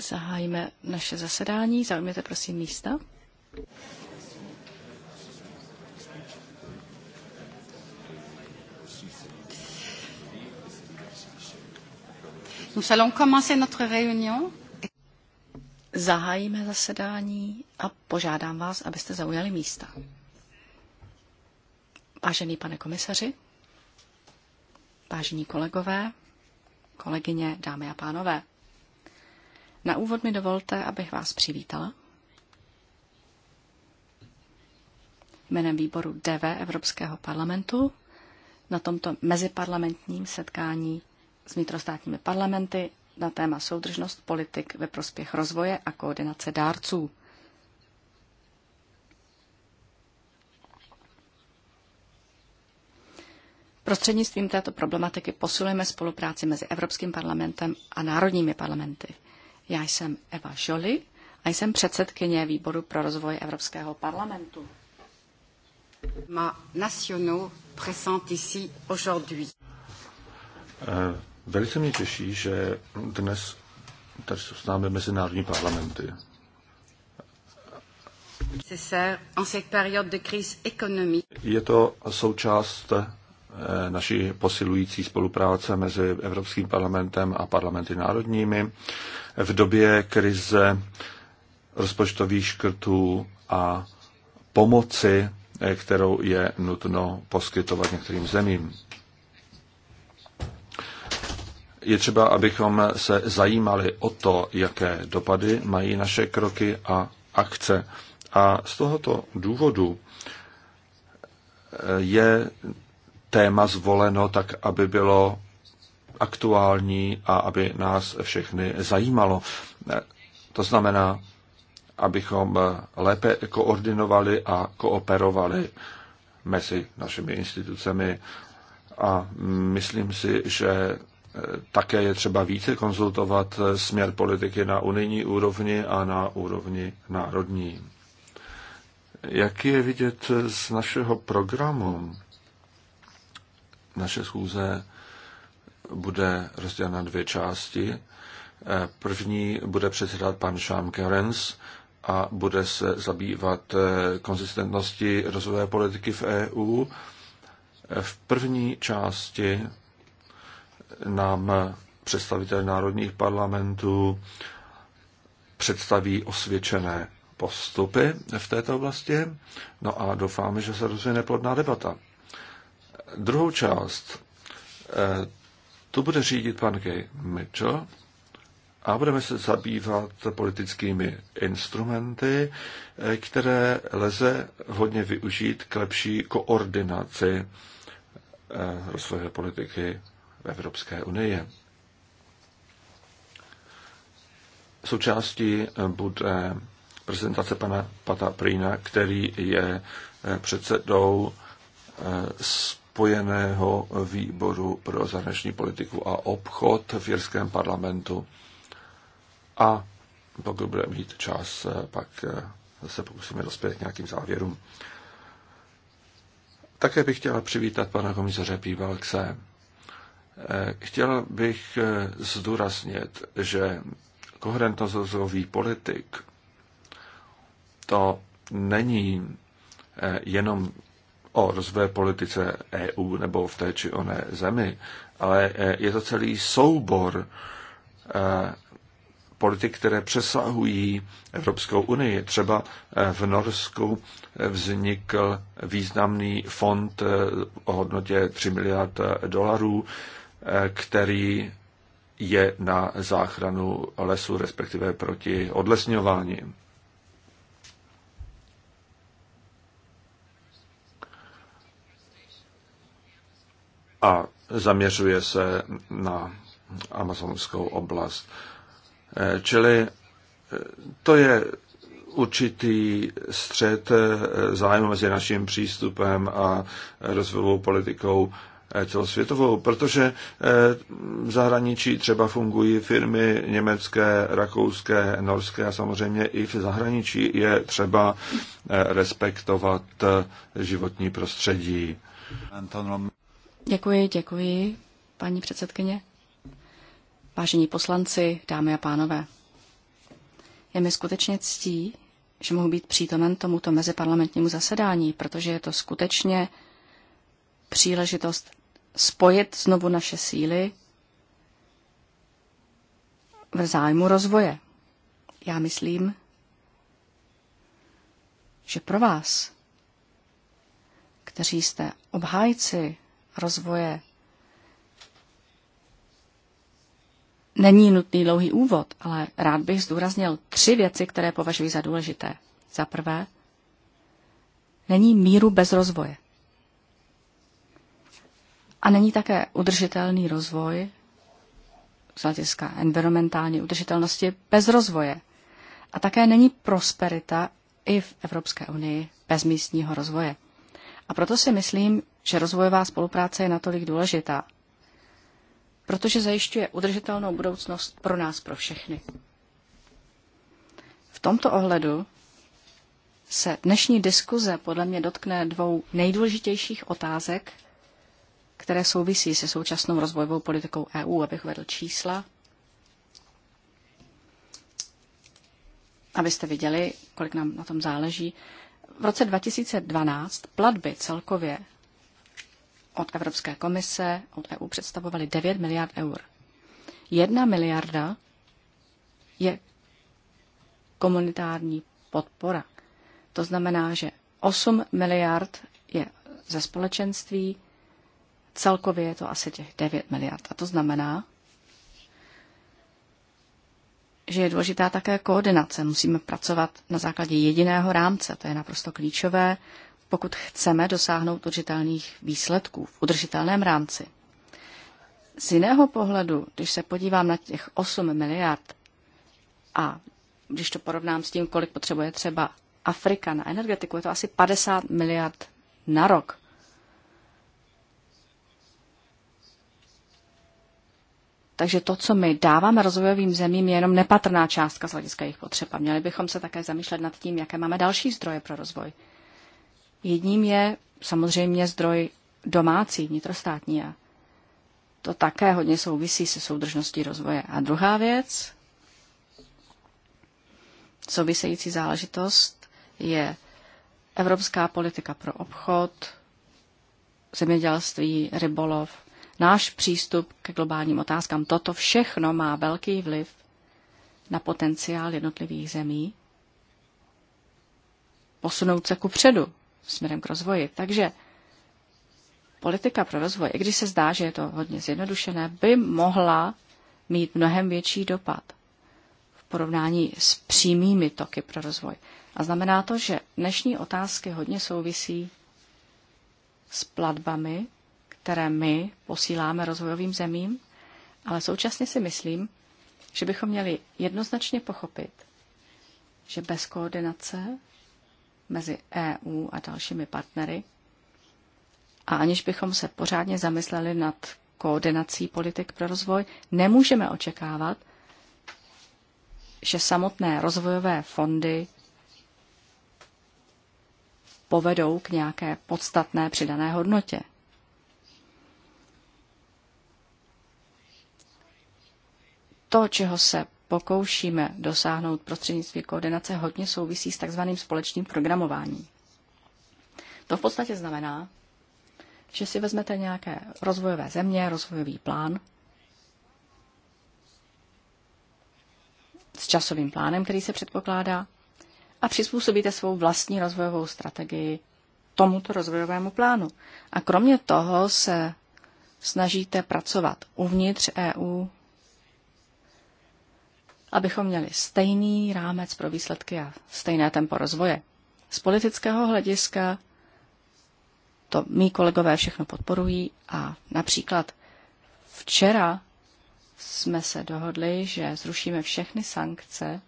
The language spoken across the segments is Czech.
Zahájíme naše zasedání. Zaujměte prosím místa. Nous allons commencer notre réunion. Zahájíme zasedání a požádám vás, abyste zaujali místa. Vážený pane komisaři, Vážení kolegové, kolegyně, dámy a pánové, na úvod mi dovolte, abych vás přivítala. Jménem výboru DV Evropského parlamentu na tomto meziparlamentním setkání s vnitrostátními parlamenty na téma soudržnost politik ve prospěch rozvoje a koordinace dárců – Prostřednictvím této problematiky posilujeme spolupráci mezi Evropským parlamentem a národními parlamenty. Já jsem Eva Žoli a jsem předsedkyně výboru pro rozvoj Evropského parlamentu. Ma nationaux présents ici aujourd'hui. Eh, velice mě těší, že dnes tady jsou s námi mezinárodní parlamenty. Je to součást Eh, naší posilující spolupráce mezi Evropským parlamentem a parlamenty národními v době krize rozpočtových škrtů a pomoci, eh, kterou je nutno poskytovat některým zemím. Je třeba, abychom se zajímali o to, jaké dopady mají naše kroky a akce. A z tohoto důvodu eh, je téma zvoleno tak, aby bylo aktuální a aby nás všechny zajímalo. To znamená, abychom lépe koordinovali a kooperovali mezi našimi institucemi. A myslím si, že také je třeba více konzultovat směr politiky na unijní úrovni a na úrovni národní. Jak je vidět z našeho programu, naše schůze bude rozdělena na dvě části. Eh, první bude předsedat pan Sean Kerens a bude se zabývat eh, konzistentnosti rozvojové politiky v EU. Eh, v první části nám představitel národních parlamentů představí osvědčené postupy v této oblasti. No a doufáme, že se rozvine plodná debata. Druhou část eh, tu bude řídit pan Gay Mitchell a budeme se zabývat politickými instrumenty, eh, které lze hodně využít k lepší koordinaci eh, rozvojové politiky v Evropské unii. Součástí bude prezentace pana Pata Prýna, který je předsedou spojeného výboru pro zahraniční politiku a obchod v jirském parlamentu. A pokud bude mít čas, pak se pokusíme dospět k nějakým závěrům. Také bych chtěla přivítat pana komisaře Pívalkse. Chtěl bych zdůraznit, že koherentnost rozvojový politik to není jenom o rozvoje politice EU nebo v té či oné zemi, ale eh, je to celý soubor eh, politik, které přesahují Evropskou unii. Třeba eh, v Norsku vznikl významný fond o hodnotě 3 miliard dolarů, který je na záchranu lesu, respektive proti odlesňování. a zaměřuje se na amazonskou oblast. Eh, čili eh, to je určitý střed eh, zájmu mezi naším přístupem a rozvojovou politikou celosvětovou, protože v zahraničí třeba fungují firmy německé, rakouské, norské a samozřejmě i v zahraničí je třeba respektovat životní prostředí. Anton Děkuji, děkuji, paní předsedkyně. Vážení poslanci, dámy a pánové, je mi skutečně ctí, že mohu být přítomen tomuto meziparlamentnímu zasedání, protože je to skutečně příležitost spojit znovu naše síly v zájmu rozvoje. Já myslím, že pro vás, kteří jste obhájci rozvoje není nutný dlouhý úvod, ale rád bych zdůraznil tři věci, které považuji za důležité. Za prvé, není míru bez rozvoje. A není také udržitelný rozvoj z hlediska environmentální udržitelnosti bez rozvoje. A také není prosperita i v Evropské unii bez místního rozvoje. A proto si myslím, že rozvojová spolupráce je natolik důležitá, protože zajišťuje udržitelnou budoucnost pro nás, pro všechny. V tomto ohledu se dnešní diskuze podle mě dotkne dvou nejdůležitějších otázek, které souvisí se současnou rozvojovou politikou EU, abych vedl čísla, abyste viděli, kolik nám na tom záleží. V roce 2012 platby celkově od Evropské komise, od EU představovaly 9 miliard eur. Jedna miliarda je komunitární podpora. To znamená, že 8 miliard je ze společenství, celkově je to asi těch 9 miliard. A to znamená, že je důležitá také koordinace. Musíme pracovat na základě jediného rámce, to je naprosto klíčové pokud chceme dosáhnout udržitelných výsledků v udržitelném rámci. Z jiného pohledu, když se podívám na těch 8 miliard a když to porovnám s tím, kolik potřebuje třeba Afrika na energetiku, je to asi 50 miliard na rok. Takže to, co my dáváme rozvojovým zemím, je jenom nepatrná částka z hlediska jejich potřeb. A měli bychom se také zamýšlet nad tím, jaké máme další zdroje pro rozvoj. Jedním je samozřejmě zdroj domácí, vnitrostátní a to také hodně souvisí se soudržností rozvoje. A druhá věc, související záležitost, je evropská politika pro obchod, zemědělství, rybolov, náš přístup ke globálním otázkám. Toto všechno má velký vliv na potenciál jednotlivých zemí posunout se ku předu směrem k rozvoji. Takže politika pro rozvoj, i když se zdá, že je to hodně zjednodušené, by mohla mít mnohem větší dopad v porovnání s přímými toky pro rozvoj. A znamená to, že dnešní otázky hodně souvisí s platbami, které my posíláme rozvojovým zemím, ale současně si myslím, že bychom měli jednoznačně pochopit, že bez koordinace mezi EU a dalšími partnery a aniž bychom se pořádně zamysleli nad koordinací politik pro rozvoj, nemůžeme očekávat, že samotné rozvojové fondy povedou k nějaké podstatné přidané hodnotě. To, čeho se pokoušíme dosáhnout prostřednictví koordinace, hodně souvisí s takzvaným společným programováním. To v podstatě znamená, že si vezmete nějaké rozvojové země, rozvojový plán s časovým plánem, který se předpokládá, a přizpůsobíte svou vlastní rozvojovou strategii tomuto rozvojovému plánu. A kromě toho se snažíte pracovat uvnitř EU abychom měli stejný rámec pro výsledky a stejné tempo rozvoje. Z politického hlediska to mý kolegové všechno podporují a například včera jsme se dohodli, že zrušíme všechny sankce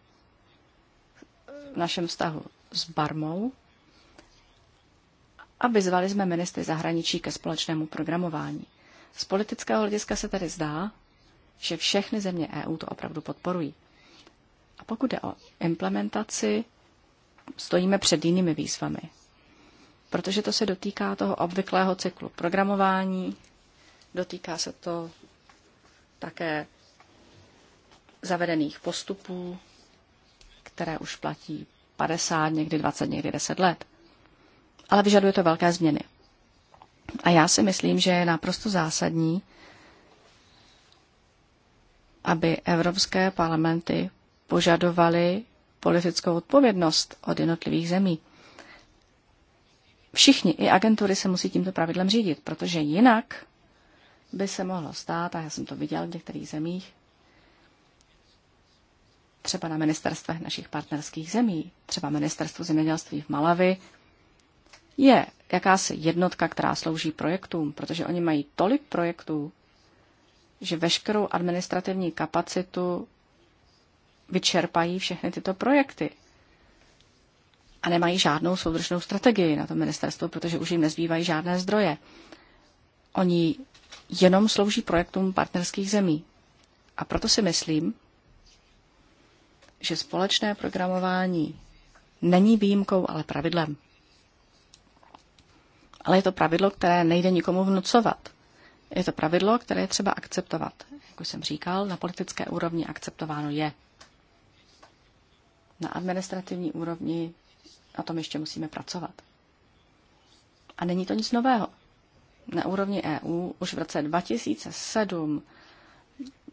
v našem vztahu s Barmou a vyzvali jsme ministry zahraničí ke společnému programování. Z politického hlediska se tedy zdá, že všechny země EU to opravdu podporují. A pokud jde o implementaci, stojíme před jinými výzvami. Protože to se dotýká toho obvyklého cyklu programování, dotýká se to také zavedených postupů, které už platí 50, někdy 20, někdy 10 let. Ale vyžaduje to velké změny. A já si myslím, že je naprosto zásadní, aby evropské parlamenty požadovali politickou odpovědnost od jednotlivých zemí. Všichni, i agentury, se musí tímto pravidlem řídit, protože jinak by se mohlo stát, a já jsem to viděl v některých zemích, třeba na ministerstvech našich partnerských zemí, třeba ministerstvu zemědělství v Malavi, je jakási jednotka, která slouží projektům, protože oni mají tolik projektů, že veškerou administrativní kapacitu vyčerpají všechny tyto projekty. A nemají žádnou soudržnou strategii na to ministerstvo, protože už jim nezbývají žádné zdroje. Oni jenom slouží projektům partnerských zemí. A proto si myslím, že společné programování není výjimkou, ale pravidlem. Ale je to pravidlo, které nejde nikomu vnucovat. Je to pravidlo, které je třeba akceptovat. Jak už jsem říkal, na politické úrovni akceptováno je. Na administrativní úrovni na tom ještě musíme pracovat. A není to nic nového. Na úrovni EU už v roce 2007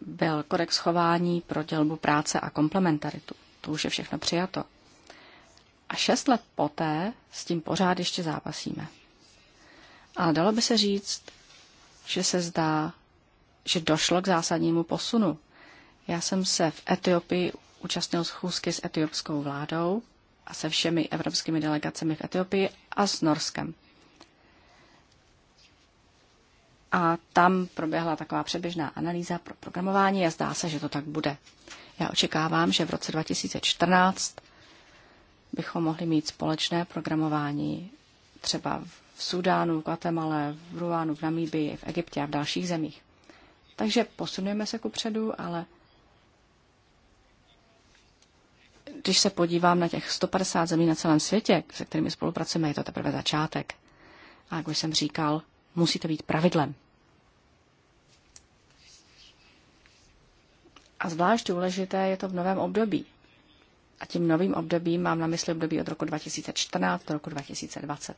byl kodex chování pro dělbu práce a komplementaritu. To už je všechno přijato. A šest let poté s tím pořád ještě zápasíme. Ale dalo by se říct, že se zdá, že došlo k zásadnímu posunu. Já jsem se v Etiopii účastnil schůzky s etiopskou vládou a se všemi evropskými delegacemi v Etiopii a s Norskem. A tam proběhla taková předběžná analýza pro programování a zdá se, že to tak bude. Já očekávám, že v roce 2014 bychom mohli mít společné programování třeba v Sudánu, v Guatemala, v Ruánu, v Namíbii, v Egyptě a v dalších zemích. Takže posunujeme se ku předu, ale když se podívám na těch 150 zemí na celém světě, se kterými spolupracujeme, je to teprve začátek. A jak už jsem říkal, musí to být pravidlem. A zvlášť důležité je to v novém období. A tím novým obdobím mám na mysli období od roku 2014 do roku 2020.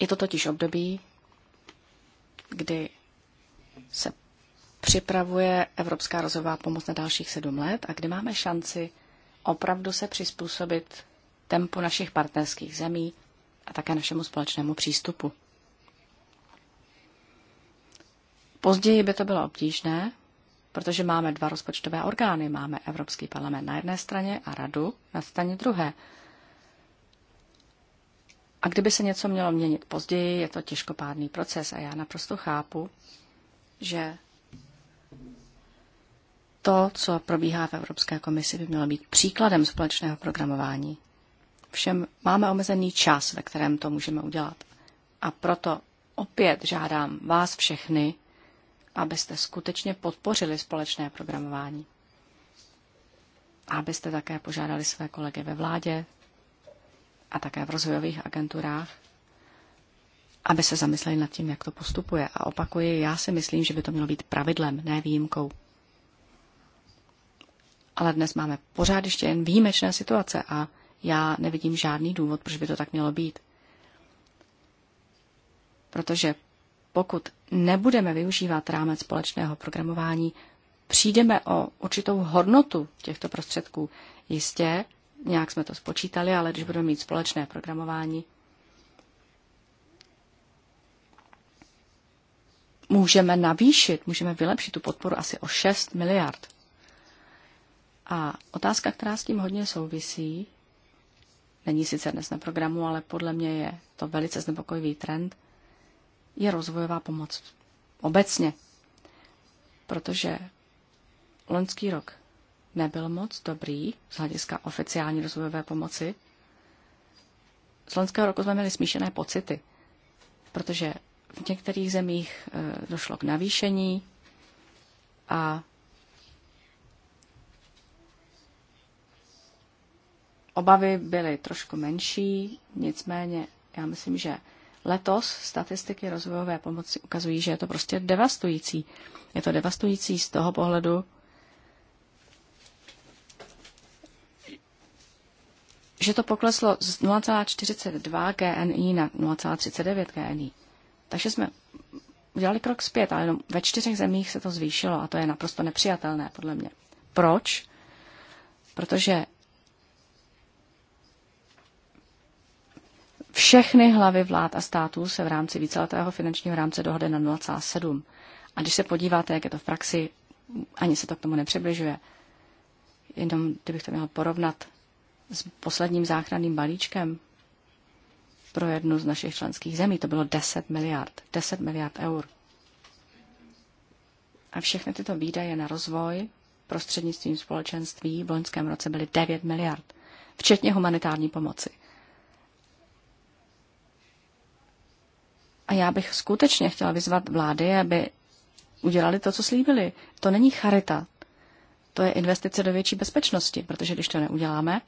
Je to totiž období, kdy se připravuje Evropská rozvojová pomoc na dalších sedm let a kdy máme šanci opravdu se přizpůsobit tempu našich partnerských zemí a také našemu společnému přístupu. Později by to bylo obtížné, protože máme dva rozpočtové orgány. Máme Evropský parlament na jedné straně a radu na straně druhé. A kdyby se něco mělo měnit později, je to těžkopádný proces a já naprosto chápu, že to, co probíhá v Evropské komisi, by mělo být příkladem společného programování. Všem máme omezený čas, ve kterém to můžeme udělat. A proto opět žádám vás všechny, abyste skutečně podpořili společné programování. abyste také požádali své kolegy ve vládě a také v rozvojových agenturách, aby se zamysleli nad tím, jak to postupuje. A opakuji, já si myslím, že by to mělo být pravidlem, ne výjimkou ale dnes máme pořád ještě jen výjimečné situace a já nevidím žádný důvod, proč by to tak mělo být. Protože pokud nebudeme využívat rámec společného programování, přijdeme o určitou hodnotu těchto prostředků. Jistě, nějak jsme to spočítali, ale když budeme mít společné programování, můžeme navýšit, můžeme vylepšit tu podporu asi o 6 miliard. A otázka, která s tím hodně souvisí, není sice dnes na programu, ale podle mě je to velice znepokojivý trend, je rozvojová pomoc obecně. Protože loňský rok nebyl moc dobrý z hlediska oficiální rozvojové pomoci. Z loňského roku jsme měli smíšené pocity, protože v některých zemích eh, došlo k navýšení a Obavy byly trošku menší, nicméně já myslím, že letos statistiky rozvojové pomoci ukazují, že je to prostě devastující. Je to devastující z toho pohledu, že to pokleslo z 0,42 GNI na 0,39 GNI. Takže jsme udělali krok zpět, ale jenom ve čtyřech zemích se to zvýšilo a to je naprosto nepřijatelné podle mě. Proč? Protože Všechny hlavy vlád a států se v rámci víceletého finančního rámce dohody na 0,7. A když se podíváte, jak je to v praxi, ani se to k tomu nepřibližuje. Jenom kdybych to měl porovnat s posledním záchranným balíčkem pro jednu z našich členských zemí, to bylo 10 miliard. 10 miliard eur. A všechny tyto výdaje na rozvoj prostřednictvím společenství v loňském roce byly 9 miliard, včetně humanitární pomoci. A já bych skutečně chtěla vyzvat vlády, aby udělali to, co slíbili. To není charita. To je investice do větší bezpečnosti, protože když to neuděláme,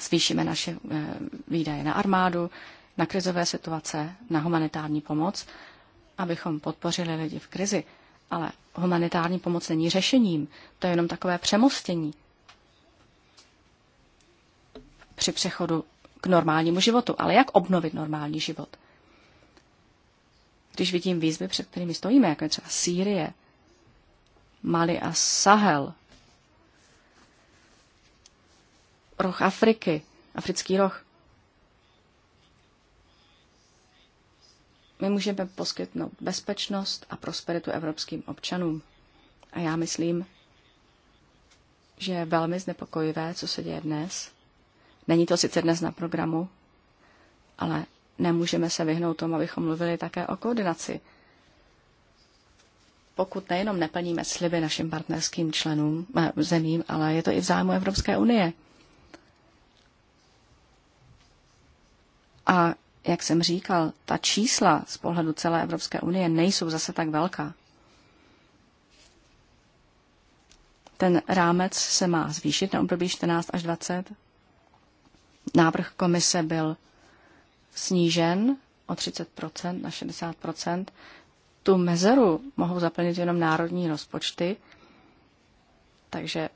zvýšíme naše eh, výdaje na armádu, na krizové situace, na humanitární pomoc, abychom podpořili lidi v krizi. Ale humanitární pomoc není řešením, to je jenom takové přemostění při přechodu k normálnímu životu. Ale jak obnovit normální život? Když vidím výzvy, před kterými stojíme, jako je třeba Sýrie, Mali a Sahel, roh Afriky, africký roh, my můžeme poskytnout bezpečnost a prosperitu evropským občanům. A já myslím, že je velmi znepokojivé, co se děje dnes. Není to sice dnes na programu, ale nemůžeme se vyhnout tomu, abychom mluvili také o koordinaci. Pokud nejenom neplníme sliby našim partnerským členům, eh, zemím, ale je to i v zájmu Evropské unie. A jak jsem říkal, ta čísla z pohledu celé Evropské unie nejsou zase tak velká. Ten rámec se má zvýšit na období 14 až 20. Návrh komise byl snížen o 30 na 60 Tu mezeru mohou zaplnit jenom národní rozpočty, takže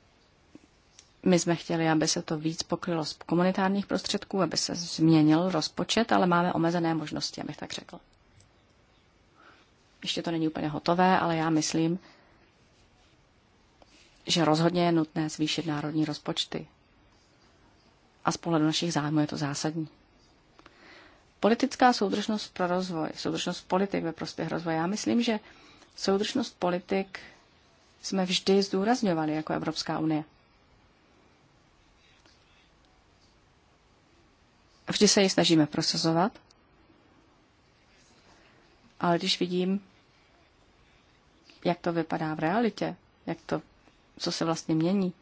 my jsme chtěli, aby se to víc pokrylo z komunitárních prostředků, aby se změnil rozpočet, ale máme omezené možnosti, abych tak řekl. Ještě to není úplně hotové, ale já myslím, že rozhodně je nutné zvýšit národní rozpočty. A z pohledu našich zájmů je to zásadní. Politická soudržnost pro rozvoj, soudržnost politik ve prospěch rozvoje. Já myslím, že soudržnost politik jsme vždy zdůrazňovali jako Evropská unie. Vždy se ji snažíme prosazovat, ale když vidím, jak to vypadá v realitě, jak to, co se vlastně mění,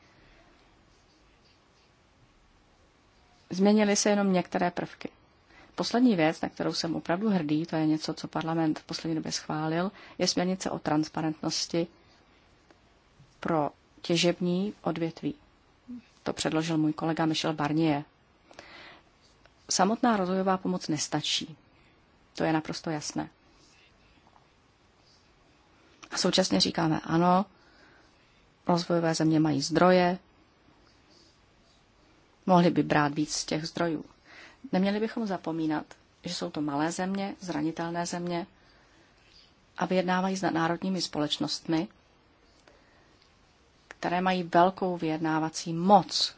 změnily se jenom některé prvky. Poslední věc, na kterou jsem opravdu hrdý, to je něco, co parlament v poslední době schválil, je směrnice o transparentnosti pro těžební odvětví. To předložil můj kolega Michel Barnier. Samotná rozvojová pomoc nestačí. To je naprosto jasné. A současně říkáme ano, rozvojové země mají zdroje, mohli by brát víc z těch zdrojů. Neměli bychom zapomínat, že jsou to malé země, zranitelné země a vyjednávají s národními společnostmi, které mají velkou vyjednávací moc.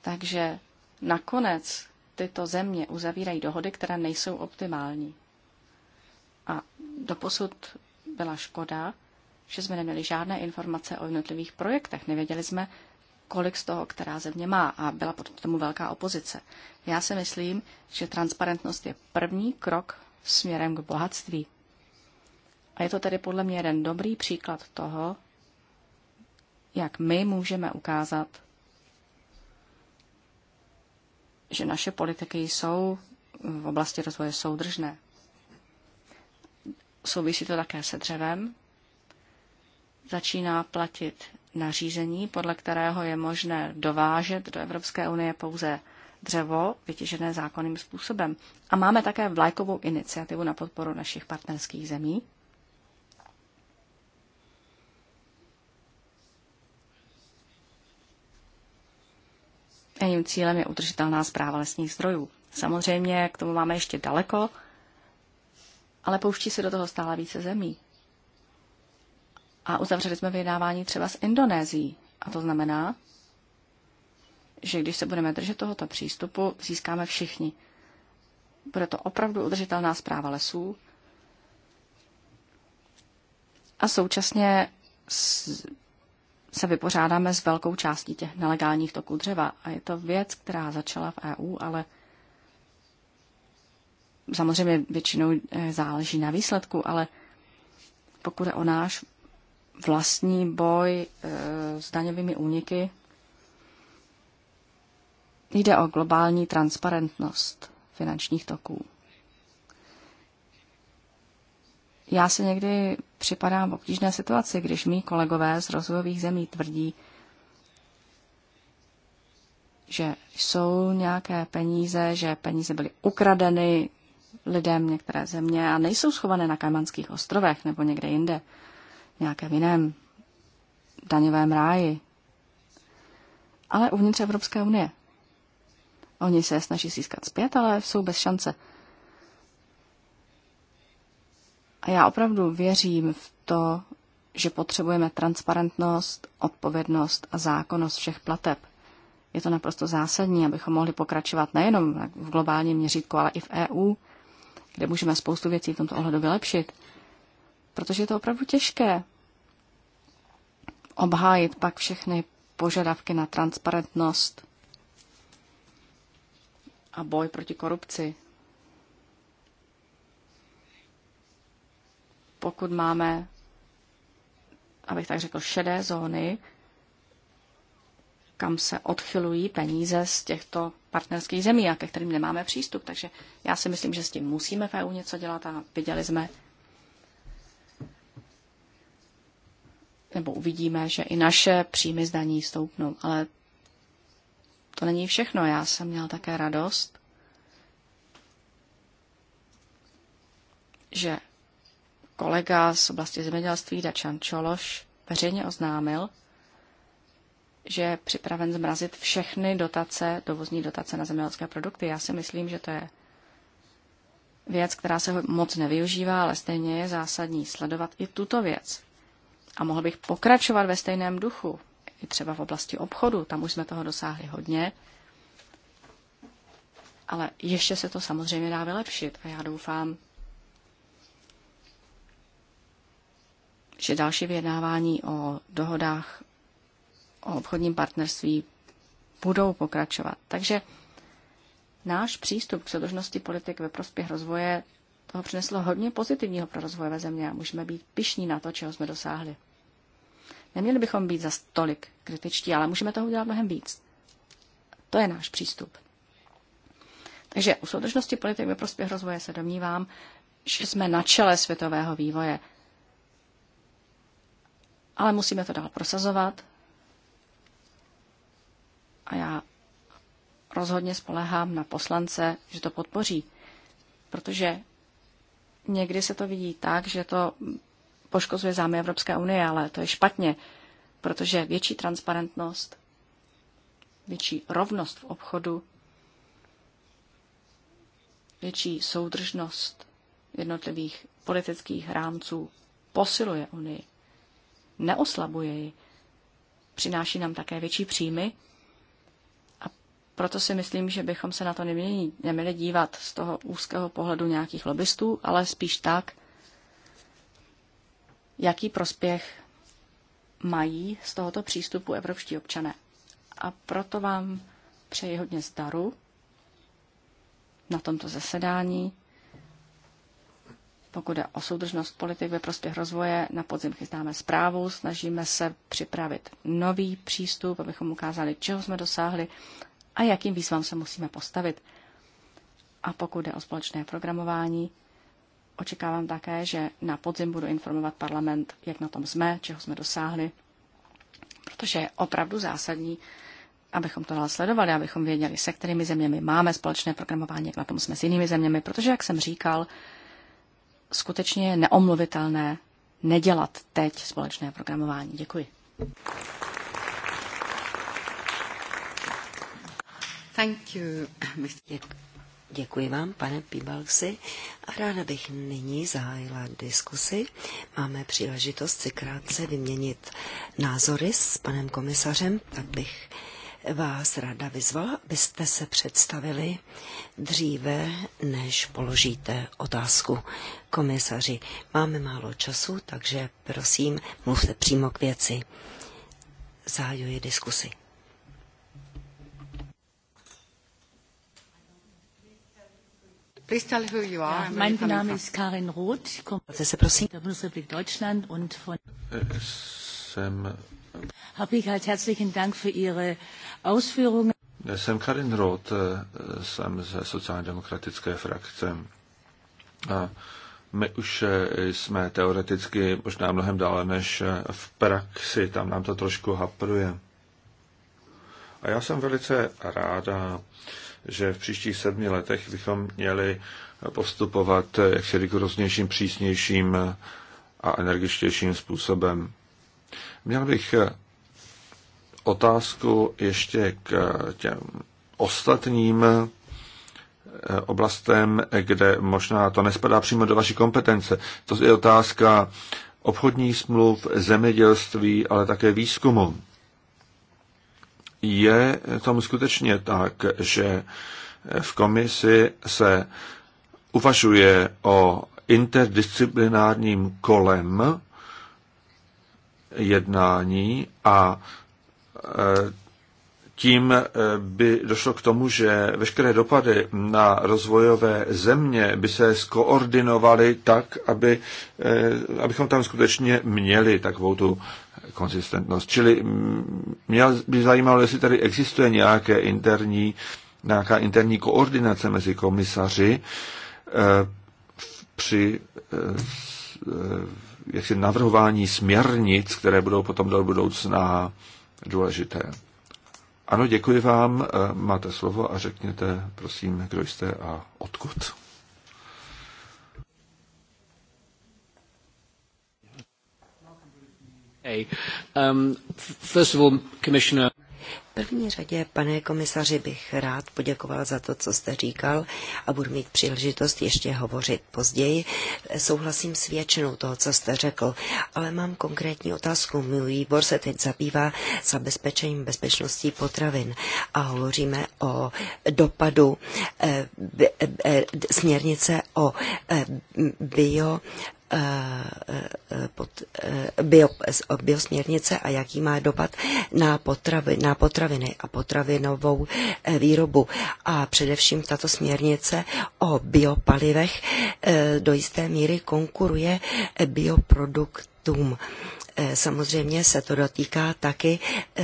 Takže nakonec tyto země uzavírají dohody, které nejsou optimální. A doposud byla škoda, že jsme neměli žádné informace o jednotlivých projektech. Nevěděli jsme, kolik z toho, která země má a byla proti tomu velká opozice. Já si myslím, že transparentnost je první krok směrem k bohatství. A je to tedy podle mě jeden dobrý příklad toho, jak my můžeme ukázat, že naše politiky jsou v oblasti rozvoje soudržné. Souvisí to také se dřevem. Začíná platit nařízení, podle kterého je možné dovážet do Evropské unie pouze dřevo vytěžené zákonným způsobem. A máme také vlajkovou iniciativu na podporu našich partnerských zemí. Jejím cílem je udržitelná zpráva lesních zdrojů. Samozřejmě k tomu máme ještě daleko, ale pouští se do toho stále více zemí a uzavřeli jsme vyjednávání třeba s Indonézií. A to znamená, že když se budeme držet tohoto přístupu, získáme všichni. Bude to opravdu udržitelná zpráva lesů a současně se vypořádáme s velkou částí těch nelegálních toků dřeva. A je to věc, která začala v EU, ale samozřejmě většinou eh, záleží na výsledku, ale pokud je o náš vlastní boj e, s daňovými úniky. Jde o globální transparentnost finančních toků. Já se někdy připadám v obtížné situaci, když mý kolegové z rozvojových zemí tvrdí, že jsou nějaké peníze, že peníze byly ukradeny lidem některé země a nejsou schované na Kajmanských ostrovech nebo někde jinde nějakém jiném daňovém ráji, ale uvnitř Evropské unie. Oni se snaží získat zpět, ale jsou bez šance. A já opravdu věřím v to, že potřebujeme transparentnost, odpovědnost a zákonnost všech plateb. Je to naprosto zásadní, abychom mohli pokračovat nejenom v globálním měřítku, ale i v EU, kde můžeme spoustu věcí v tomto ohledu vylepšit protože je to opravdu těžké obhájit pak všechny požadavky na transparentnost a boj proti korupci. Pokud máme, abych tak řekl, šedé zóny, kam se odchylují peníze z těchto partnerských zemí a ke kterým nemáme přístup. Takže já si myslím, že s tím musíme v EU něco dělat a viděli jsme, nebo uvidíme, že i naše příjmy zdaní stoupnou. Ale to není všechno. Já jsem měl také radost, že kolega z oblasti zemědělství Dačan Čološ veřejně oznámil, že je připraven zmrazit všechny dotace, dovozní dotace na zemědělské produkty. Já si myslím, že to je věc, která se moc nevyužívá, ale stejně je zásadní sledovat i tuto věc. A mohl bych pokračovat ve stejném duchu, i třeba v oblasti obchodu, tam už jsme toho dosáhli hodně, ale ještě se to samozřejmě dá vylepšit a já doufám, že další vyjednávání o dohodách o obchodním partnerství budou pokračovat. Takže náš přístup k soudržnosti politik ve prospěch rozvoje toho přineslo hodně pozitivního pro rozvojové země a můžeme být pišní na to, čeho jsme dosáhli. Neměli bychom být za tolik kritičtí, ale můžeme toho udělat mnohem víc. To je náš přístup. Takže u soudržnosti politik ve prospěch rozvoje se domnívám, že jsme na čele světového vývoje. Ale musíme to dál prosazovat. A já rozhodně spolehám na poslance, že to podpoří. Protože Někdy se to vidí tak, že to poškozuje zájmy Evropské unie, ale to je špatně, protože větší transparentnost, větší rovnost v obchodu, větší soudržnost jednotlivých politických rámců posiluje Unii, neoslabuje ji, přináší nám také větší příjmy proto si myslím, že bychom se na to neměli, neměli dívat z toho úzkého pohledu nějakých lobbystů, ale spíš tak, jaký prospěch mají z tohoto přístupu evropští občané. A proto vám přeji hodně zdaru na tomto zasedání. Pokud je o soudržnost politik ve prospěch rozvoje, na podzim chystáme zprávu, snažíme se připravit nový přístup, abychom ukázali, čeho jsme dosáhli a jakým výzvám se musíme postavit. A pokud jde o společné programování, očekávám také, že na podzim budu informovat parlament, jak na tom jsme, čeho jsme dosáhli, protože je opravdu zásadní, abychom to dál sledovali, abychom věděli, se kterými zeměmi máme společné programování, jak na tom jsme s jinými zeměmi, protože, jak jsem říkal, skutečně je neomluvitelné nedělat teď společné programování. Děkuji. Thank you. Děkuji vám, pane Pibalsi. A ráda bych nyní zahájila diskusi. Máme příležitost si krátce vyměnit názory s panem komisařem, tak bych vás ráda vyzvala, abyste se představili dříve, než položíte otázku komisaři. Máme málo času, takže prosím, mluvte přímo k věci. Zahajuji diskusi. mein Name ist Karin Roth. Ich komme aus der Bundesrepublik Deutschland und von. Jsem. Habe ich herzlichen Dank für Ihre Ausführungen. Jsem Karin Roth, eh, jsem ze sociálně demokratické frakce. A my už eh, jsme teoreticky možná mnohem dále než eh, v praxi, tam nám to trošku hapruje. A já jsem velice ráda, že v příštích sedmi letech bychom měli postupovat jaksi rigoroznějším, přísnějším a energičtějším způsobem. Měl bych otázku ještě k těm ostatním eh, oblastem, kde možná to nespadá přímo do vaší kompetence. To je otázka obchodních smluv, zemědělství, ale také výzkumu je tomu skutečně tak, že v komisi se uvažuje o interdisciplinárním kolem jednání a e, tím e, by došlo k tomu, že veškeré dopady na rozvojové země by se skoordinovaly tak, aby, e, abychom tam skutečně měli takovou tu konzistentnost. Čili mm, mě by zajímalo, jestli tady existuje nějaké interní, nějaká interní koordinace mezi komisaři eh, při eh, eh, jaksi navrhování směrnic, které budou potom do budoucna důležité. Ano, děkuji vám, máte slovo a řekněte, prosím, kdo jste a odkud. Um, v první řadě, pane komisaři, bych rád poděkoval za to, co jste říkal a budu mít příležitost ještě hovořit později. Souhlasím s většinou toho, co jste řekl, ale mám konkrétní otázku. Můj výbor se teď zabývá zabezpečením bezpečností potravin a hovoříme o dopadu e, e, e, směrnice o eh, bio Eh, eh, pod, eh, bio, biosměrnice a jaký má dopad na, potravy, na potraviny a potravinovou výrobu. A především tato směrnice o biopalivech do jisté míry konkuruje bioproduktům. Samozřejmě se to dotýká taky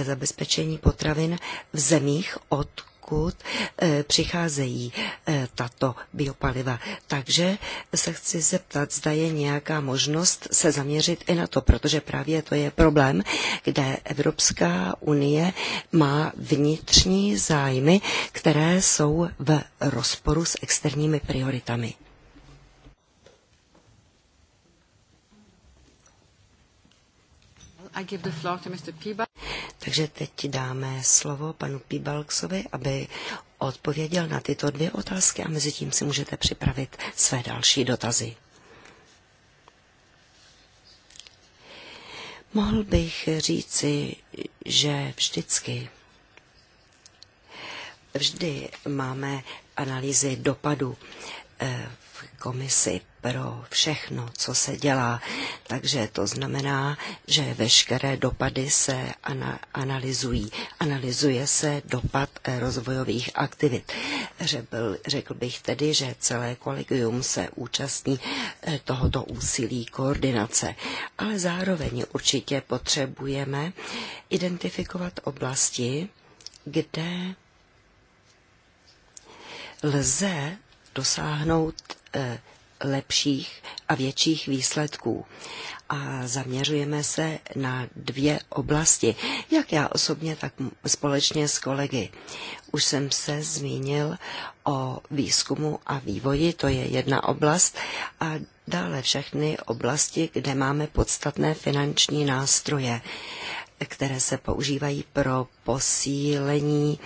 zabezpečení potravin v zemích, od odkud eh, přicházejí eh, tato biopaliva. Takže se chci zeptat, zda je nějaká možnost se zaměřit i na to, protože právě to je problém, kde Evropská unie má vnitřní zájmy, které jsou v rozporu s externími prioritami. Takže teď dáme slovo panu Pibalksovi, aby odpověděl na tyto dvě otázky a mezi tím si můžete připravit své další dotazy. Mohl bych říci, že vždycky vždy máme analýzy dopadu eh, v komisi pro všechno, co se dělá. Takže to znamená, že veškeré dopady se ana, analyzují. Analyzuje se dopad eh, rozvojových aktivit. Řebl, řekl bych tedy, že celé kolegium se účastní eh, tohoto úsilí koordinace. Ale zároveň určitě potřebujeme identifikovat oblasti, kde lze dosáhnout eh, lepších a větších výsledků. A zaměřujeme se na dvě oblasti, jak já osobně, tak společně s kolegy. Už jsem se zmínil o výzkumu a vývoji, to je jedna oblast, a dále všechny oblasti, kde máme podstatné finanční nástroje které se používají pro posílení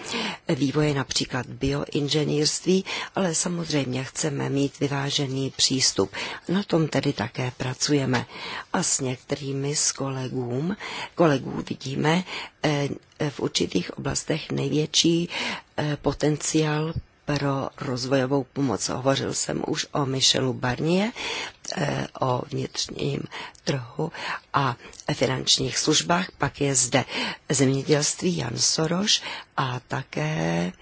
vývoje například bioinženýrství, ale samozřejmě chceme mít vyvážený přístup. Na tom tedy také pracujeme. A s některými z kolegům, kolegů vidíme eh, v určitých oblastech největší eh, potenciál pro rozvojovou pomoc. Hovořil jsem už o Michelu Barnier, eh, o vnitřním trhu a finančních službách. Pak je zde zemědělství Jan Soroš a také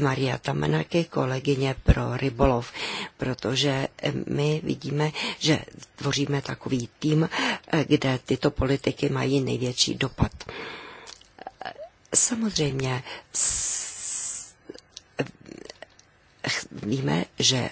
Maria Tamanaky, kolegyně pro rybolov, protože eh, my vidíme, že tvoříme takový tým, eh, kde tyto politiky mají největší dopad. Samozřejmě s víme, že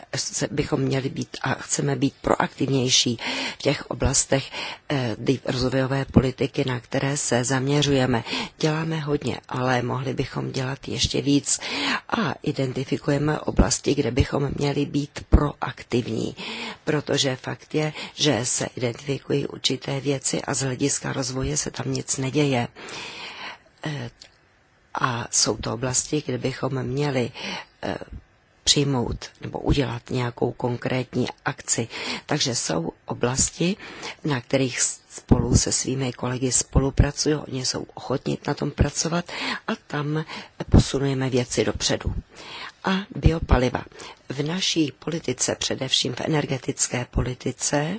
bychom měli být a chceme být proaktivnější v těch oblastech eh, rozvojové politiky, na které se zaměřujeme. Děláme hodně, ale mohli bychom dělat ještě víc a identifikujeme oblasti, kde bychom měli být proaktivní, protože fakt je, že se identifikují určité věci a z hlediska rozvoje se tam nic neděje. Eh, a jsou to oblasti, kde bychom měli eh, přijmout nebo udělat nějakou konkrétní akci. Takže jsou oblasti, na kterých spolu se svými kolegy spolupracují, oni jsou ochotní na tom pracovat a tam posunujeme věci dopředu. A biopaliva. V naší politice, především v energetické politice,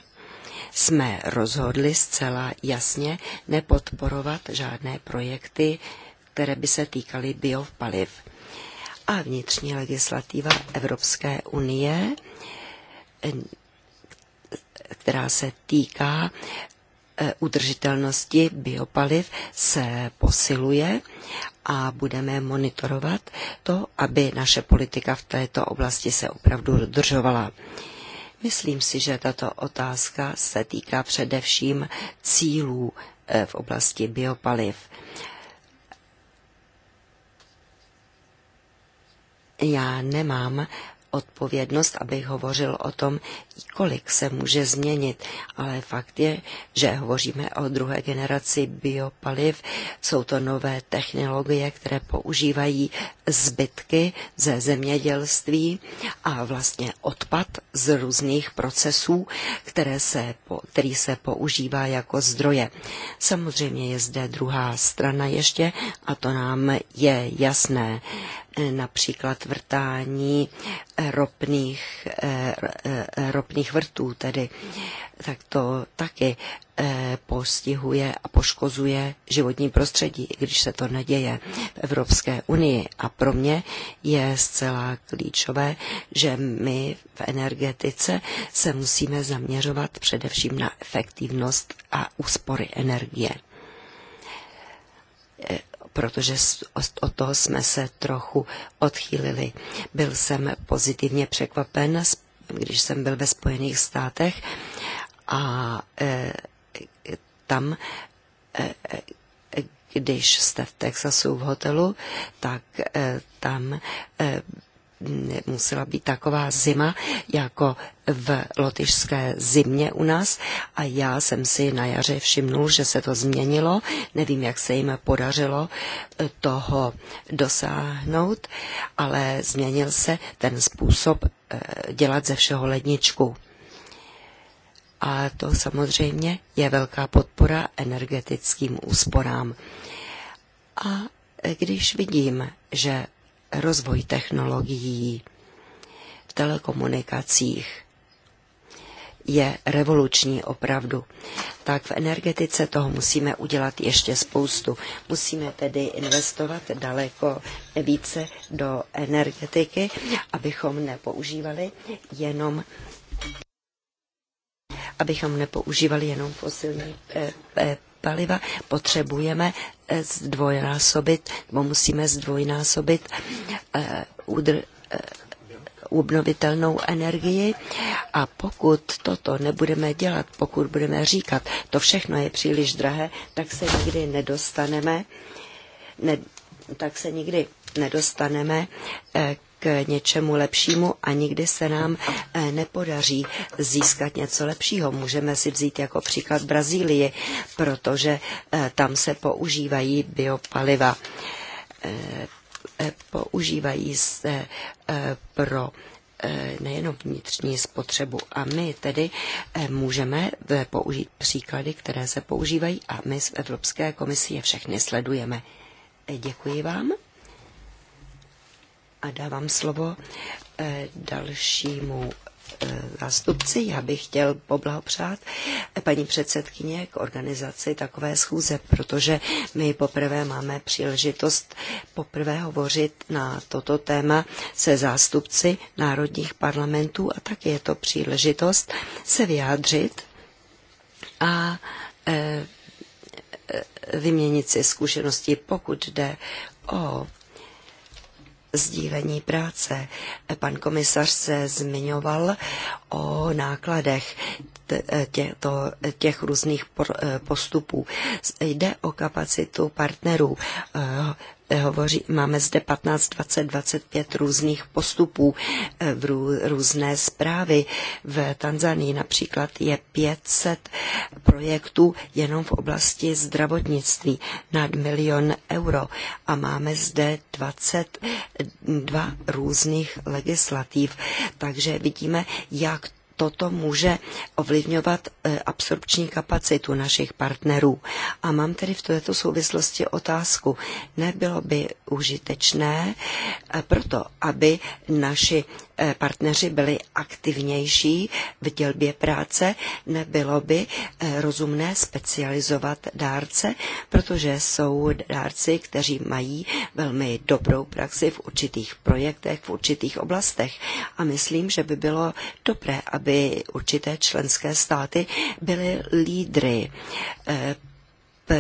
jsme rozhodli zcela jasně nepodporovat žádné projekty, které by se týkaly biopaliv a vnitřní legislativa Evropské unie, která se týká e, udržitelnosti biopaliv, se posiluje a budeme monitorovat to, aby naše politika v této oblasti se opravdu dodržovala. Myslím si, že tato otázka se týká především cílů e, v oblasti biopaliv. já nemám odpovědnost, abych hovořil o tom, kolik se může změnit. Ale fakt je, že hovoříme o druhé generaci biopaliv. Jsou to nové technologie, které používají zbytky ze zemědělství a vlastně odpad z různých procesů, které se, který se používá jako zdroje. Samozřejmě je zde druhá strana ještě a to nám je jasné například vrtání eh, ropných, eh, eh, ropných vrtů, tedy tak to taky postihuje a poškozuje životní prostředí, i když se to neděje v Evropské unii. A pro mě je zcela klíčové, že my v energetice se musíme zaměřovat především na efektivnost a úspory energie protože od toho jsme se trochu odchýlili. Byl jsem pozitivně překvapen, když jsem byl ve Spojených státech a e, tam e, e když jste v Texasu v hotelu, tak e, tam e, musela být taková zima jako v lotyšské zimě u nás a já jsem si na jaře všimnul, že se to změnilo. Nevím, jak se jim podařilo eh, toho dosáhnout, ale změnil se ten způsob eh, dělat ze všeho ledničku. A to samozřejmě je velká podpora energetickým úsporám. A eh, když vidím, že rozvoj technologií v telekomunikacích je revoluční opravdu. Tak v energetice toho musíme udělat ještě spoustu. Musíme tedy investovat daleko více do energetiky, abychom nepoužívali jenom abychom nepoužívali jenom fosilní eh, eh, paliva potřebujeme eh, zdvojnásobit, nebo musíme zdvojnásobit eh, udr, eh, obnovitelnou energii a pokud toto nebudeme dělat, pokud budeme říkat, to všechno je příliš drahé, tak se nikdy nedostaneme, ne, tak se nikdy nedostaneme k něčemu lepšímu a nikdy se nám eh, nepodaří získat něco lepšího. Můžeme si vzít jako příklad Brazílii, protože eh, tam se používají biopaliva. Eh, používají se pro nejenom vnitřní spotřebu. A my tedy můžeme použít příklady, které se používají a my v Evropské komisi je všechny sledujeme. Děkuji vám. A dávám slovo eh, dalšímu eh, zástupci. Já bych chtěl poblahopřát eh, paní předsedkyně k organizaci takové schůze, protože my poprvé máme příležitost poprvé hovořit na toto téma se zástupci národních parlamentů a tak je to příležitost se vyjádřit a vyměnit si zkušenosti, pokud jde o sdílení práce. Pan komisař se zmiňoval o nákladech tě, to, těch různých eh, postupů. Jde o kapacitu partnerů eh, hovoří, máme zde 15, 20, 25 různých postupů eh, v různé zprávy. V Tanzanii například je 500 projektů jenom v oblasti zdravotnictví nad milion euro a máme zde 22 různých legislativ. Takže vidíme, jak toto může ovlivňovat eh, absorpční kapacitu našich partnerů. A mám tedy v této souvislosti otázku. Nebylo by užitečné eh, proto, aby naši eh, partneři byli aktivnější v dělbě práce, nebylo by rozumné specializovat dárce, protože jsou dárci, kteří mají velmi dobrou praxi v určitých projektech, v určitých oblastech. A myslím, že by bylo dobré, aby aby určité členské státy byly lídry eh,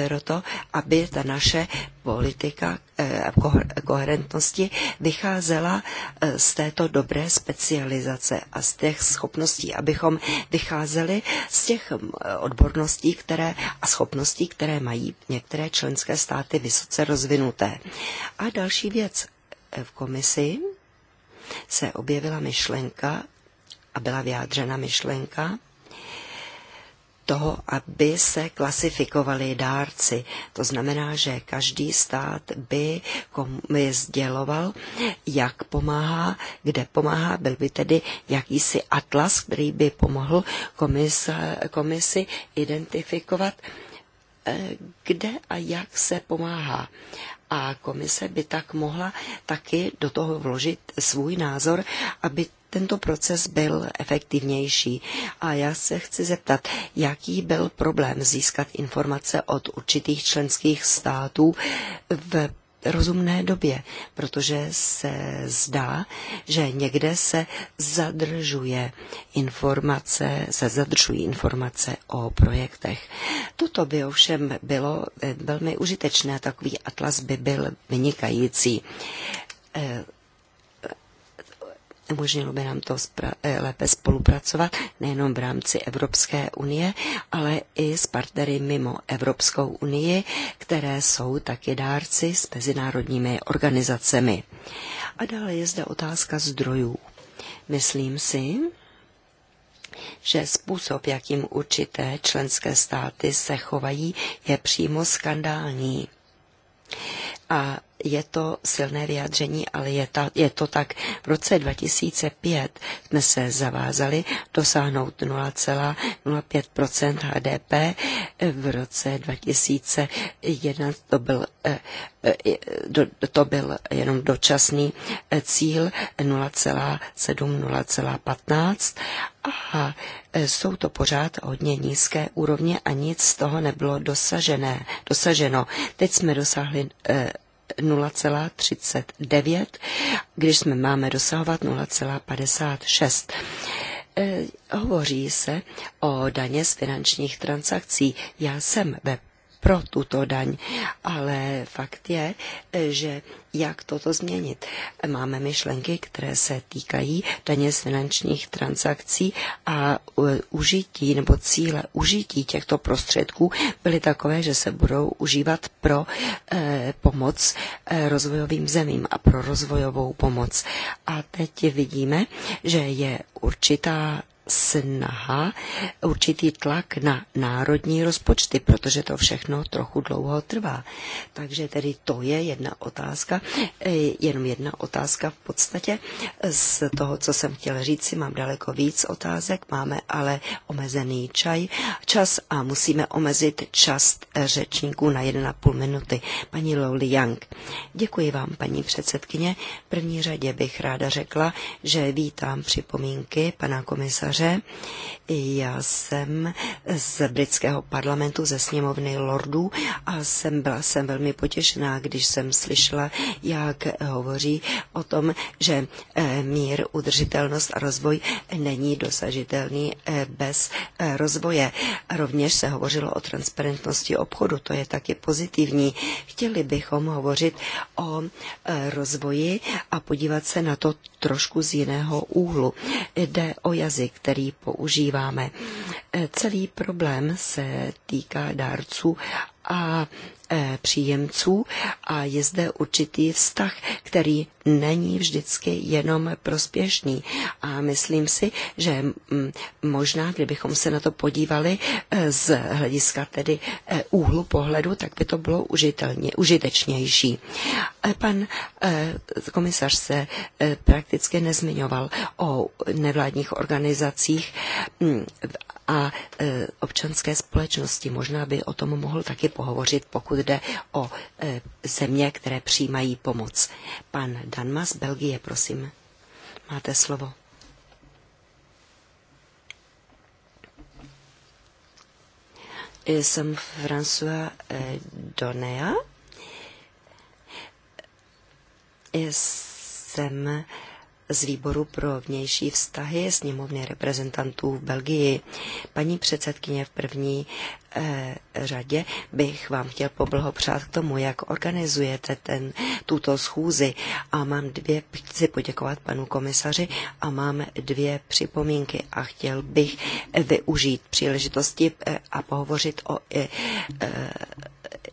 proto, aby ta naše politika eh, koherentnosti vycházela eh, z této dobré specializace a z těch schopností, abychom vycházeli z těch odborností které, a schopností, které mají některé členské státy vysoce rozvinuté. A další věc v komisi se objevila myšlenka a byla vyjádřena myšlenka toho, aby se klasifikovali dárci. To znamená, že každý stát by, komu, sděloval, jak pomáhá, kde pomáhá. Byl by tedy jakýsi atlas, který by pomohl komise, komisi identifikovat, eh, kde a jak se pomáhá a komise by tak mohla taky do toho vložit svůj názor, aby tento proces byl efektivnější. A já se chci zeptat, jaký byl problém získat informace od určitých členských států v rozumné době, protože se zdá, že někde se zadržuje informace, se zadržují informace o projektech. Toto by ovšem bylo eh, velmi užitečné, takový atlas by byl vynikající eh, umožnilo by nám to eh, lépe spolupracovat nejenom v rámci Evropské unie, ale i s partnery mimo Evropskou unii, které jsou taky dárci s mezinárodními organizacemi. A dále je zde otázka zdrojů. Myslím si, že způsob, jakým určité členské státy se chovají, je přímo skandální. A je to silné vyjádření, ale je, ta, je to tak. V roce 2005 jsme se zavázali dosáhnout 0,05 HDP. V roce 2001 to byl, eh, eh, to byl jenom dočasný eh, cíl 0,7-0,15 a jsou to pořád hodně nízké úrovně a nic z toho nebylo dosažené, dosaženo. Teď jsme dosáhli 0,39, když jsme máme dosahovat 0,56 eh, hovoří se o daně z finančních transakcí. Já jsem ve pro tuto daň. Ale fakt je, eh, že jak toto změnit. Máme myšlenky, které se týkají daně z finančních transakcí a eh, užití nebo cíle užití těchto prostředků byly takové, že se budou užívat pro eh, pomoc eh, rozvojovým zemím a pro rozvojovou pomoc. A teď vidíme, že je určitá snaha, určitý tlak na národní rozpočty, protože to všechno trochu dlouho trvá. Takže tedy to je jedna otázka, e, jenom jedna otázka v podstatě. Z toho, co jsem chtěla říct, si mám daleko víc otázek, máme ale omezený čaj, čas a musíme omezit čas řečníků na 1,5 minuty. Paní Loli Young. Děkuji vám, paní předsedkyně. V první řadě bych ráda řekla, že vítám připomínky pana komisaře komisaře. Já jsem z britského parlamentu, ze sněmovny Lordů a jsem byla jsem velmi potěšená, když jsem slyšela, jak hovoří o tom, že eh, mír, udržitelnost a rozvoj není dosažitelný eh, bez eh, rozvoje. Rovněž se hovořilo o transparentnosti obchodu, to je taky pozitivní. Chtěli bychom hovořit o rozvoji a podívat se na to trošku z jiného úhlu. Jde o jazyk, který používáme. Eh, celý problém se týká dárců a Eh, příjemců a je zde určitý vztah, který není vždycky jenom prospěšný. A myslím si, že mm, možná, kdybychom se na to podívali eh, z hlediska tedy eh, úhlu pohledu, tak by to bylo užitelně, užitečnější. Pan komisař se prakticky nezmiňoval o nevládních organizacích mm, a e, občanské společnosti. Možná by o tom mohl taky pohovořit, pokud jde o e, země, které přijímají pomoc. Pan Danmas, Belgie, prosím, máte slovo. Jsem François e, Donea. Jsem z výboru pro vnější vztahy sněmovny reprezentantů v Belgii. Paní předsedkyně v první eh, řadě bych vám chtěl poblhopřát k tomu, jak organizujete ten, tuto schůzi a mám dvě, chci poděkovat panu komisaři a mám dvě připomínky a chtěl bych využít příležitosti eh, a pohovořit o eh, eh,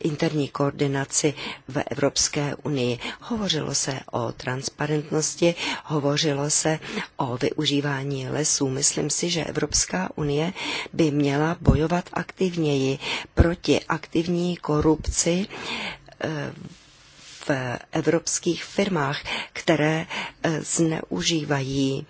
interní koordinaci v Evropské unii. Hovořilo se o transparentnosti, hovořilo se o využívání lesů. Myslím si, že Evropská unie by měla bojovat aktivněji proti aktivní korupci eh, v evropských firmách, které eh, zneužívají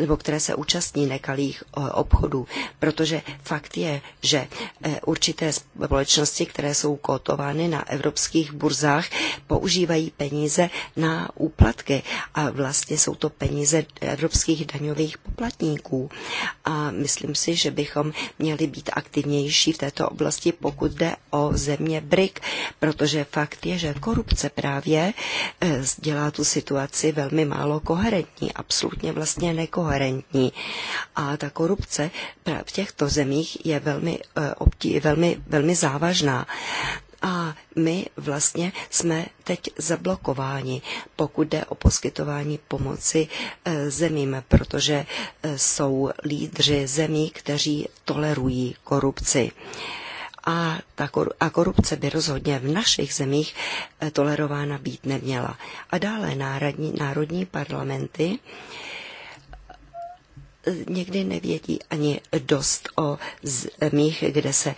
nebo které se účastní nekalých eh, obchodů. Protože fakt je, že eh, určité společnosti, které jsou kotovány na evropských burzách, používají peníze na úplatky a vlastně jsou to peníze evropských daňových poplatníků. A myslím si, že bychom měli být aktivnější v této oblasti, pokud jde o země BRIC, protože fakt je, že korupce právě eh, dělá tu situaci velmi málo koherentní, absolutně vlastně vlastně nekoherentní. A ta korupce v těchto zemích je velmi, eh, obtí, velmi, velmi závažná. A my vlastně jsme teď zablokováni, pokud jde o poskytování pomoci eh, zemím, protože eh, jsou lídři zemí, kteří tolerují korupci a, ta kor- a korupce by rozhodně v našich zemích tolerována být neměla. A dále národní, národní parlamenty eh, někdy nevědí ani dost o zemích, kde se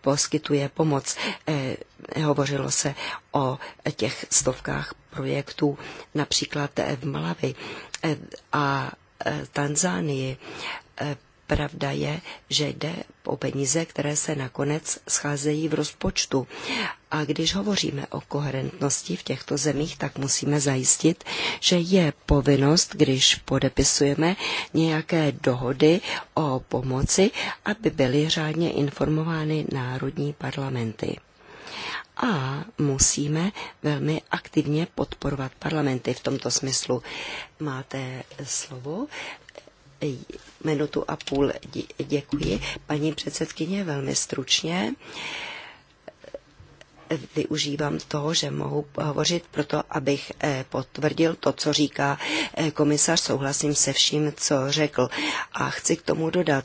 poskytuje pomoc. Eh, hovořilo se o těch stovkách projektů, například v Malavi eh, a eh, Tanzánii Pravda je, že jde o peníze, které se nakonec scházejí v rozpočtu. A když hovoříme o koherentnosti v těchto zemích, tak musíme zajistit, že je povinnost, když podepisujeme nějaké dohody o pomoci, aby byly řádně informovány národní parlamenty a musíme velmi aktivně podporovat parlamenty v tomto smyslu. Máte slovo, minutu a půl. Děkuji. Paní předsedkyně, velmi stručně využívám toho, že mohu hovořit proto, abych eh, potvrdil to, co říká eh, komisař. Souhlasím se vším, co řekl. A chci k tomu dodat,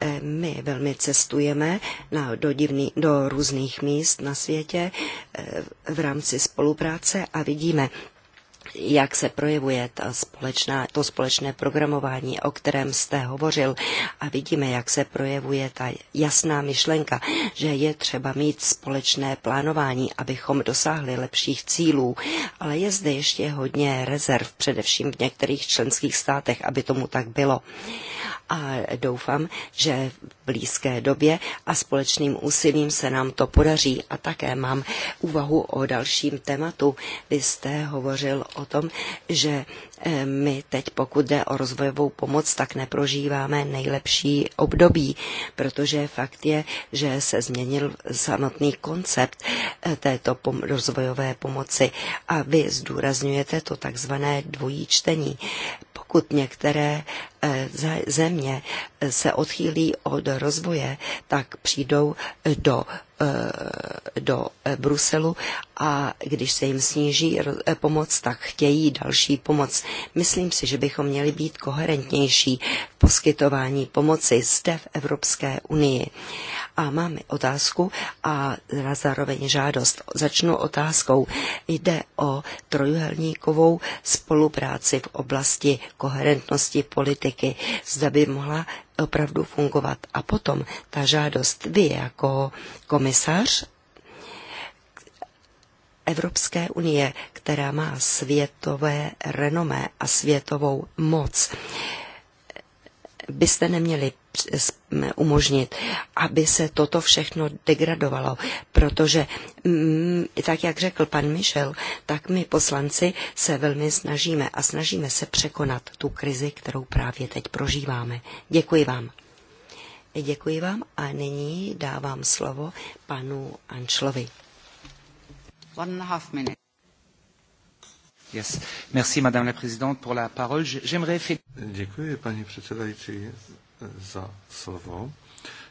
eh, my velmi cestujeme na, do, divný, do různých míst na světě v rámci spolupráce a vidíme, jak se projevuje ta společná, to společné programování, o kterém jste hovořil a vidíme, jak se projevuje ta jasná myšlenka, že je třeba mít společné plánování, abychom dosáhli lepších cílů, ale je zde ještě hodně rezerv, především v některých členských státech, aby tomu tak bylo. A doufám, že v blízké době a společným úsilím se nám to podaří. A také mám úvahu o dalším tématu. Vy jste hovořil o tom, že eh, my teď, pokud jde o rozvojovou pomoc, tak neprožíváme nejlepší období, protože fakt je, že se změnil samotný koncept eh, této pom- rozvojové pomoci a vy zdůrazňujete to takzvané dvojí čtení. Pokud některé Eh, země eh, se odchýlí od rozvoje, tak přijdou eh, do, do Bruselu a když se jim sníží pomoc, tak chtějí další pomoc. Myslím si, že bychom měli být koherentnější v poskytování pomoci zde v Evropské unii. A máme otázku a zároveň žádost. Začnu otázkou. Jde o trojuhelníkovou spolupráci v oblasti koherentnosti politiky politiky, zda by mohla opravdu fungovat. A potom ta žádost vy jako komisař Evropské unie, která má světové renomé a světovou moc, byste neměli umožnit, aby se toto všechno degradovalo, protože mm, tak, jak řekl pan Michel, tak my poslanci se velmi snažíme a snažíme se překonat tu krizi, kterou právě teď prožíváme. Děkuji vám. Děkuji vám a nyní dávám slovo panu Ančlovi. One and a half minute. Yes. Merci, Madame la Présidente, pour la parole. J'aimerais... Děkuji, paní předsedající, za slovo.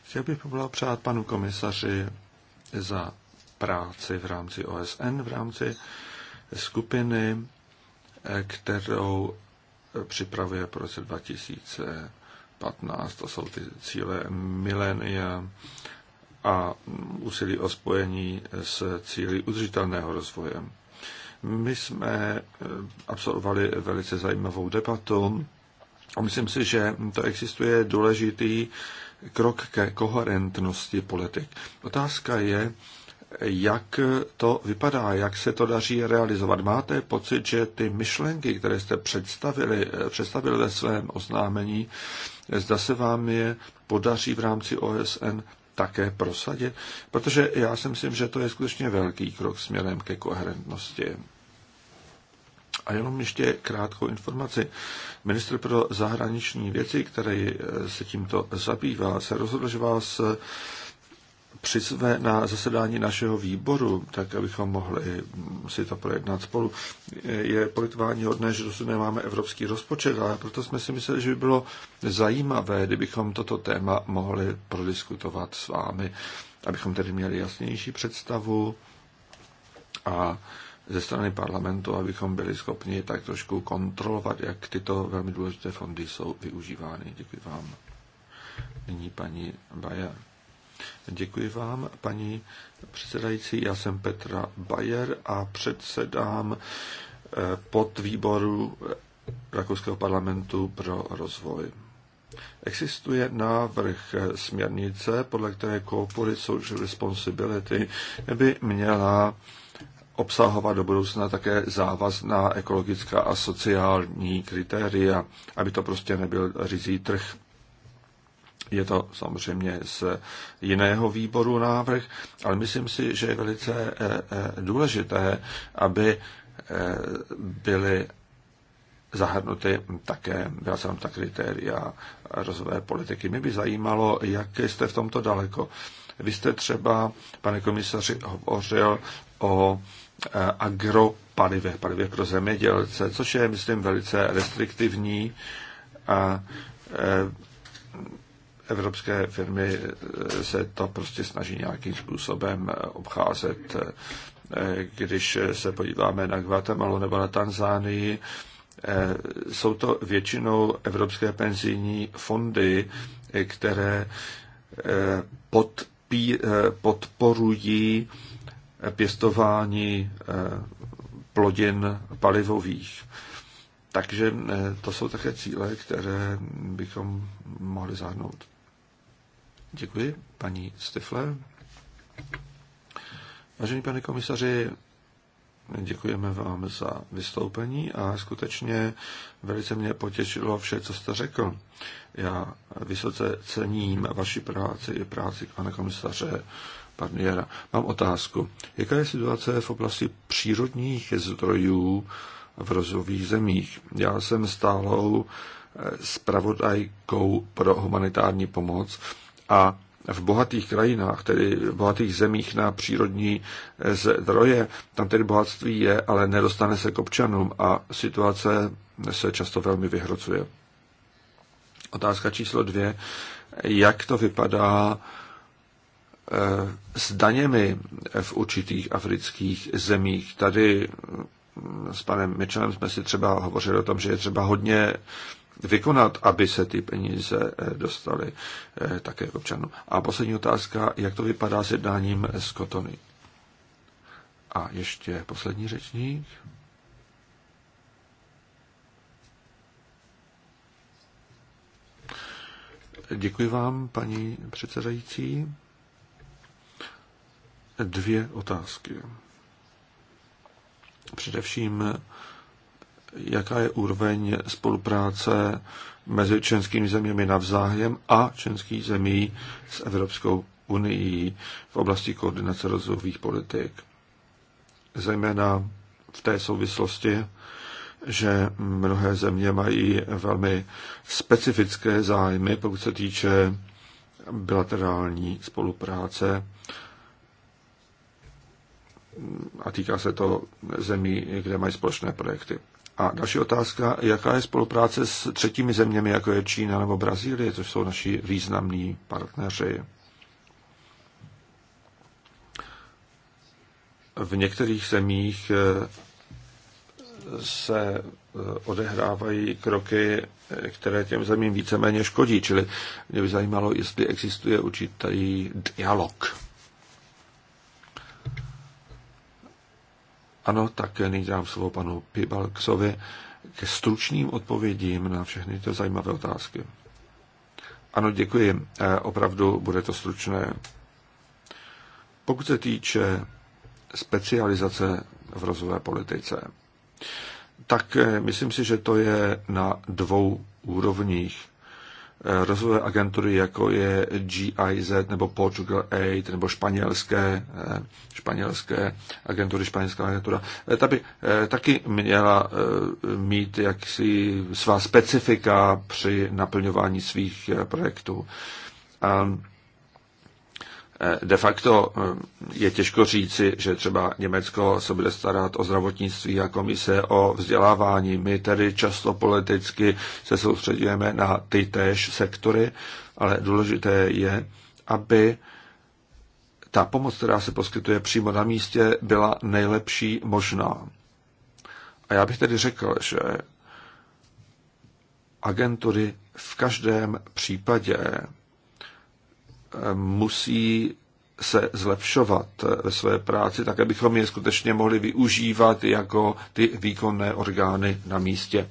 Chtěl bych poblahopřát panu komisaři za práci v rámci OSN, v rámci skupiny, eh, kterou eh, připravuje pro roce 2015. To jsou ty cíle milénia a úsilí o spojení s cíly udržitelného rozvoje. My jsme eh, absolvovali velice zajímavou debatu a myslím si, že to existuje důležitý krok ke koherentnosti politik. Otázka je, jak to vypadá, jak se to daří realizovat. Máte pocit, že ty myšlenky, které jste představili, eh, představili ve svém oznámení, eh, zda se vám je podaří v rámci OSN také prosadit, protože já si myslím, že to je skutečně velký krok směrem ke koherentnosti. A jenom ještě krátkou informaci. Ministr pro zahraniční věci, který se tímto zabývá, se rozhodl, že vás přizve na zasedání našeho výboru, tak abychom mohli mm, si to projednat spolu. Je politování hodné, že dosud nemáme evropský rozpočet, ale proto jsme si mysleli, že by bylo zajímavé, kdybychom toto téma mohli prodiskutovat s vámi, abychom tedy měli jasnější představu a ze strany parlamentu, abychom byli schopni tak trošku kontrolovat, jak tyto velmi důležité fondy jsou využívány. Děkuji vám. Nyní paní Bajer. Děkuji vám, paní předsedající. Já jsem Petra Bayer a předsedám eh, pod výboru eh, Rakouského parlamentu pro rozvoj. Existuje návrh eh, směrnice, podle které Corporate Social Responsibility by měla obsahovat do budoucna také závazná ekologická a sociální kritéria, aby to prostě nebyl řízí trh. Je to samozřejmě z jiného výboru návrh, ale myslím si, že je velice eh, eh, důležité, aby eh, byly zahrnuty také, byla jsem ta kritéria rozvoje politiky. Mě by zajímalo, jak jste v tomto daleko. Vy jste třeba, pane komisaři, hovořil o agropalivech, palivech pro zemědělce, což je, myslím, velice restriktivní. A evropské firmy eh, se to prostě snaží nějakým způsobem eh, obcházet. Eh, když se podíváme na Guatemala nebo na Tanzánii, jsou to většinou evropské penzijní fondy, které podpí, podporují pěstování plodin palivových. Takže to jsou také cíle, které bychom mohli zahrnout. Děkuji, paní Stifle. Vážený pane komisaři, děkujeme vám za vystoupení a skutečně velice mě potěšilo vše, co jste řekl. Já vysoce cením vaši práci i práci pana komisaře Parniera. Mám otázku. Jaká je situace v oblasti přírodních zdrojů v rozvojových zemích? Já jsem stálou spravodajkou eh, pro humanitární pomoc a v bohatých krajinách, tedy v bohatých zemích na přírodní eh, zdroje, tam tedy bohatství je, ale nedostane se k občanům a situace se často velmi vyhrocuje. Otázka číslo dvě. Jak to vypadá eh, s daněmi v určitých afrických zemích? Tady mm, s panem Mitchellem jsme si třeba hovořili o tom, že je třeba hodně vykonat, aby se ty peníze eh, dostaly eh, také k občanům. A poslední otázka, jak to vypadá s jednáním z Kotony? A ještě poslední řečník. Děkuji vám, paní předsedající. Dvě otázky. Především jaká je úroveň spolupráce mezi členskými zeměmi navzájem a členský zemí s Evropskou unii v oblasti koordinace rozvojových politik. Zejména v té souvislosti, že mnohé země mají velmi specifické zájmy, pokud se týče bilaterální spolupráce. A týká se to zemí, kde mají společné projekty. A další otázka, jaká je spolupráce s třetími zeměmi, jako je Čína nebo Brazílie, což jsou naši významní partneři. V některých zemích eh, se eh, odehrávají kroky, eh, které těm zemím víceméně škodí. Čili mě by zajímalo, jestli existuje určitý dialog. Ano, tak nyní dám slovo panu Pibalksovi ke stručným odpovědím na všechny ty zajímavé otázky. Ano, děkuji. Eh, opravdu bude to stručné. Pokud se týče specializace v rozvojové politice, tak eh, myslím si, že to je na dvou úrovních rozvojové agentury, jako je GIZ nebo Portugal Aid nebo španělské, eh, španělské agentury, španělská agentura, eh, ta by eh, taky měla mít jaksi svá specifika při naplňování svých projektů. Eh, de facto eh, je těžko říci, že třeba Německo se bude starat o zdravotnictví a komise o vzdělávání. My tedy často politicky se soustředujeme na ty též sektory, ale důležité je, aby ta pomoc, která se poskytuje přímo na místě, byla nejlepší možná. A já bych tedy řekl, že agentury v každém případě musí se zlepšovat ve své práci, tak abychom je skutečně mohli využívat jako ty výkonné orgány na místě.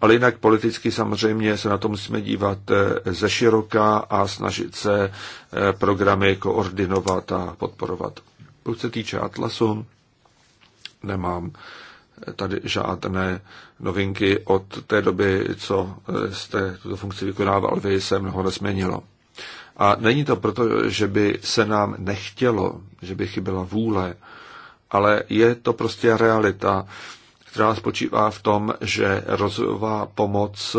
Ale jinak politicky samozřejmě se na to musíme dívat eh, ze široka a snažit se eh, programy koordinovat a podporovat. Pokud se týče Atlasu, nemám eh, tady žádné novinky od té doby, co jste tuto funkci vykonával vy, se mnoho nesměnilo. A není to proto, že by se nám nechtělo, že by chyběla vůle, ale je to prostě realita, která spočívá v tom, že rozvojová pomoc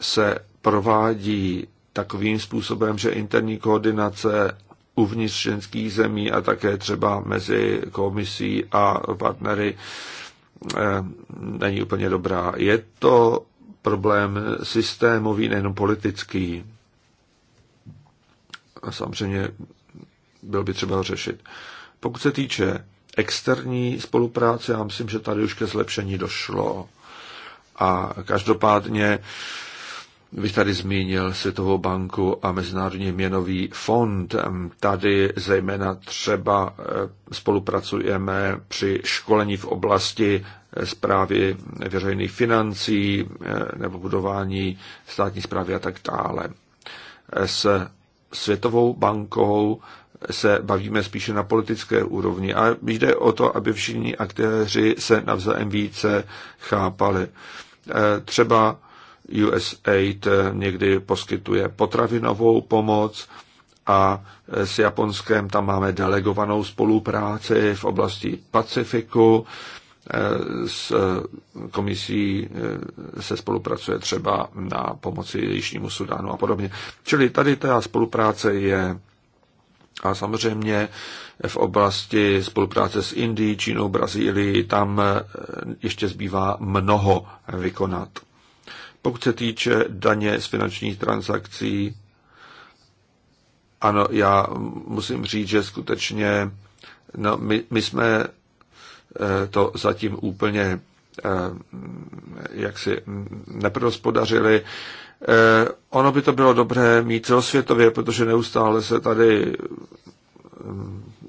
se provádí takovým způsobem, že interní koordinace uvnitř členských zemí a také třeba mezi komisí a partnery eh, není úplně dobrá. Je to problém systémový, nejenom politický samozřejmě byl by třeba řešit. Pokud se týče externí spolupráce, já myslím, že tady už ke zlepšení došlo. A každopádně bych tady zmínil Světovou banku a Mezinárodní měnový fond. Tady zejména třeba eh, spolupracujeme při školení v oblasti zprávy eh, veřejných financí eh, nebo budování státní zprávy a tak dále. S Světovou bankou se bavíme spíše na politické úrovni, ale jde o to, aby všichni aktéři se navzájem více chápali. E, třeba USAID někdy poskytuje potravinovou pomoc a s Japonskem tam máme delegovanou spolupráci v oblasti Pacifiku Eh, s eh, komisí eh, se spolupracuje třeba na pomoci Jižnímu Sudánu a podobně. Čili tady ta spolupráce je a samozřejmě v oblasti spolupráce s Indií, Čínou, Brazílií, tam ještě zbývá mnoho vykonat. Pokud se týče daně z finančních transakcí, ano, já musím říct, že skutečně no, my, my jsme Eh, to zatím úplně eh, jak si neprospodařili. Eh, ono by to bylo dobré mít celosvětově, protože neustále se tady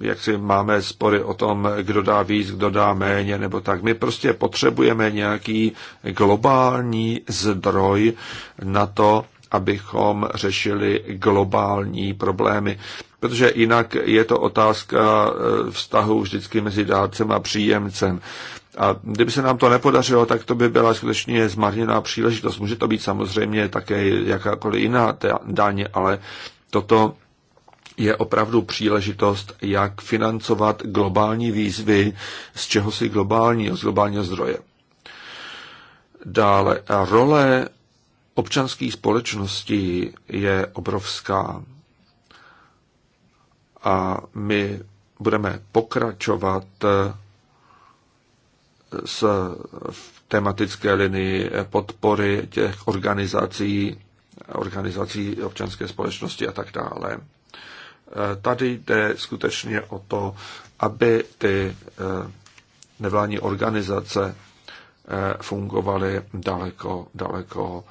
jak si máme spory o tom, kdo dá víc, kdo dá méně, nebo tak. My prostě potřebujeme nějaký globální zdroj na to, abychom řešili globální problémy protože jinak je to otázka eh, vztahu vždycky mezi dárcem a příjemcem. A kdyby se nám to nepodařilo, tak to by byla skutečně zmarněná příležitost. Může to být samozřejmě také jakákoliv jiná daň, ale toto je opravdu příležitost, jak financovat globální výzvy z čeho si globálního, z globálního zdroje. Dále, role občanských společností je obrovská a my budeme pokračovat eh, s v tematické linii podpory těch organizací, organizací občanské společnosti a tak dále. Eh, tady jde skutečně o to, aby ty eh, nevládní organizace fungovaly daleko, daleko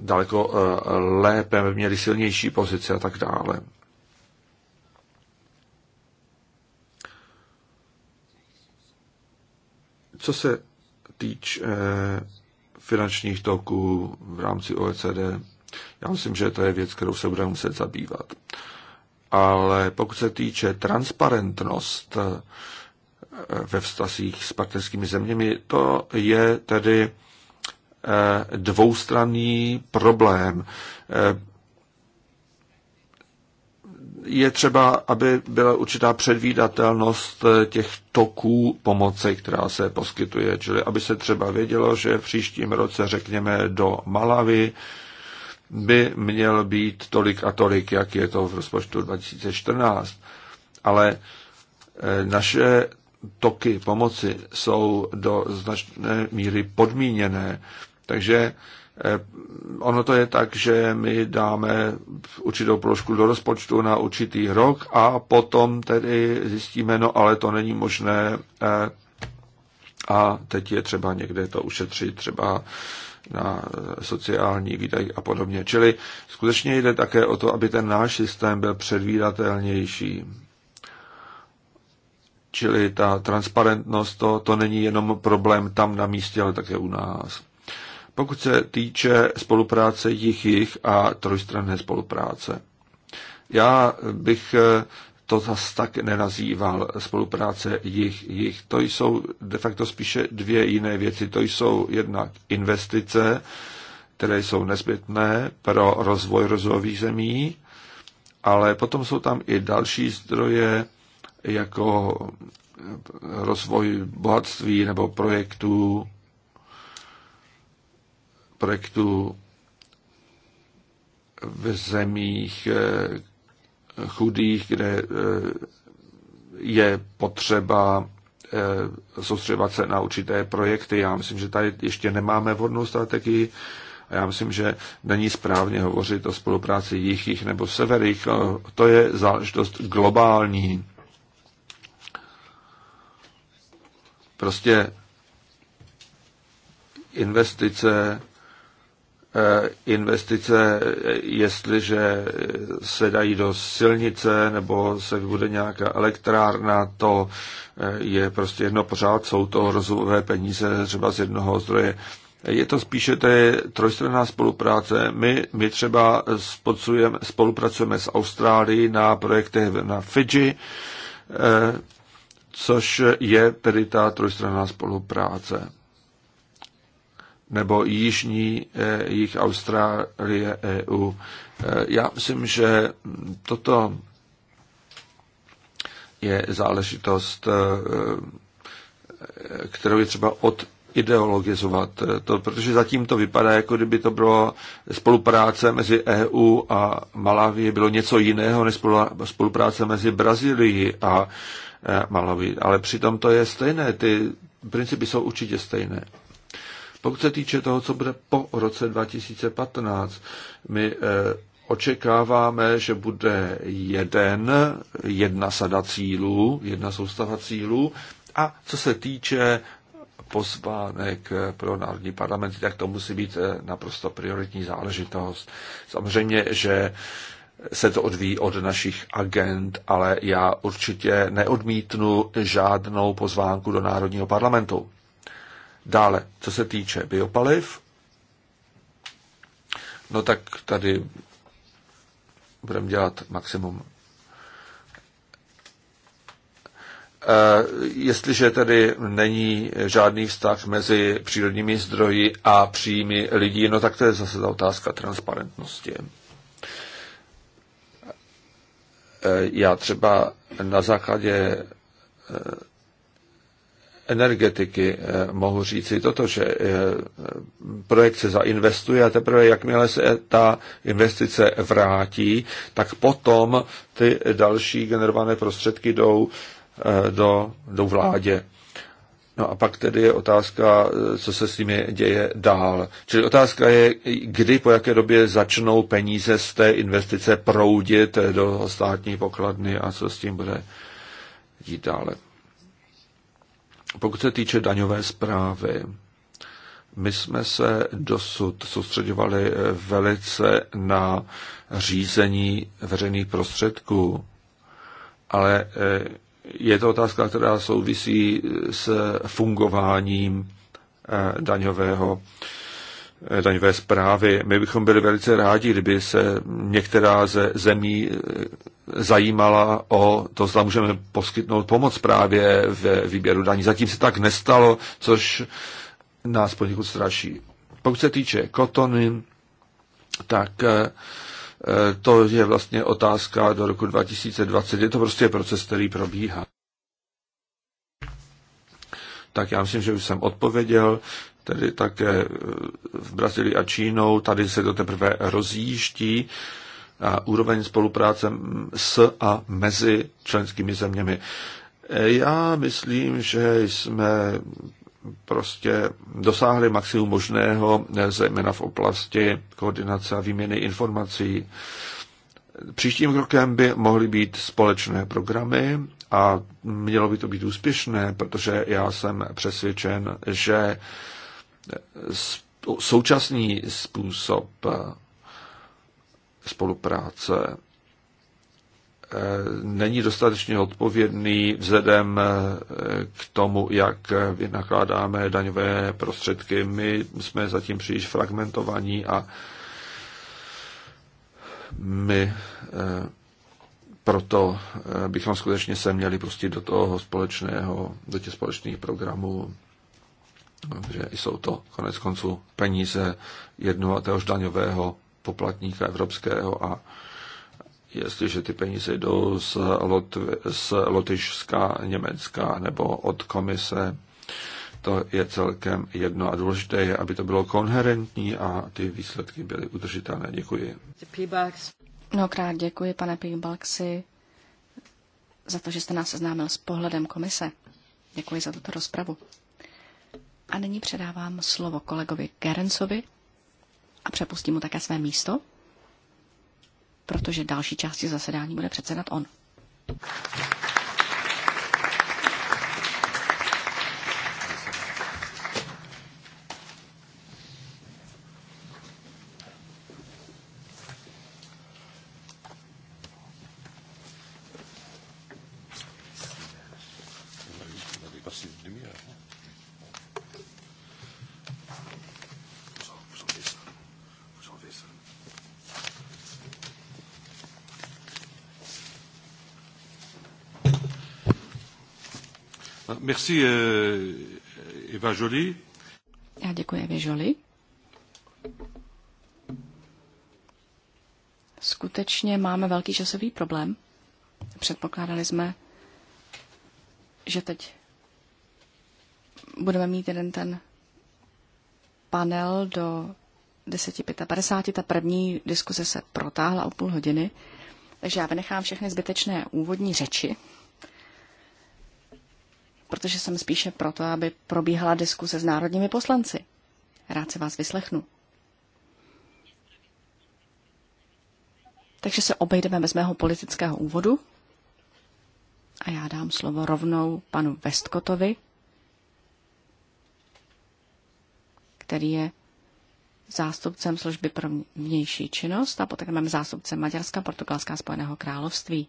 daleko eh, lépe, měli silnější pozice a tak dále. Co se týče eh, finančních toků v rámci OECD, já myslím, že to je věc, kterou se budeme muset zabývat. Ale pokud se týče transparentnost eh, ve vztazích s partnerskými zeměmi, to je tedy Eh, dvoustranný problém. Eh, je třeba, aby byla určitá předvídatelnost eh, těch toků pomoci, která se poskytuje, čili aby se třeba vědělo, že v příštím roce, řekněme, do Malavy by měl být tolik a tolik, jak je to v rozpočtu 2014. Ale naše toky pomoci jsou do značné míry podmíněné. Takže eh, ono to je tak, že my dáme určitou položku do rozpočtu na určitý rok a potom tedy zjistíme, no ale to není možné eh, a teď je třeba někde to ušetřit, třeba na sociální výdaj a podobně. Čili skutečně jde také o to, aby ten náš systém byl předvídatelnější. Čili ta transparentnost, to, to není jenom problém tam na místě, ale také u nás pokud se týče spolupráce jich-jich a trojstranné spolupráce. Já bych eh, to zas tak nenazýval spolupráce jich, jich. To jsou de facto spíše dvě jiné věci. To jsou jednak investice, které jsou nezbytné pro rozvoj rozvojových zemí, ale potom jsou tam i další zdroje, jako eh, rozvoj bohatství nebo projektů, projektů v zemích eh, chudých, kde eh, je potřeba eh, soustředovat se na určité projekty. Já myslím, že tady ještě nemáme vhodnou strategii a já myslím, že není správně hovořit o spolupráci jichých nebo severých. No, to je záležitost globální. Prostě investice Eh, investice, eh, jestliže se dají do silnice nebo se bude nějaká elektrárna, to eh, je prostě jedno pořád, jsou to rozumové peníze třeba z jednoho zdroje. Je to spíše té trojstranná spolupráce. My, my třeba spolupracujeme s Austrálií na projektech na Fidži, což je tedy ta trojstranná spolupráce nebo jižní eh, jich Austrálie EU. Eh, já myslím, že toto je záležitost, eh, kterou je třeba od ideologizovat to, protože zatím to vypadá, jako kdyby to bylo spolupráce mezi EU a Malawi bylo něco jiného než spolupráce mezi Brazílií a Malawi. Ale přitom to je stejné, ty principy jsou určitě stejné. Pokud se týče toho, co bude po roce 2015, my eh, očekáváme, že bude jeden, jedna sada cílů, jedna soustava cílů a co se týče pozvánek eh, pro národní parlamenty, tak to musí být eh, naprosto prioritní záležitost. Samozřejmě, že se to odvíjí od našich agent, ale já určitě neodmítnu žádnou pozvánku do Národního parlamentu. Dále, co se týče biopaliv, no tak tady budeme dělat maximum. E, jestliže tedy není žádný vztah mezi přírodními zdroji a příjmy lidí, no tak to je zase ta otázka transparentnosti. E, já třeba na základě e, energetiky eh, mohu říci toto, že eh, projekt se zainvestuje a teprve jakmile se ta investice vrátí, tak potom ty další generované prostředky jdou eh, do, do vládě. No a pak tedy je otázka, co se s nimi děje dál. Čili otázka je, kdy, po jaké době začnou peníze z té investice proudit do státní pokladny a co s tím bude dít dále. Pokud se týče daňové zprávy, my jsme se dosud soustředovali eh, velice na řízení veřejných prostředků, ale eh, je to otázka, která souvisí eh, s fungováním daňového Eh, daňové zprávy. My bychom byli velice rádi, kdyby se některá ze zemí eh, zajímala o to, zda můžeme poskytnout pomoc právě v výběru daní. Zatím se tak nestalo, což nás poněkud straší. Pokud se týče kotony, tak eh, to je vlastně otázka do roku 2020. Je to prostě proces, který probíhá. Tak já myslím, že už jsem odpověděl tedy také e, v Brazílii a Čínou, tady se to teprve rozjíždí a úroveň spolupráce s a mezi členskými zeměmi. E, já myslím, že jsme prostě dosáhli maximum možného, e, zejména v oblasti koordinace a výměny informací. Příštím krokem by mohly být společné programy a mělo by to být úspěšné, protože já jsem přesvědčen, že současný způsob eh, spolupráce eh, není dostatečně odpovědný vzhledem eh, k tomu, jak vynakládáme daňové prostředky. My jsme zatím příliš fragmentovaní a my proto bychom skutečně se měli prostě do toho společného, do těch společných programů že jsou to konec konců peníze jednoho téhož daňového poplatníka evropského a jestliže ty peníze jdou z, Lot, z Lotyšska, Německa nebo od komise, to je celkem jedno a důležité je, aby to bylo konherentní a ty výsledky byly udržitelné. Děkuji. Mnohokrát děkuji, pane Pibalksi, za to, že jste nás seznámil s pohledem komise. Děkuji za tuto rozpravu. A nyní předávám slovo kolegovi Gerencovi a přepustím mu také své místo, protože další části zasedání bude předsedat on. Merci, euh, Eva Já děkuji Eva Jolie. Skutečně máme velký časový problém. Předpokládali jsme, že teď budeme mít jeden ten panel do 10.55. Ta první diskuze se protáhla o půl hodiny, takže já vynechám všechny zbytečné úvodní řeči, protože jsem spíše proto, aby probíhala diskuse s národními poslanci. Rád se vás vyslechnu. Takže se obejdeme bez mého politického úvodu a já dám slovo rovnou panu Vestkotovi, který je zástupcem služby pro vnější činnost a potom mám zástupce Maďarska, portugalská a Spojeného království.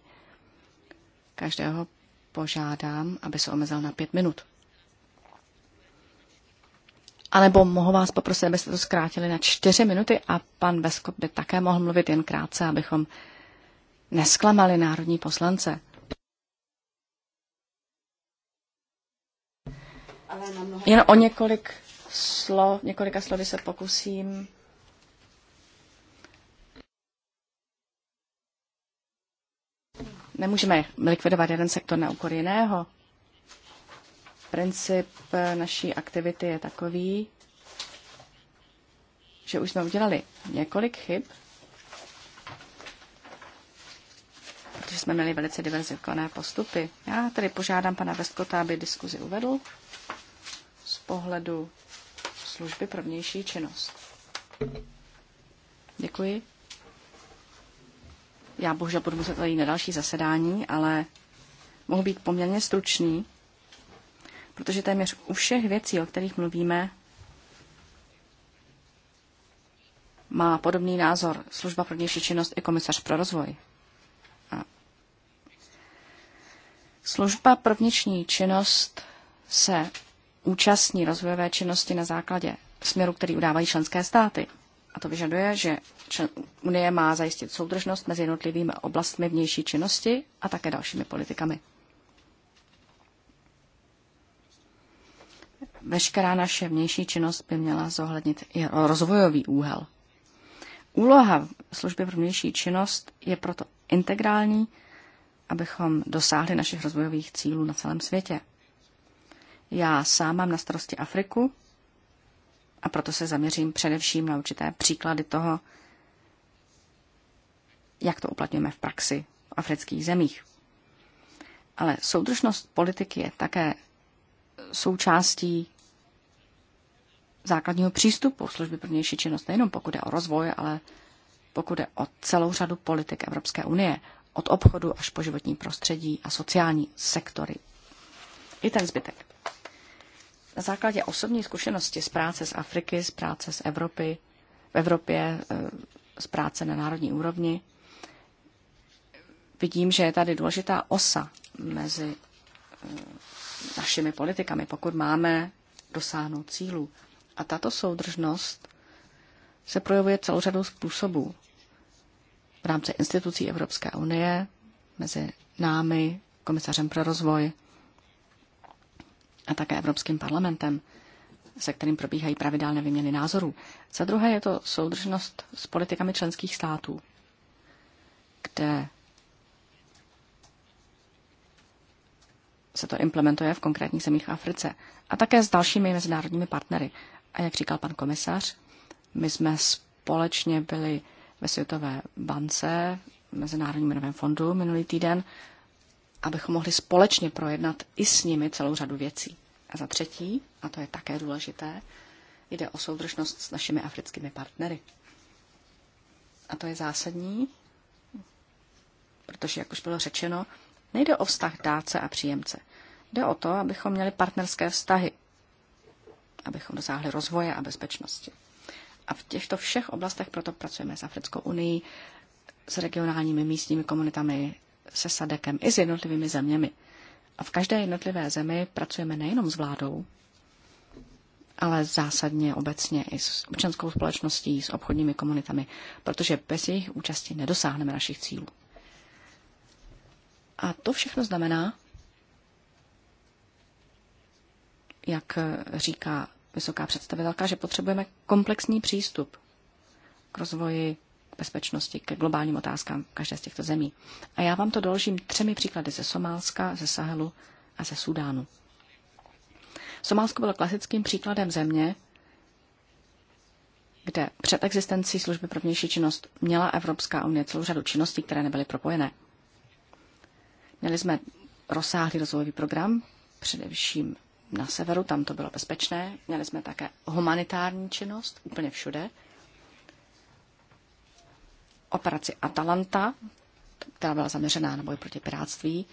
Každého požádám, aby se omezil na pět minut. A nebo mohu vás poprosit, abyste to zkrátili na čtyři minuty a pan Veskop by také mohl mluvit jen krátce, abychom nesklamali národní poslance. Jen o několik slov, několika slovy se pokusím Nemůžeme likvidovat jeden sektor na úkor jiného. Princip naší aktivity je takový, že už jsme udělali několik chyb, protože jsme měli velice diverzifikované postupy. Já tedy požádám pana Vestkota, aby diskuzi uvedl z pohledu služby pro vnější činnost. Děkuji. Já bohužel budu muset jít na další zasedání, ale mohu být poměrně stručný, protože téměř u všech věcí, o kterých mluvíme, má podobný názor služba pro vnější činnost i komisař pro rozvoj. A služba pro vnitřní činnost se účastní rozvojové činnosti na základě směru, který udávají členské státy. A to vyžaduje, že Unie má zajistit soudržnost mezi jednotlivými oblastmi vnější činnosti a také dalšími politikami. Veškerá naše vnější činnost by měla zohlednit i rozvojový úhel. Úloha služby pro vnější činnost je proto integrální, abychom dosáhli našich rozvojových cílů na celém světě. Já sám mám na starosti Afriku a proto se zaměřím především na určité příklady toho, jak to uplatňujeme v praxi v afrických zemích. Ale soudržnost politiky je také součástí základního přístupu služby pro vnější činnost, nejenom pokud je o rozvoj, ale pokud je o celou řadu politik Evropské unie, od obchodu až po životní prostředí a sociální sektory. I ten zbytek. Na základě osobní zkušenosti z práce z Afriky, z práce z Evropy, v Evropě, eh, z práce na národní úrovni, vidím, že je tady důležitá osa mezi eh, našimi politikami, pokud máme dosáhnout cílů. A tato soudržnost se projevuje celou řadou způsobů. V rámci institucí Evropské unie, mezi námi, komisařem pro rozvoj, a také Evropským parlamentem, se kterým probíhají pravidelné vyměny názorů. Za druhé je to soudržnost s politikami členských států, kde se to implementuje v konkrétních zemích Africe a také s dalšími mezinárodními partnery. A jak říkal pan komisař, my jsme společně byli ve Světové bance, Mezinárodním měnovém fondu minulý týden abychom mohli společně projednat i s nimi celou řadu věcí. A za třetí, a to je také důležité, jde o soudržnost s našimi africkými partnery. A to je zásadní, protože, jak už bylo řečeno, nejde o vztah dáce a příjemce. Jde o to, abychom měli partnerské vztahy, abychom dosáhli rozvoje a bezpečnosti. A v těchto všech oblastech proto pracujeme s Africkou unii, s regionálními místními komunitami, se Sadekem i s jednotlivými zeměmi. A v každé jednotlivé zemi pracujeme nejenom s vládou, ale zásadně obecně i s občanskou společností, s obchodními komunitami, protože bez jejich účasti nedosáhneme našich cílů. A to všechno znamená, jak říká vysoká představitelka, že potřebujeme komplexní přístup k rozvoji bezpečnosti, ke globálním otázkám každé z těchto zemí. A já vám to doložím třemi příklady ze Somálska, ze Sahelu a ze Sudánu. Somálsko bylo klasickým příkladem země, kde před existencí služby pro vnější činnost měla Evropská unie celou řadu činností, které nebyly propojené. Měli jsme rozsáhlý rozvojový program, především na severu, tam to bylo bezpečné. Měli jsme také humanitární činnost úplně všude operaci Atalanta, která byla zaměřená na boj proti piráctví.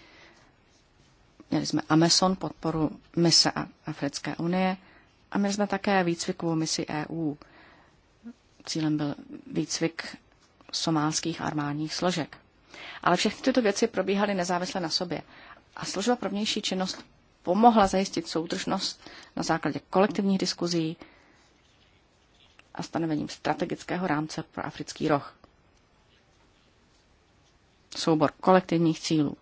Měli jsme Ameson, podporu mise Africké unie a měli jsme také výcvikovou misi EU. Cílem byl výcvik somálských armádních složek. Ale všechny tyto věci probíhaly nezávisle na sobě. A služba pro vnější činnost pomohla zajistit soudržnost na základě kolektivních diskuzí a stanovením strategického rámce pro africký roh soubor kolektivních cílů,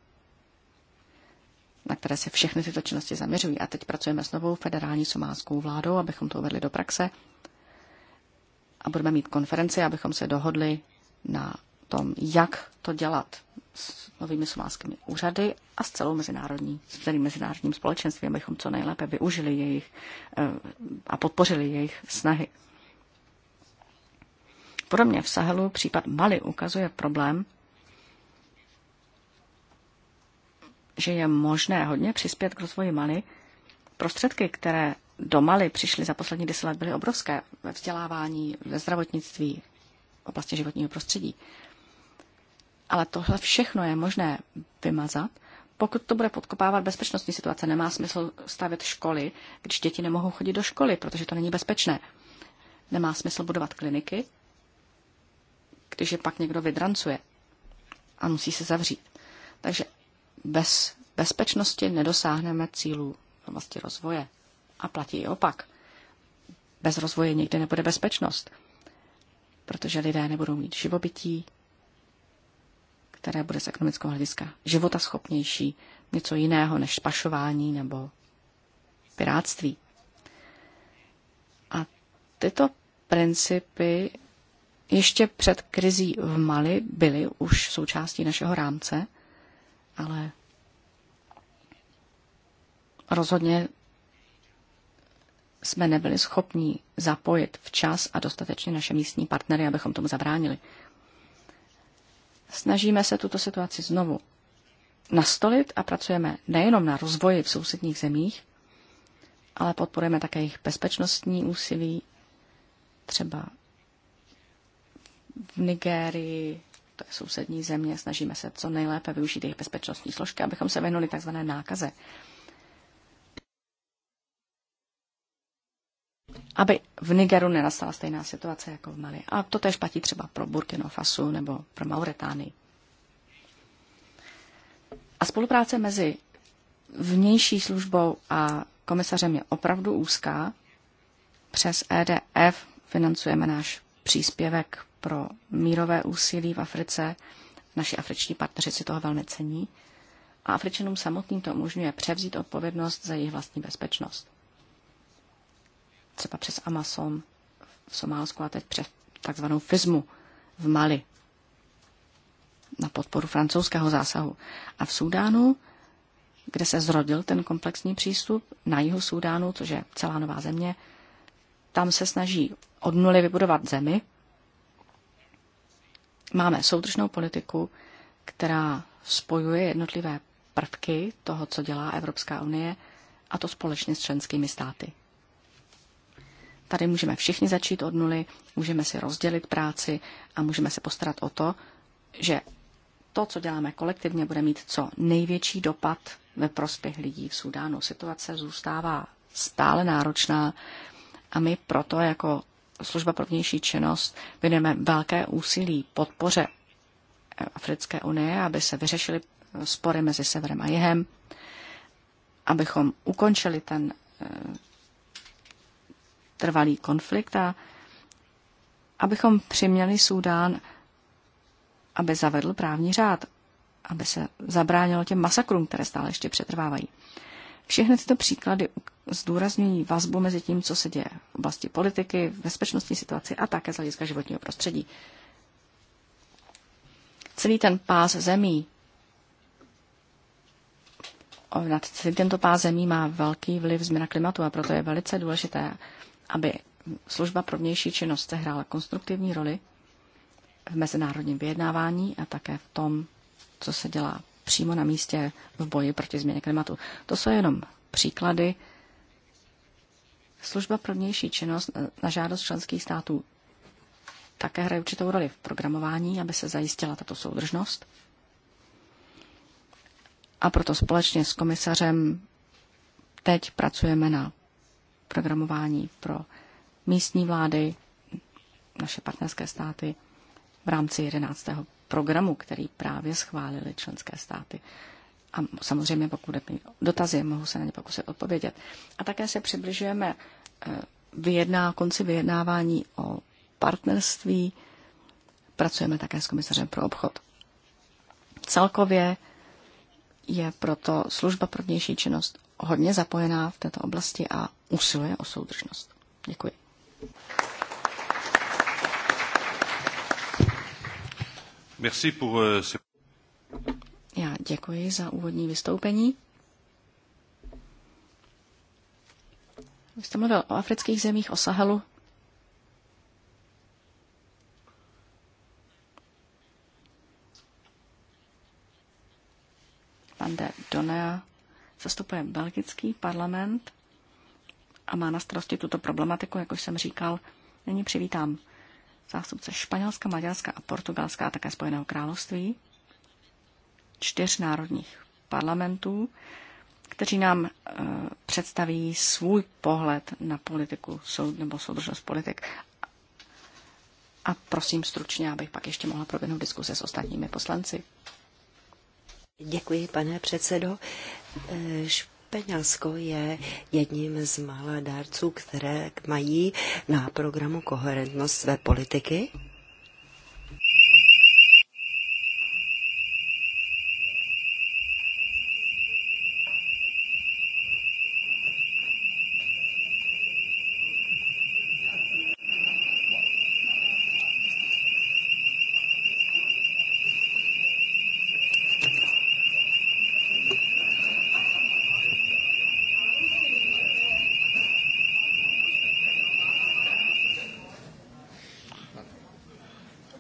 na které se všechny tyto činnosti zaměřují. A teď pracujeme s novou federální somálskou vládou, abychom to uvedli do praxe. A budeme mít konferenci, abychom se dohodli na tom, jak to dělat s novými somálskými úřady a s celou mezinárodní, s celým mezinárodním společenstvím, abychom co nejlépe využili jejich eh, a podpořili jejich snahy. Podobně v Sahelu případ Mali ukazuje problém, že je možné hodně přispět k rozvoji Mali. Prostředky, které do Mali přišly za poslední deset let, byly obrovské ve vzdělávání, ve zdravotnictví, v oblasti životního prostředí. Ale tohle všechno je možné vymazat, pokud to bude podkopávat bezpečnostní situace. Nemá smysl stavět školy, když děti nemohou chodit do školy, protože to není bezpečné. Nemá smysl budovat kliniky, když je pak někdo vydrancuje a musí se zavřít. Takže bez bezpečnosti nedosáhneme cílů v oblasti rozvoje. A platí i opak. Bez rozvoje nikdy nebude bezpečnost, protože lidé nebudou mít živobytí, které bude z ekonomického hlediska života schopnější, něco jiného než pašování nebo piráctví. A tyto principy ještě před krizí v Mali byly už součástí našeho rámce – ale rozhodně jsme nebyli schopni zapojit včas a dostatečně naše místní partnery, abychom tomu zabránili. Snažíme se tuto situaci znovu nastolit a pracujeme nejenom na rozvoji v sousedních zemích, ale podporujeme také jejich bezpečnostní úsilí, třeba v Nigérii, to je sousední země, snažíme se co nejlépe využít jejich bezpečnostní složky, abychom se vyhnuli tzv. nákaze. Aby v Nigeru nenastala stejná situace jako v Mali. A to tež platí třeba pro Burkina Faso nebo pro Mauretánii. A spolupráce mezi vnější službou a komisařem je opravdu úzká. Přes EDF financujeme náš příspěvek pro mírové úsilí v Africe. Naši afričtí partneři si toho velmi cení a Afričanům samotným to umožňuje převzít odpovědnost za jejich vlastní bezpečnost. Třeba přes Amazon v Somálsku a teď přes takzvanou FISMu v Mali na podporu francouzského zásahu. A v Súdánu, kde se zrodil ten komplexní přístup, na jihu Súdánu, což je celá nová země, tam se snaží od nuly vybudovat zemi, Máme soudržnou politiku, která spojuje jednotlivé prvky toho, co dělá Evropská unie, a to společně s členskými státy. Tady můžeme všichni začít od nuly, můžeme si rozdělit práci a můžeme se postarat o to, že to, co děláme kolektivně, bude mít co největší dopad ve prospěch lidí v Sudánu. Situace zůstává stále náročná a my proto jako služba pro vnější činnost věnujeme velké úsilí podpoře Africké unie, aby se vyřešily spory mezi severem a jihem, abychom ukončili ten eh, trvalý konflikt a abychom přiměli Súdán, aby zavedl právní řád, aby se zabránilo těm masakrům, které stále ještě přetrvávají. Všechny tyto příklady zdůrazňují vazbu mezi tím, co se děje v oblasti politiky, v bezpečnostní situaci a také z hlediska životního prostředí. Celý ten pás zemí, nad celý tento pás zemí má velký vliv změna klimatu a proto je velice důležité, aby služba pro vnější činnost hrála konstruktivní roli v mezinárodním vyjednávání a také v tom, co se dělá přímo na místě v boji proti změně klimatu. To jsou jenom příklady. Služba pro vnější činnost eh, na žádost členských států také hraje určitou roli v programování, aby se zajistila tato soudržnost. A proto společně s komisařem teď pracujeme na programování pro místní vlády, naše partnerské státy v rámci 11 programu, který právě schválili členské státy. A samozřejmě, pokud bude dotazy, mohu se na ně pokusit odpovědět. A také se přibližujeme eh, vyjedná, konci vyjednávání o partnerství. Pracujeme také s komisařem pro obchod. Celkově je proto služba pro vnější činnost hodně zapojená v této oblasti a usiluje o soudržnost. Děkuji. Merci pour, euh, Já děkuji za úvodní vystoupení. Vy jste mluvil o afrických zemích, o Sahelu. Pan de Donea zastupuje belgický parlament a má na starosti tuto problematiku, jak už jsem říkal. Nyní přivítám zástupce Španělska, Maďarska a Portugalska a také Spojeného království, čtyř národních parlamentů, kteří nám e, představí svůj pohled na politiku soud, nebo soudržnost politik. A prosím stručně, abych pak ještě mohla proběhnout diskuse s ostatními poslanci. Děkuji, pane předsedo. E, eh, š... Peňasko je jedním z mála dárců, které mají na programu koherentnost své politiky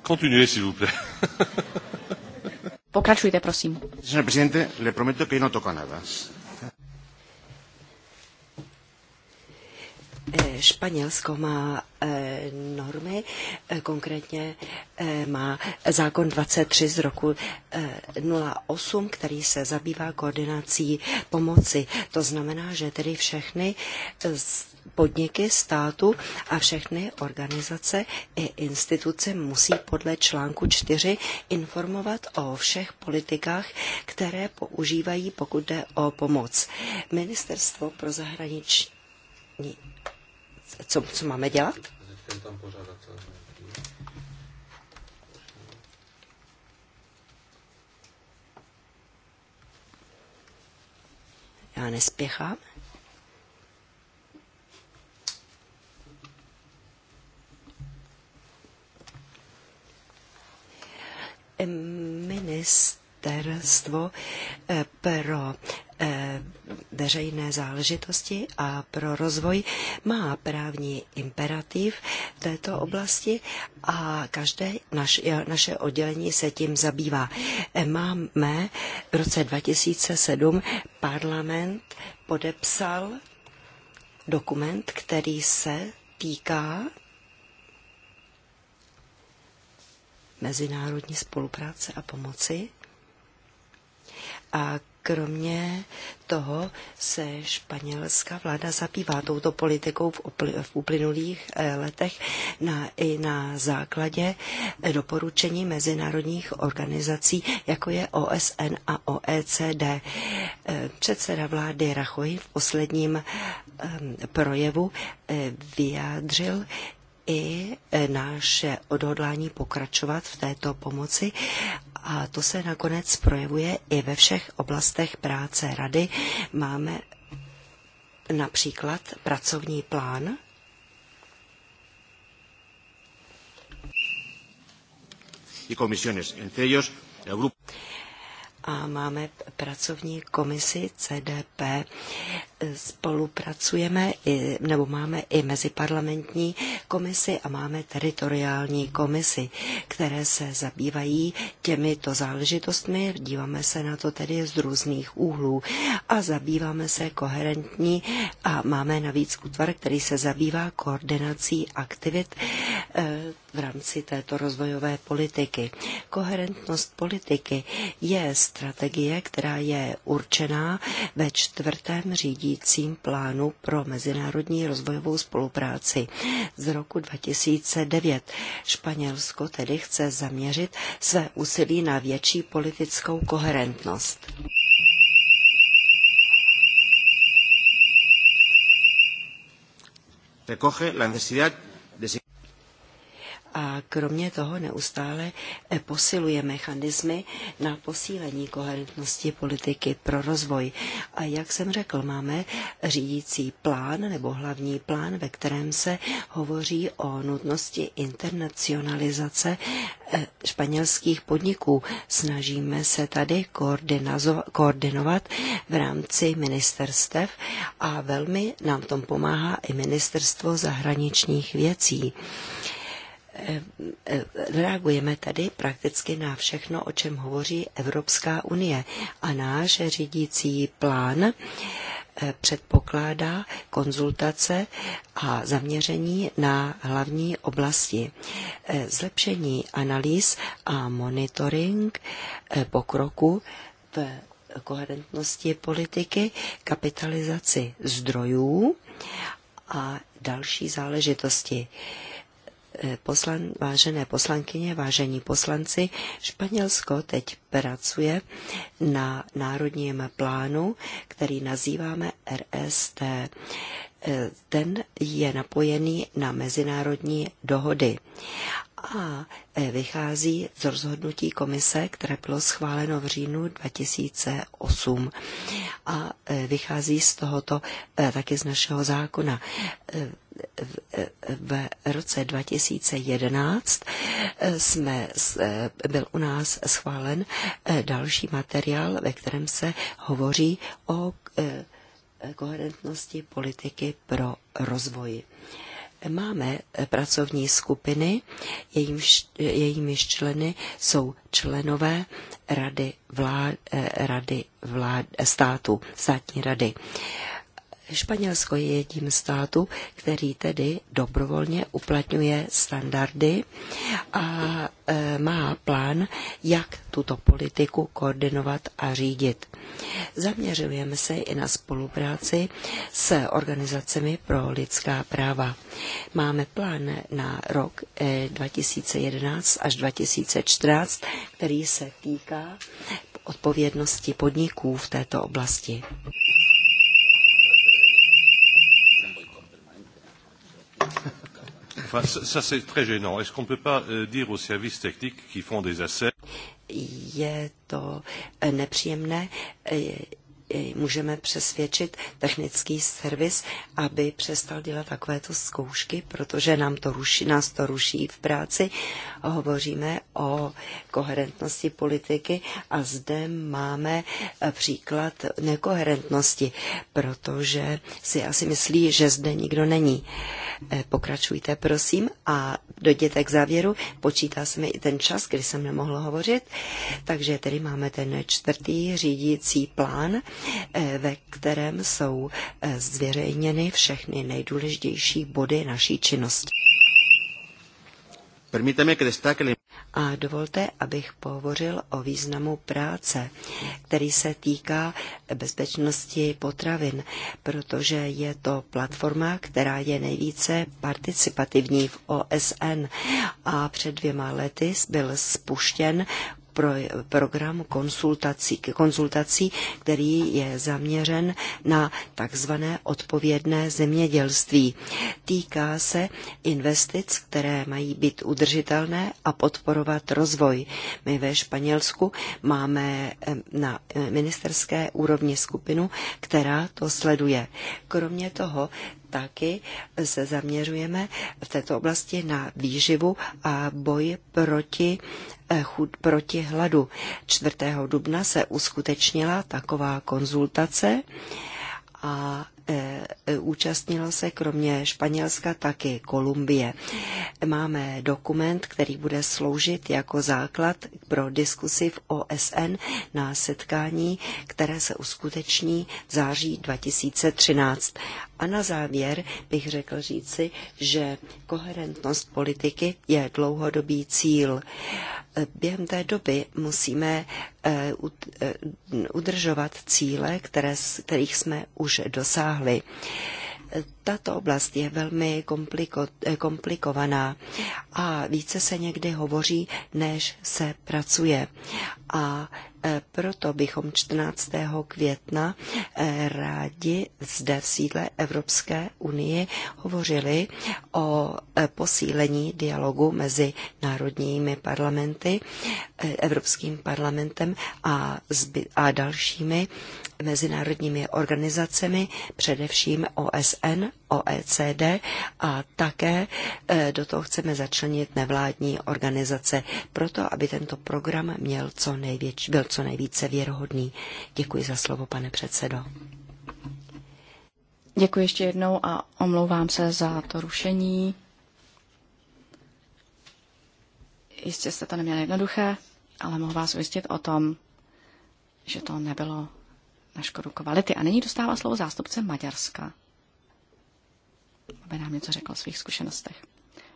Continuez, s'il vous plaît. Pokračujte, prosím. Pane prezidente, le prometo que no toco nada. Eh, Španělsko má eh, normy, eh, konkrétně má zákon 23 z roku 08, který se zabývá koordinací pomoci. To znamená, že tedy všechny podniky státu a všechny organizace i instituce musí podle článku 4 informovat o všech politikách, které používají, pokud jde o pomoc. Ministerstvo pro zahraniční... Co, co máme dělat? Já nespěchám. ministerstvo eh, pro eh, veřejné záležitosti a pro rozvoj má právní imperativ v této oblasti a každé naš, naše oddělení se tím zabývá. Eh, máme v roce 2007 parlament podepsal dokument, který se týká mezinárodní spolupráce a pomoci. A kromě toho se španělská vláda zabývá touto politikou v, v uplynulých eh, letech na, i na základě eh, doporučení mezinárodních organizací, jako je OSN a OECD. Eh, předseda vlády Rachoj v posledním ehm, projevu vyjádřil, i e, naše odhodlání pokračovat v této pomoci a to se nakonec projevuje i ve všech oblastech práce rady. Máme například pracovní plán, y comisiones, entre ellos el grupo a máme pracovní komisi CDP. Spolupracujeme i, nebo máme i meziparlamentní komisi a máme teritoriální komisi, které se zabývají těmito záležitostmi. Díváme se na to tedy z různých úhlů a zabýváme se koherentní a máme navíc útvar, který se zabývá koordinací aktivit eh, v rámci této rozvojové politiky. Koherentnost politiky je strategie, která je určená ve čtvrtém řídícím plánu pro mezinárodní rozvojovou spolupráci z roku 2009. Španělsko tedy chce zaměřit své úsilí na větší politickou koherentnost. Recoge la necesidad de a kromě toho neustále eh, posiluje mechanismy na posílení koherentnosti politiky pro rozvoj. A jak jsem řekl, máme řídící plán nebo hlavní plán, ve kterém se hovoří o nutnosti internacionalizace eh, španělských podniků. Snažíme se tady koordinovat v rámci ministerstev a velmi nám tom pomáhá i ministerstvo zahraničních věcí. Eh, eh, reagujeme tady prakticky na všechno, o čem hovoří Evropská unie. A náš řídící plán eh, předpokládá konzultace a zaměření na hlavní oblasti. Zlepšení analýz a monitoring pokroku v koherentnosti politiky, kapitalizaci zdrojů a další záležitosti. Eh, poslan, vážené poslankyně, vážení poslanci, Španělsko teď pracuje na národním plánu, který nazýváme RST. Eh, ten je napojený na mezinárodní dohody a eh, vychází z rozhodnutí komise, které bylo schváleno v říjnu 2008 a eh, vychází z tohoto taky z našeho zákona. V roce 2011 jsme, byl u nás schválen další materiál, ve kterém se hovoří o koherentnosti politiky pro rozvoj. Máme pracovní skupiny, jejímž, jejímiž členy jsou členové Rady, vlád, eh, rady vlád, státu, státní rady. Španělsko je jedním státu, který tedy dobrovolně uplatňuje standardy a e, má plán, jak tuto politiku koordinovat a řídit. Zaměřujeme se i na spolupráci s organizacemi pro lidská práva. Máme plán na rok 2011 e, až 2014, který se týká odpovědnosti podniků v této oblasti. Enfin, ça, ça c'est très gênant. Est-ce qu'on ne peut pas euh, dire aux services techniques qui font des essais Je to eh, nepříjemné. Eh, eh, můžeme přesvědčit technický servis, aby přestal dělat takovéto zkoušky, protože nám to ruší, nás to ruší v práci hovoříme o koherentnosti politiky a zde máme eh, příklad nekoherentnosti, protože si asi myslí, že zde nikdo není. Eh, pokračujte, prosím, a dojděte k závěru. Počítá se mi i ten čas, kdy jsem nemohl hovořit. Takže tedy máme ten čtvrtý řídící plán, eh, ve kterém jsou zveřejněny všechny nejdůležitější body naší činnosti. A dovolte, abych pohovořil o významu práce, který se týká bezpečnosti potravin, protože je to platforma, která je nejvíce participativní v OSN a před dvěma lety byl spuštěn pro, program konsultací, konsultací, který je zaměřen na takzvané odpovědné zemědělství. Týká se investic, které mají být udržitelné a podporovat rozvoj. My ve Španělsku máme na ministerské úrovni skupinu, která to sleduje. Kromě toho taky se zaměřujeme v této oblasti na výživu a boj proti eh, chud proti hladu. 4. dubna se uskutečnila taková konzultace a eh, účastnilo se kromě Španělska taky Kolumbie. Máme dokument, který bude sloužit jako základ pro diskusi v OSN na setkání, které se uskuteční v září 2013. A na závěr bych řekl říci, že koherentnost politiky je dlouhodobý cíl. Během té doby musíme eh, eh, udržovat cíle, které, kterých jsme už dosáhli. Tato oblast je velmi kompliko, eh, komplikovaná a více se někdy hovoří, než se pracuje. A eh, proto bychom 14. května eh, rádi zde v sídle Evropské unie hovořili o posílení dialogu mezi národními parlamenty, Evropským parlamentem a, zby, a dalšími mezinárodními organizacemi, především OSN, OECD a také e, do toho chceme začlenit nevládní organizace, proto aby tento program měl co největš, byl co nejvíce věrohodný. Děkuji za slovo, pane předsedo. Děkuji ještě jednou a omlouvám se za to rušení. Jistě jste to neměli jednoduché, ale mohu vás ujistit o tom, že to nebylo na škodu kvality. A nyní dostává slovo zástupce Maďarska, aby nám něco řekl o svých zkušenostech.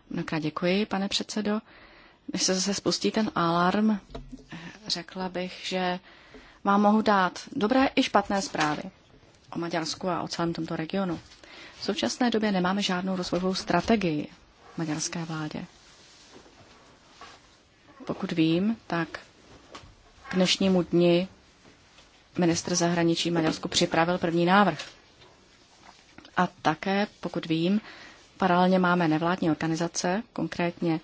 Mnohokrát děkuji, pane předsedo. Než se zase spustí ten alarm, řekla bych, že vám mohu dát dobré i špatné zprávy o Maďarsku a o celém tomto regionu. V současné době nemáme žádnou rozvojovou strategii maďarské vládě. Pokud vím, tak k dnešnímu dni ministr zahraničí Maďarsku připravil první návrh. A také, pokud vím, paralelně máme nevládní organizace, konkrétně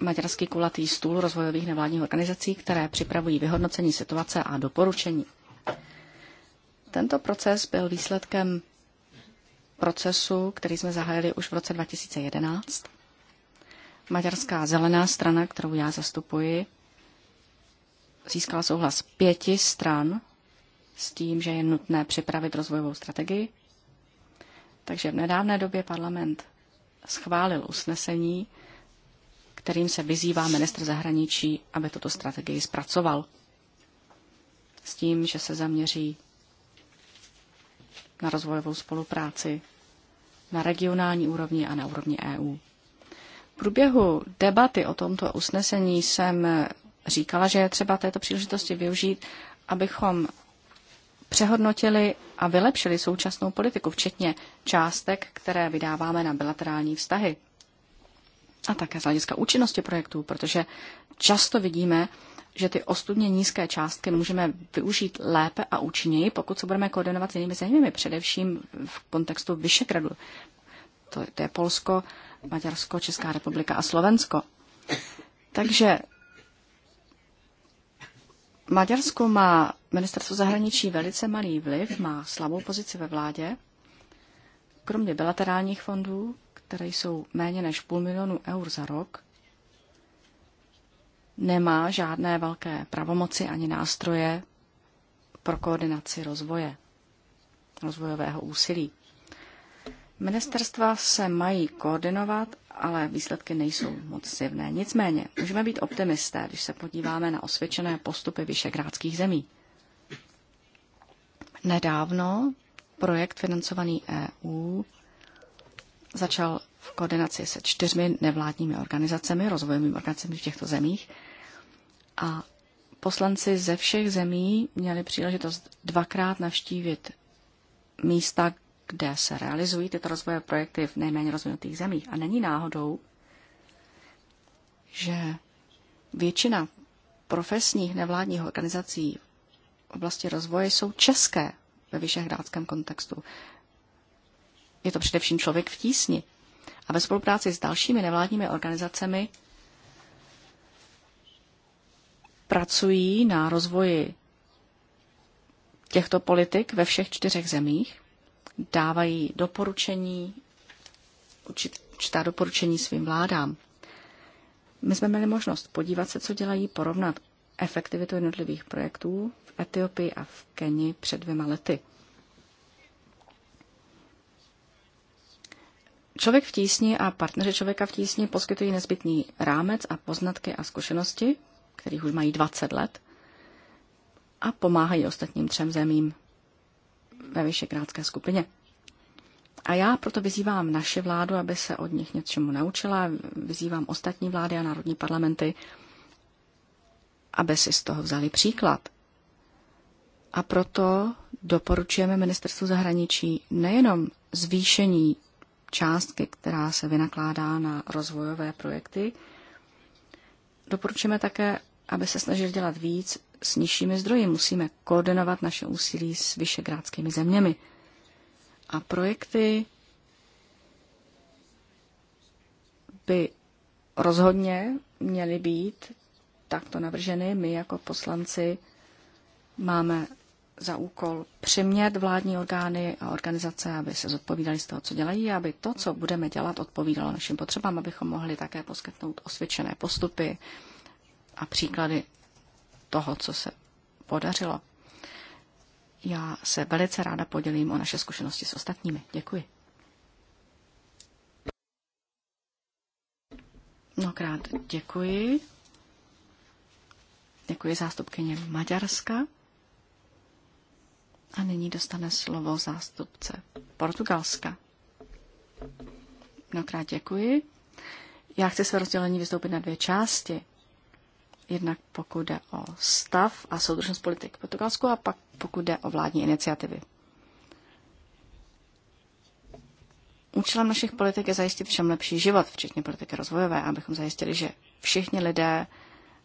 Maďarský kulatý stůl rozvojových nevládních organizací, které připravují vyhodnocení situace a doporučení. Tento proces byl výsledkem procesu, který jsme zahájili už v roce 2011. Maďarská zelená strana, kterou já zastupuji, získala souhlas pěti stran s tím, že je nutné připravit rozvojovou strategii. Takže v nedávné době parlament schválil usnesení, kterým se vyzývá ministr zahraničí, aby tuto strategii zpracoval. S tím, že se zaměří na rozvojovou spolupráci na regionální úrovni a na úrovni EU. V průběhu debaty o tomto usnesení jsem říkala, že je třeba této příležitosti využít, abychom přehodnotili a vylepšili současnou politiku, včetně částek, které vydáváme na bilaterální vztahy. A také z hlediska účinnosti projektů, protože často vidíme, že ty ostudně nízké částky můžeme využít lépe a účinněji, pokud se budeme koordinovat s jinými zeměmi, především v kontextu Vyšegradu. To, to je Polsko, Maďarsko, Česká republika a Slovensko. Takže Maďarsko má ministerstvo zahraničí velice malý vliv, má slabou pozici ve vládě. Kromě bilaterálních fondů, které jsou méně než půl milionu eur za rok, nemá žádné velké pravomoci ani nástroje pro koordinaci rozvoje, rozvojového úsilí. Ministerstva se mají koordinovat, ale výsledky nejsou moc zjevné. Nicméně, můžeme být optimisté, když se podíváme na osvědčené postupy vyšegrádských zemí. Nedávno projekt financovaný EU začal v koordinaci se čtyřmi nevládními organizacemi, rozvojovými organizacemi v těchto zemích. A poslanci ze všech zemí měli příležitost dvakrát navštívit místa, kde se realizují tyto rozvojové projekty v nejméně rozvinutých zemích. A není náhodou, že většina profesních nevládních organizací v oblasti rozvoje jsou české ve vyšehradském kontextu. Je to především člověk v tísni. A ve spolupráci s dalšími nevládními organizacemi pracují na rozvoji těchto politik ve všech čtyřech zemích dávají doporučení, určitá doporučení svým vládám. My jsme měli možnost podívat se, co dělají, porovnat efektivitu jednotlivých projektů v Etiopii a v Keni před dvěma lety. Člověk v tísni a partneři člověka v tísni poskytují nezbytný rámec a poznatky a zkušenosti, kterých už mají 20 let, a pomáhají ostatním třem zemím ve Vyšekrátské skupině. A já proto vyzývám naše vládu, aby se od nich něčemu naučila, vyzývám ostatní vlády a národní parlamenty, aby si z toho vzali příklad. A proto doporučujeme ministerstvu zahraničí nejenom zvýšení částky, která se vynakládá na rozvojové projekty, doporučujeme také, aby se snažil dělat víc s nižšími zdroji. Musíme koordinovat naše úsilí s vyšegrádskými zeměmi. A projekty by rozhodně měly být takto navrženy. My jako poslanci máme za úkol přimět vládní orgány a organizace, aby se zodpovídali z toho, co dělají, aby to, co budeme dělat, odpovídalo našim potřebám, abychom mohli také poskytnout osvědčené postupy a příklady toho, co se podařilo. Já se velice ráda podělím o naše zkušenosti s ostatními. Děkuji. Mnohokrát děkuji. Děkuji zástupkyně Maďarska. A nyní dostane slovo zástupce Portugalska. Mnohokrát děkuji. Já chci své rozdělení vystoupit na dvě části. Jednak pokud jde o stav a soudržnost politik Portugalsku a pak pokud jde o vládní iniciativy. Účelem našich politik je zajistit všem lepší život, včetně politiky rozvojové, abychom zajistili, že všichni lidé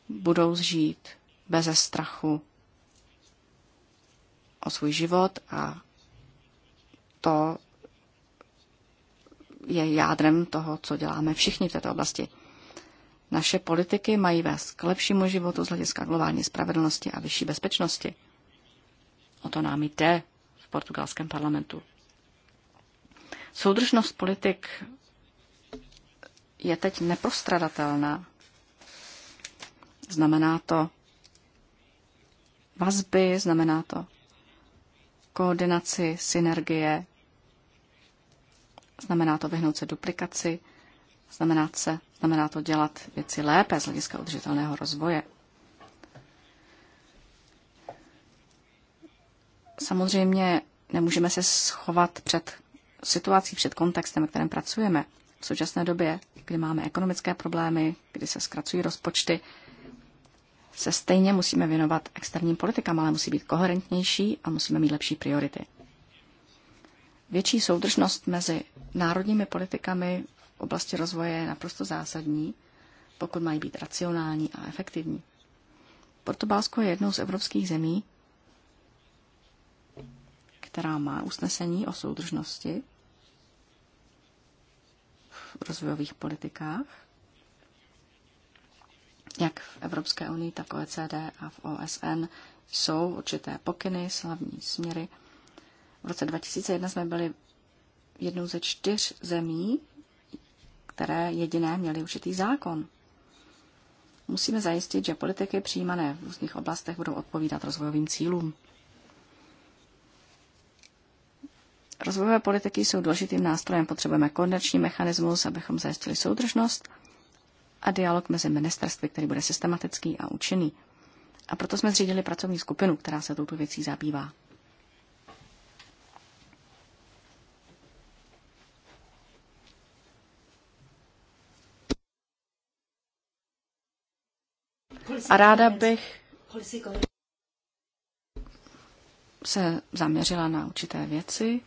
budou žít beze strachu o svůj život a to je jádrem toho, co děláme všichni v této oblasti. Naše politiky mají vést k lepšímu životu z hlediska globální spravedlnosti a vyšší bezpečnosti. O to nám jde v portugalském parlamentu. Soudržnost politik je teď neprostradatelná. Znamená to vazby, znamená to koordinaci, synergie, znamená to vyhnout se duplikaci, znamená, se, Znamená to dělat věci lépe z hlediska udržitelného rozvoje. Samozřejmě nemůžeme se schovat před situací, před kontextem, ve kterém pracujeme. V současné době, kdy máme ekonomické problémy, kdy se zkracují rozpočty, se stejně musíme věnovat externím politikám, ale musí být koherentnější a musíme mít lepší priority. Větší soudržnost mezi národními politikami v oblasti rozvoje je naprosto zásadní, pokud mají být racionální a efektivní. Portugalsko je jednou z evropských zemí, která má usnesení o soudržnosti v rozvojových politikách, jak v Evropské unii, tak OECD a v OSN jsou určité pokyny, slavní směry. V roce 2001 jsme byli jednou ze čtyř zemí, které jediné měly určitý zákon. Musíme zajistit, že politiky přijímané v různých oblastech budou odpovídat rozvojovým cílům. Rozvojové politiky jsou důležitým nástrojem. Potřebujeme koordinační mechanismus, abychom zajistili soudržnost a dialog mezi ministerstvy, který bude systematický a účinný. A proto jsme zřídili pracovní skupinu, která se touto věcí zabývá. A ráda bych se zaměřila na určité věci.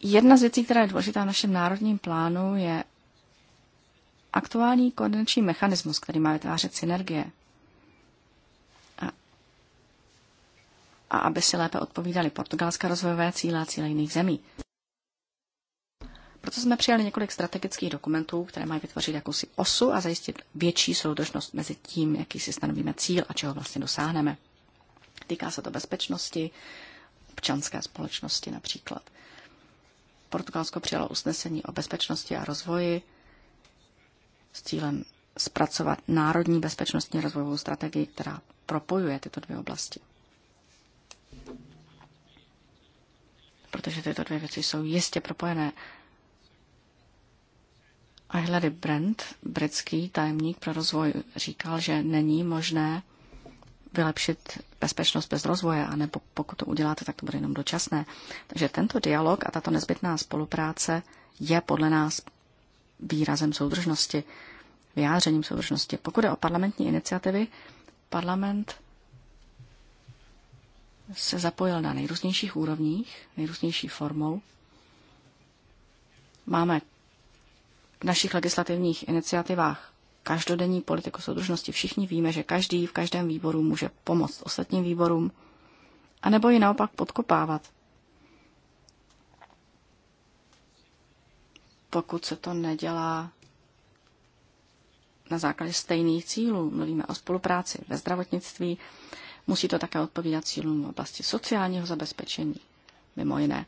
Jedna z věcí, která je důležitá v našem národním plánu, je aktuální koordinační mechanismus, který má vytvářet synergie. A, a aby si lépe odpovídali portugalské rozvojové cíle a cíle jiných zemí. Proto jsme přijali několik strategických dokumentů, které mají vytvořit jakousi osu a zajistit větší soudržnost mezi tím, jaký si stanovíme cíl a čeho vlastně dosáhneme. Týká se to bezpečnosti, občanské společnosti například. Portugalsko přijalo usnesení o bezpečnosti a rozvoji s cílem zpracovat národní bezpečnostní rozvojovou strategii, která propojuje tyto dvě oblasti. Protože tyto dvě věci jsou jistě propojené a Hilary Brent, britský tajemník pro rozvoj, říkal, že není možné vylepšit bezpečnost bez rozvoje, a nebo pokud to uděláte, tak to bude jenom dočasné. Takže tento dialog a tato nezbytná spolupráce je podle nás výrazem soudržnosti, vyjádřením soudržnosti. Pokud je o parlamentní iniciativy, parlament se zapojil na nejrůznějších úrovních, nejrůznější formou. Máme v našich legislativních iniciativách každodenní politiku soudržnosti všichni víme, že každý v každém výboru může pomoct ostatním výborům, anebo ji naopak podkopávat. Pokud se to nedělá na základě stejných cílů, mluvíme o spolupráci ve zdravotnictví, musí to také odpovídat cílům v oblasti sociálního zabezpečení, mimo jiné.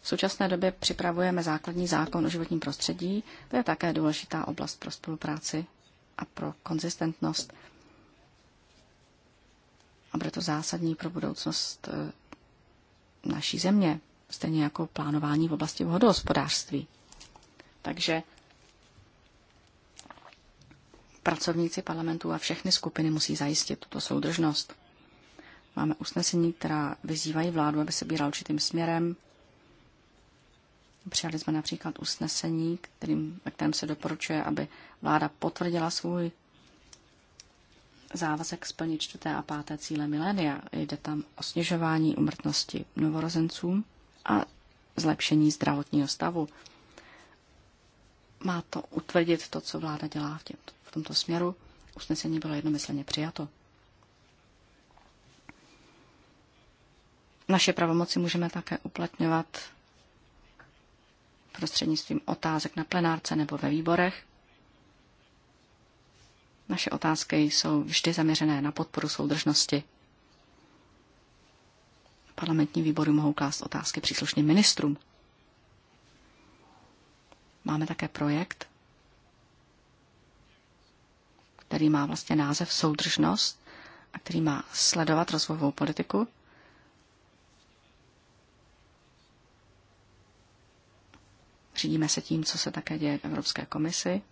V současné době připravujeme základní zákon o životním prostředí. To je také důležitá oblast pro spolupráci a pro konzistentnost. A bude to zásadní pro budoucnost eh, naší země, stejně jako plánování v oblasti vodohospodářství. Takže pracovníci parlamentu a všechny skupiny musí zajistit tuto soudržnost. Máme usnesení, která vyzývají vládu, aby se bírala určitým směrem, Přijali jsme například usnesení, kterým, ve kterém se doporučuje, aby vláda potvrdila svůj závazek splnit čtvrté a páté cíle milénia. Jde tam o snižování umrtnosti novorozencům a zlepšení zdravotního stavu. Má to utvrdit to, co vláda dělá v, těm, v tomto směru. Usnesení bylo jednomyslně přijato. Naše pravomoci můžeme také uplatňovat prostřednictvím otázek na plenárce nebo ve výborech. Naše otázky jsou vždy zaměřené na podporu soudržnosti. Parlamentní výbory mohou klást otázky příslušným ministrům. Máme také projekt, který má vlastně název Soudržnost a který má sledovat rozvojovou politiku. Řídíme se tím, co se také děje v Evropské komisi.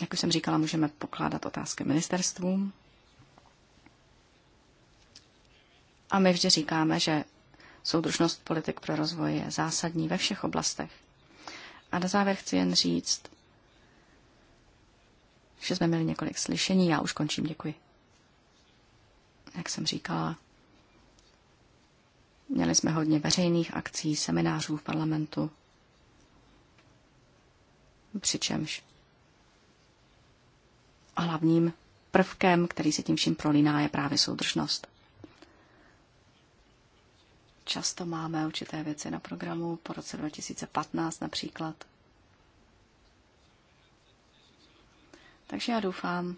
Jak už jsem říkala, můžeme pokládat otázky ministerstvům. A my vždy říkáme, že soudržnost politik pro rozvoj je zásadní ve všech oblastech. A na závěr chci jen říct, že jsme měli několik slyšení, já už končím, děkuji. Jak jsem říkala, Měli jsme hodně veřejných akcí, seminářů v parlamentu. Přičemž a hlavním prvkem, který se tím vším prolíná, je právě soudržnost. Často máme určité věci na programu, po roce 2015 například. Takže já doufám,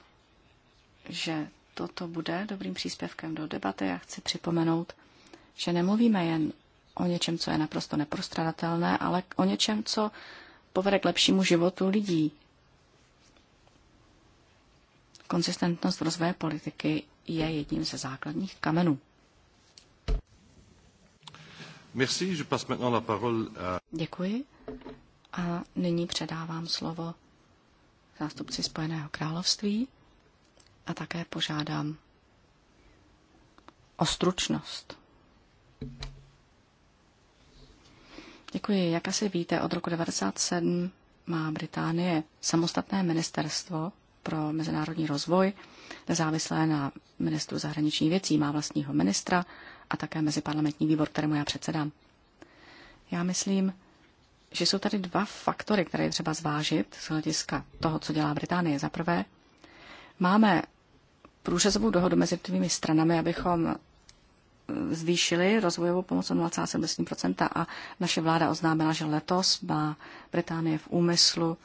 že toto bude dobrým příspěvkem do debaty. Já chci připomenout, že nemluvíme jen o něčem, co je naprosto neprostradatelné, ale o něčem, co povede k lepšímu životu lidí. Konzistentnost rozvoje politiky je jedním ze základních kamenů. Merci, je passe maintenant la parole à... Děkuji. A nyní předávám slovo zástupci Spojeného království a také požádám o stručnost. Děkuji. Jak asi víte, od roku 1997 má Británie samostatné ministerstvo pro mezinárodní rozvoj, nezávislé na ministru zahraničních věcí, má vlastního ministra a také meziparlamentní výbor, kterému já předsedám. Já myslím, že jsou tady dva faktory, které je třeba zvážit z hlediska toho, co dělá Británie. Za prvé, máme průřezovou dohodu mezi těmi stranami, abychom zvýšili rozvojovou pomoc o 0,7% a naše vláda oznámila, že letos má Británie v úmyslu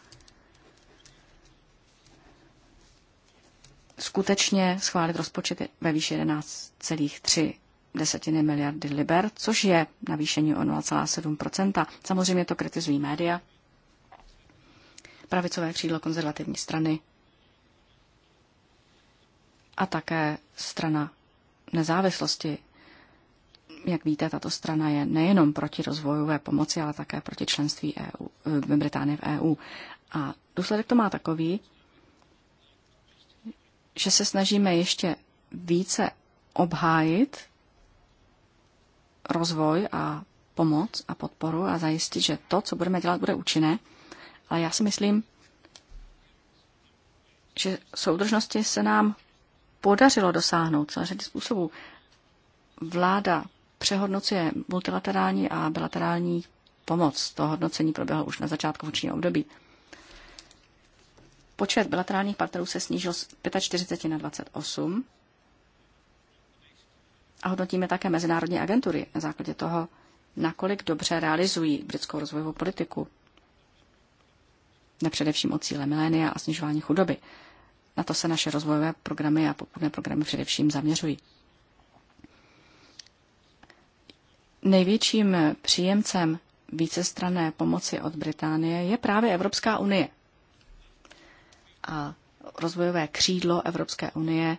skutečně schválit rozpočet ve výši 11,3 desetiny miliardy liber, což je navýšení o 0,7%. Samozřejmě to kritizují média, pravicové křídlo konzervativní strany a také strana nezávislosti jak víte, tato strana je nejenom proti rozvojové pomoci, ale také proti členství EU, eh, Británie v EU. A důsledek to má takový, že se snažíme ještě více obhájit rozvoj a pomoc a podporu a zajistit, že to, co budeme dělat, bude účinné. Ale já si myslím, že soudržnosti se nám podařilo dosáhnout celé řady způsobů. Vláda přehodnocuje multilaterální a bilaterální pomoc. To hodnocení proběhlo už na začátku vůčního období. Počet bilaterálních partnerů se snížil z 45 na 28 a hodnotíme také mezinárodní agentury na základě toho, nakolik dobře realizují britskou rozvojovou politiku. Nepředevším o cíle milénia a snižování chudoby. Na to se naše rozvojové programy a podpůrné programy především zaměřují. Největším příjemcem vícestrané pomoci od Británie je právě Evropská unie. A rozvojové křídlo Evropské unie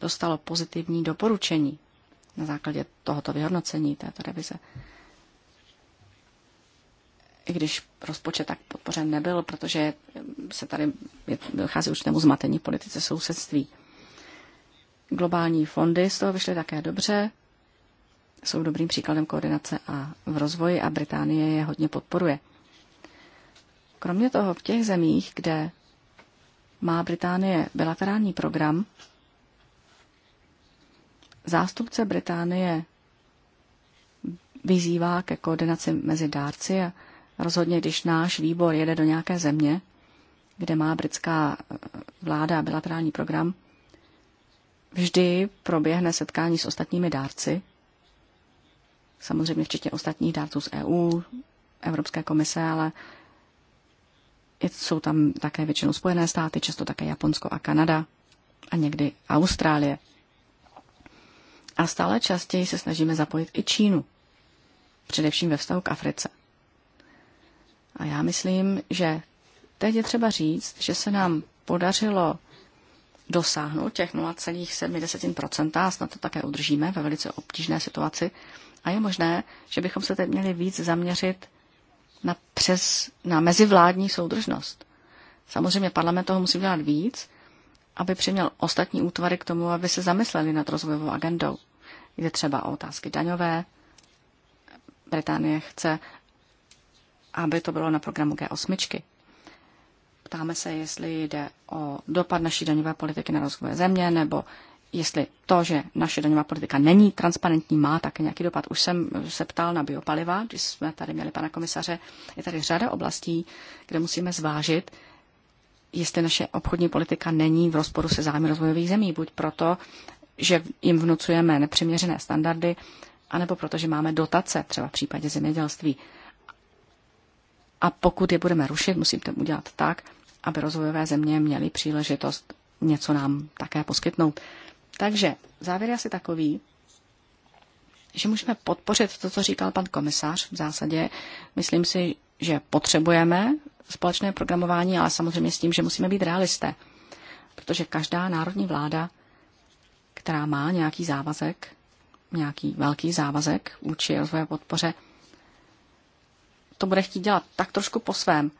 dostalo pozitivní doporučení na základě tohoto vyhodnocení této revize. I když rozpočet tak podpořen nebyl, protože se tady dochází určitému zmatení v politice sousedství. Globální fondy z toho vyšly také dobře, jsou dobrým příkladem koordinace a v rozvoji a Británie je hodně podporuje. Kromě toho v těch zemích, kde má Británie bilaterální program, zástupce Británie vyzývá ke koordinaci mezi dárci a rozhodně, když náš výbor jede do nějaké země, kde má britská eh, vláda bilaterální program, vždy proběhne setkání s ostatními dárci, samozřejmě včetně ostatních dárců z EU, Evropské komise, ale jsou tam také většinou Spojené státy, často také Japonsko a Kanada a někdy Austrálie. A stále častěji se snažíme zapojit i Čínu, především ve vztahu k Africe. A já myslím, že teď je třeba říct, že se nám podařilo dosáhnout těch 0,7% a snad to také udržíme ve velice obtížné situaci, a je možné, že bychom se teď měli víc zaměřit na, přes, na mezivládní soudržnost. Samozřejmě parlament toho musí dělat víc, aby přiměl ostatní útvary k tomu, aby se zamysleli nad rozvojovou agendou. Jde třeba o otázky daňové. Británie chce, aby to bylo na programu G8. Ptáme se, jestli jde o dopad naší daňové politiky na rozvoje země, nebo jestli to, že naše daňová politika není transparentní, má také nějaký dopad. Už jsem se ptal na biopaliva, když jsme tady měli pana komisaře. Je tady řada oblastí, kde musíme zvážit, jestli naše obchodní politika není v rozporu se zájmy rozvojových zemí, buď proto, že jim vnucujeme nepřiměřené standardy, anebo proto, že máme dotace, třeba v případě zemědělství. A pokud je budeme rušit, musím to udělat tak, aby rozvojové země měly příležitost něco nám také poskytnout. Takže závěr je asi takový, že můžeme podpořit to, co říkal pan komisař. V zásadě myslím si, že potřebujeme společné programování, ale samozřejmě s tím, že musíme být realisté. Protože každá národní vláda, která má nějaký závazek, nějaký velký závazek vůči rozvoje podpoře, to bude chtít dělat tak trošku po svém.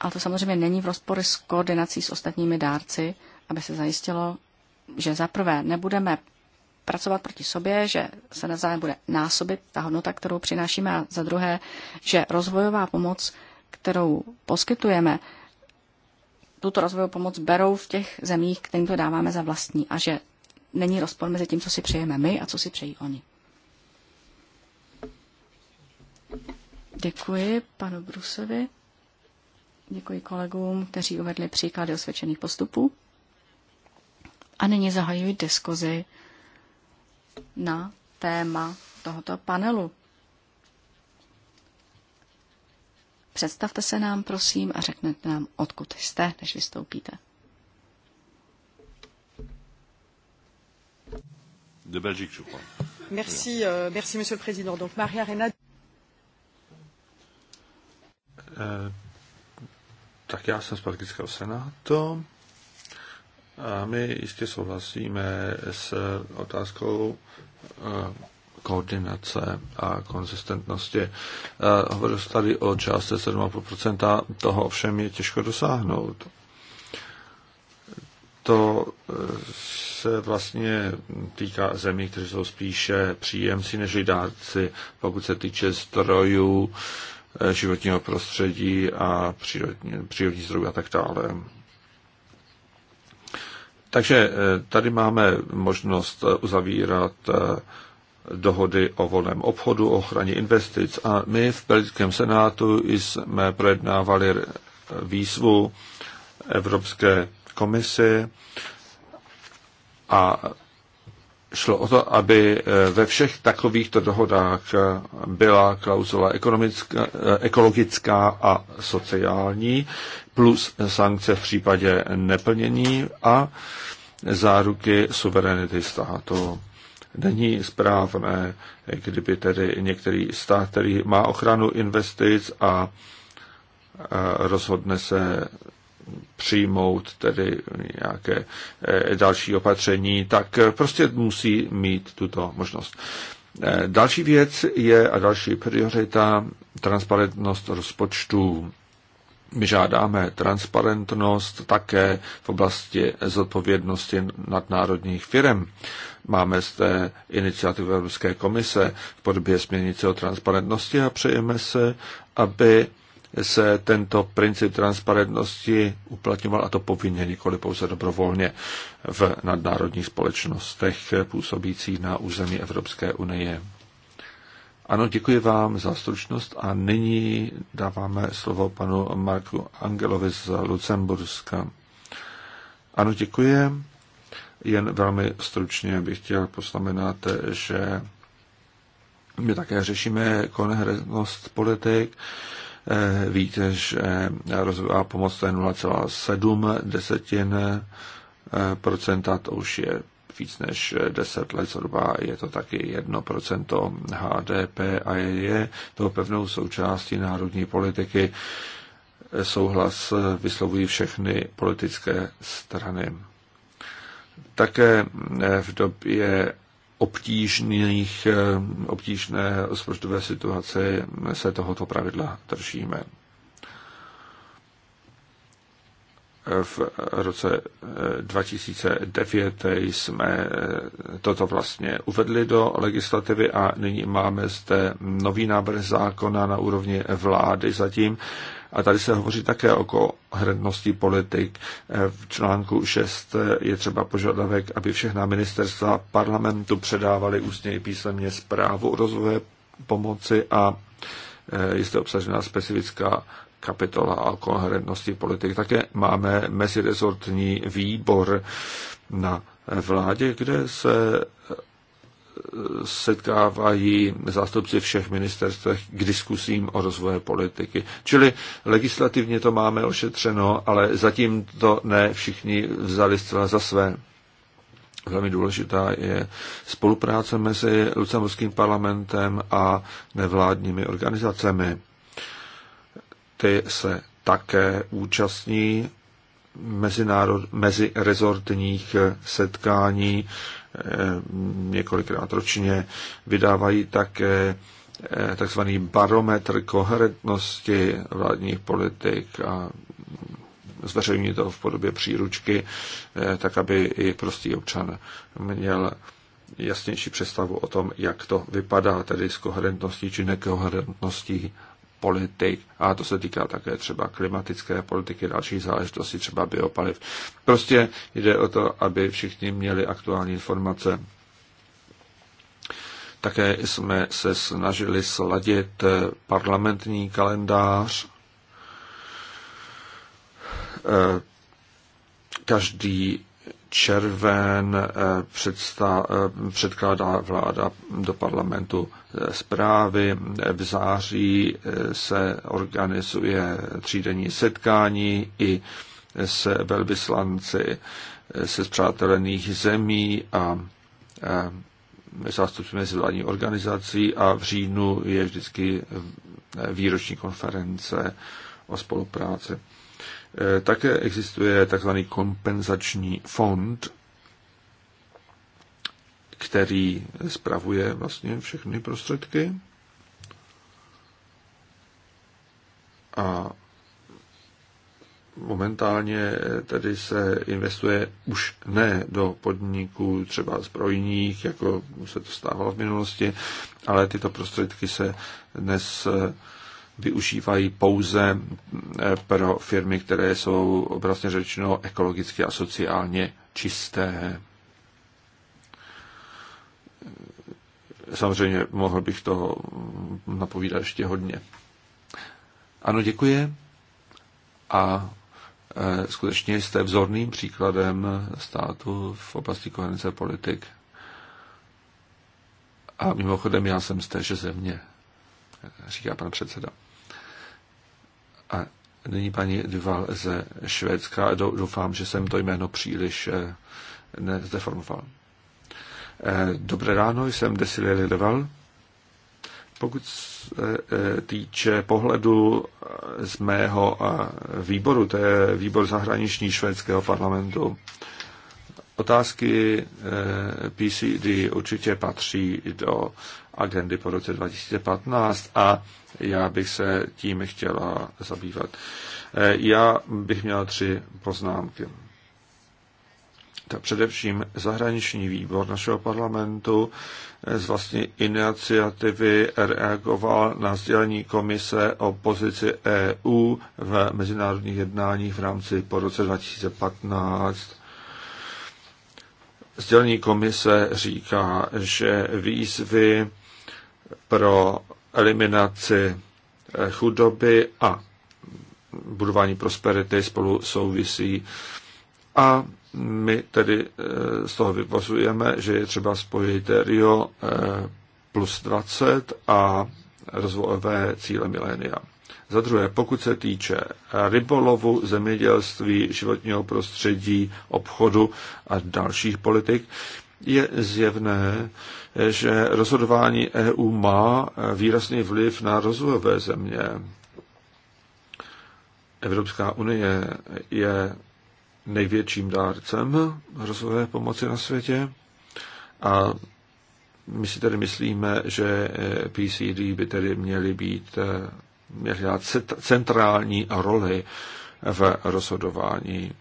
Ale to samozřejmě není v rozporu s koordinací s ostatními dárci, aby se zajistilo, že zaprvé nebudeme pracovat proti sobě, že se navzájem bude násobit ta hodnota, kterou přinášíme a za druhé, že rozvojová pomoc, kterou poskytujeme, tuto rozvojovou pomoc berou v těch zemích, kterým to dáváme za vlastní a že není rozpor mezi tím, co si přejeme my a co si přejí oni. Děkuji panu Brusovi. Děkuji kolegům, kteří uvedli příklady osvědčených postupů. A nyní zahajuji diskuzi na téma tohoto panelu. Představte se nám, prosím, a řeknete nám, odkud jste, než vystoupíte. De Belgique, je crois. Merci, uh, merci, Monsieur le Président. Donc, Maria Rena. Uh, tak já jsem z Belgického senátu a my jistě souhlasíme s otázkou eh, koordinace a konzistentnosti. Eh, hovořil tady o části 7,5%, toho ovšem je těžko dosáhnout. To eh, se vlastně týká zemí, které jsou spíše příjemci než dárci, pokud se týče zdrojů, životního prostředí a přírodní, přírodní zdrojů a tak dále. Takže eh, tady máme možnost eh, uzavírat eh, dohody o volném obchodu, o ochraně investic a my v Belgickém senátu jsme projednávali výzvu Evropské komisi a šlo o to, aby eh, ve všech takovýchto dohodách eh, byla klauzula ekonomická, eh, ekologická a sociální, plus sankce v případě neplnění a záruky suverenity státu. Není správné, kdyby tedy některý stát, který má ochranu investic a rozhodne se přijmout tedy nějaké eh, další opatření, tak eh, prostě musí mít tuto možnost. Eh, další věc je a další priorita transparentnost rozpočtů. My žádáme transparentnost také v oblasti zodpovědnosti nadnárodních firm. Máme zde iniciativu Evropské komise v podobě směrnice o transparentnosti a přejeme se, aby se tento princip transparentnosti uplatňoval a to povinně, nikoli pouze dobrovolně v nadnárodních společnostech působících na území Evropské unie. Ano, děkuji vám za stručnost a nyní dáváme slovo panu Marku Angelovi z Lucemburska. Ano, děkuji. Jen velmi stručně bych chtěl poznamenat, že my také řešíme koherentnost politik Eh, Víte, eh, že rozvojová pomoc je 0,7 desetin eh, procenta, to už je víc než 10 let zhruba, je to taky 1% HDP a je, je to pevnou součástí národní politiky. Souhlas vyslovují všechny politické strany. Také v době obtížných, eh, obtížné rozpočtové situace se tohoto pravidla držíme. V roce 2009 eh, jsme eh, toto vlastně uvedli do legislativy a nyní máme zde nový návrh zákona na úrovni vlády zatím, a tady se hovoří také o koherentnosti politik. V článku 6 je třeba požadavek, aby všechna ministerstva parlamentu předávaly ústně i písemně zprávu o rozvoje pomoci a eh, je zde obsažená specifická kapitola o koherentnosti politik. Také máme mezirezortní výbor na vládě, kde se setkávají zástupci všech ministerstvech k diskusím o rozvoje politiky. Čili legislativně to máme ošetřeno, ale zatím to ne všichni vzali zcela za své. Velmi důležitá je spolupráce mezi Lucemburským parlamentem a nevládními organizacemi. Ty se také účastní mezi rezortních setkání několikrát ročně, vydávají také eh, takzvaný barometr koherentnosti vládních politik a zveřejní to v podobě příručky, eh, tak aby i prostý občan měl jasnější představu o tom, jak to vypadá tedy s koherentností či nekoherentností politik, a to se týká také třeba klimatické politiky, dalších záležitostí, třeba biopaliv. Prostě jde o to, aby všichni měli aktuální informace. Také jsme se snažili sladit parlamentní kalendář. Eh, každý červen eh, eh, předkládá vláda do parlamentu zprávy. V září eh, se organizuje třídenní setkání i eh, s velvyslanci eh, se zpřátelených zemí a zástupci mezivládní organizací a v říjnu je vždycky výroční konference o spolupráci. Také existuje tzv. kompenzační fond, který spravuje vlastně všechny prostředky. A momentálně tedy se investuje už ne do podniků třeba zbrojních, jako se to stávalo v minulosti, ale tyto prostředky se dnes využívají pouze eh, pro firmy, které jsou obrazně řečeno ekologicky a sociálně čisté. Samozřejmě mohl bych toho napovídat ještě hodně. Ano, děkuji. A e, skutečně jste vzorným příkladem státu v oblasti koherence politik. A mimochodem já jsem z téže země, e, říká pan předseda. A nyní paní Duval ze Švédska. Doufám, že jsem to jméno příliš e, nezdeformoval. Eh, dobré ráno, jsem Desilie Lideval. Pokud se eh, týče pohledu eh, z mého výboru, to je výbor zahraniční švédského parlamentu, otázky PCD určitě patří do agendy po roce 2015 a já bych se tím chtěla zabývat. Já bych měl tři poznámky především zahraniční výbor našeho parlamentu eh, z vlastní iniciativy reagoval na sdělení komise o pozici EU v mezinárodních jednáních v rámci po roce 2015. Sdělení komise říká, že výzvy pro eliminaci eh, chudoby a budování prosperity spolu souvisí a my tedy eh, z toho vypozujeme, že je třeba spojit Rio eh, plus 20 a rozvojové cíle milénia. Za druhé, pokud se týče rybolovu, zemědělství, životního prostředí, obchodu a dalších politik, je zjevné, že rozhodování EU má výrazný vliv na rozvojové země. Evropská unie je největším dárcem rozvojové pomoci na světě a my si tedy myslíme, že PCD by tedy měly být měly dát centrální roli v rozhodování,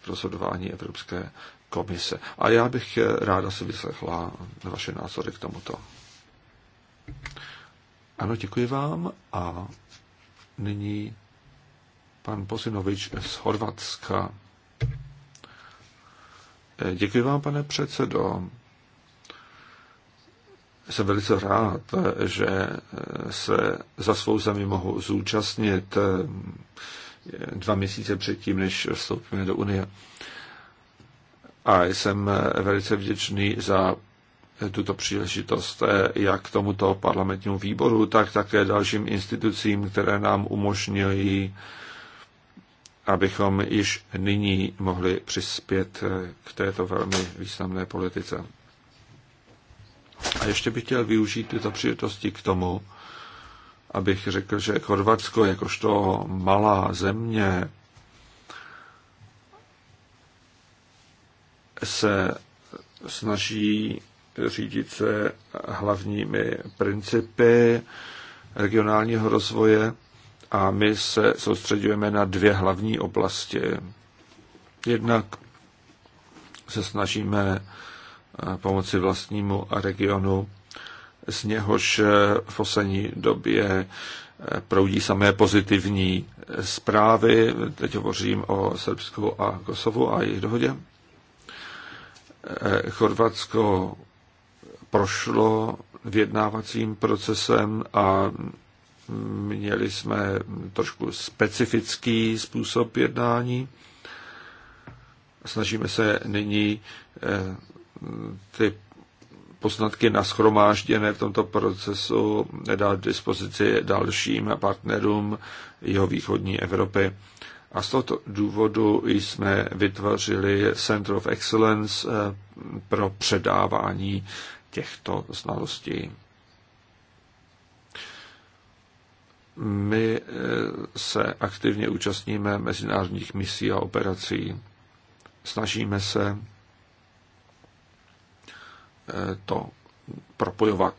v rozhodování Evropské komise. A já bych ráda si vyslechla vaše názory k tomuto. Ano, děkuji vám a nyní pan Posinovič z Chorvatska. Děkuji vám, pane předsedo. Jsem velice rád, že se za svou zemi mohu zúčastnit dva měsíce předtím, než vstoupíme do Unie. A jsem velice vděčný za tuto příležitost jak tomuto parlamentnímu výboru, tak také dalším institucím, které nám umožňují abychom již nyní mohli přispět eh, k této velmi významné politice. A ještě bych chtěl využít tyto příležitosti k tomu, abych řekl, že Chorvatsko jakožto malá země se snaží řídit se hlavními principy regionálního rozvoje a my se soustředujeme na dvě hlavní oblasti. Jednak se snažíme eh, pomoci vlastnímu regionu, z něhož eh, v poslední době eh, proudí samé pozitivní zprávy. Teď hovořím o Srbsku a Kosovu a jejich dohodě. Chorvatsko prošlo vyjednávacím procesem a Měli jsme trošku specifický způsob jednání. Snažíme se nyní eh, ty poznatky naschromážděné v tomto procesu dát dispozici dalším partnerům jeho východní Evropy. A z tohoto důvodu jsme vytvořili Center of Excellence eh, pro předávání těchto znalostí. My eh, se aktivně účastníme mezinárodních misí a operací. Snažíme se eh, to propojovat.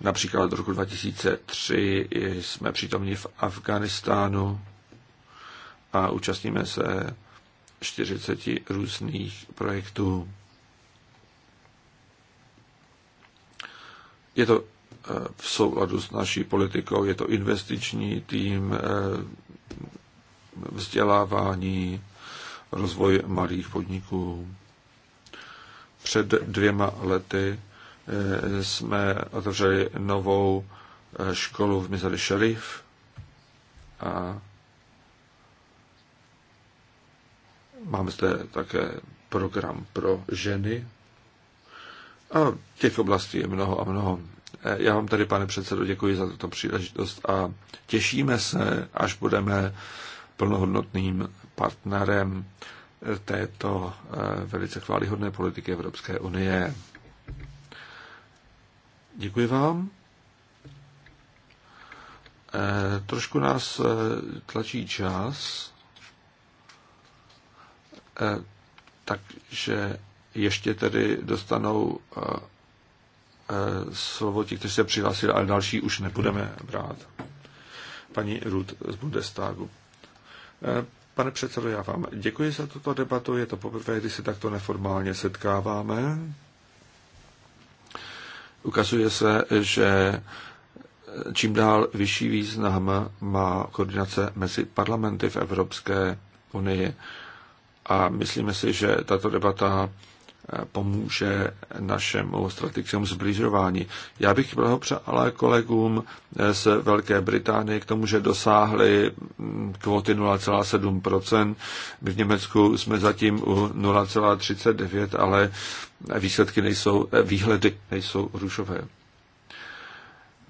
Například od roku 2003 jsme přítomní v Afganistánu a účastníme se 40 různých projektů. Je to v souladu s naší politikou. Je to investiční tým, eh, vzdělávání, rozvoj malých podniků. Před dvěma lety eh, jsme otevřeli novou eh, školu v Mizary Šerif a máme zde také program pro ženy a těch oblastí je mnoho a mnoho. Eh, já vám tady, pane předsedo, děkuji za tuto příležitost a těšíme se, až budeme plnohodnotným partnerem eh, této eh, velice chválihodné politiky Evropské unie. Děkuji vám. Trošku nás tlačí čas, takže ještě tedy dostanou Eh, slovo ti, kteří se přihlásili, ale další už nebudeme brát. Paní Ruth z Bundestagu. Eh, pane předsedo, já vám děkuji za tuto debatu. Je to poprvé, kdy se takto neformálně setkáváme. Ukazuje se, že čím dál vyšší význam má koordinace mezi parlamenty v Evropské unii. A myslíme si, že tato debata pomůže našemu strategickému zbližování. Já bych blahopřála kolegům z Velké Británie k tomu, že dosáhli mm, kvoty 0,7%. My v Německu jsme zatím u 0,39%, ale výsledky nejsou, výhledy nejsou rušové.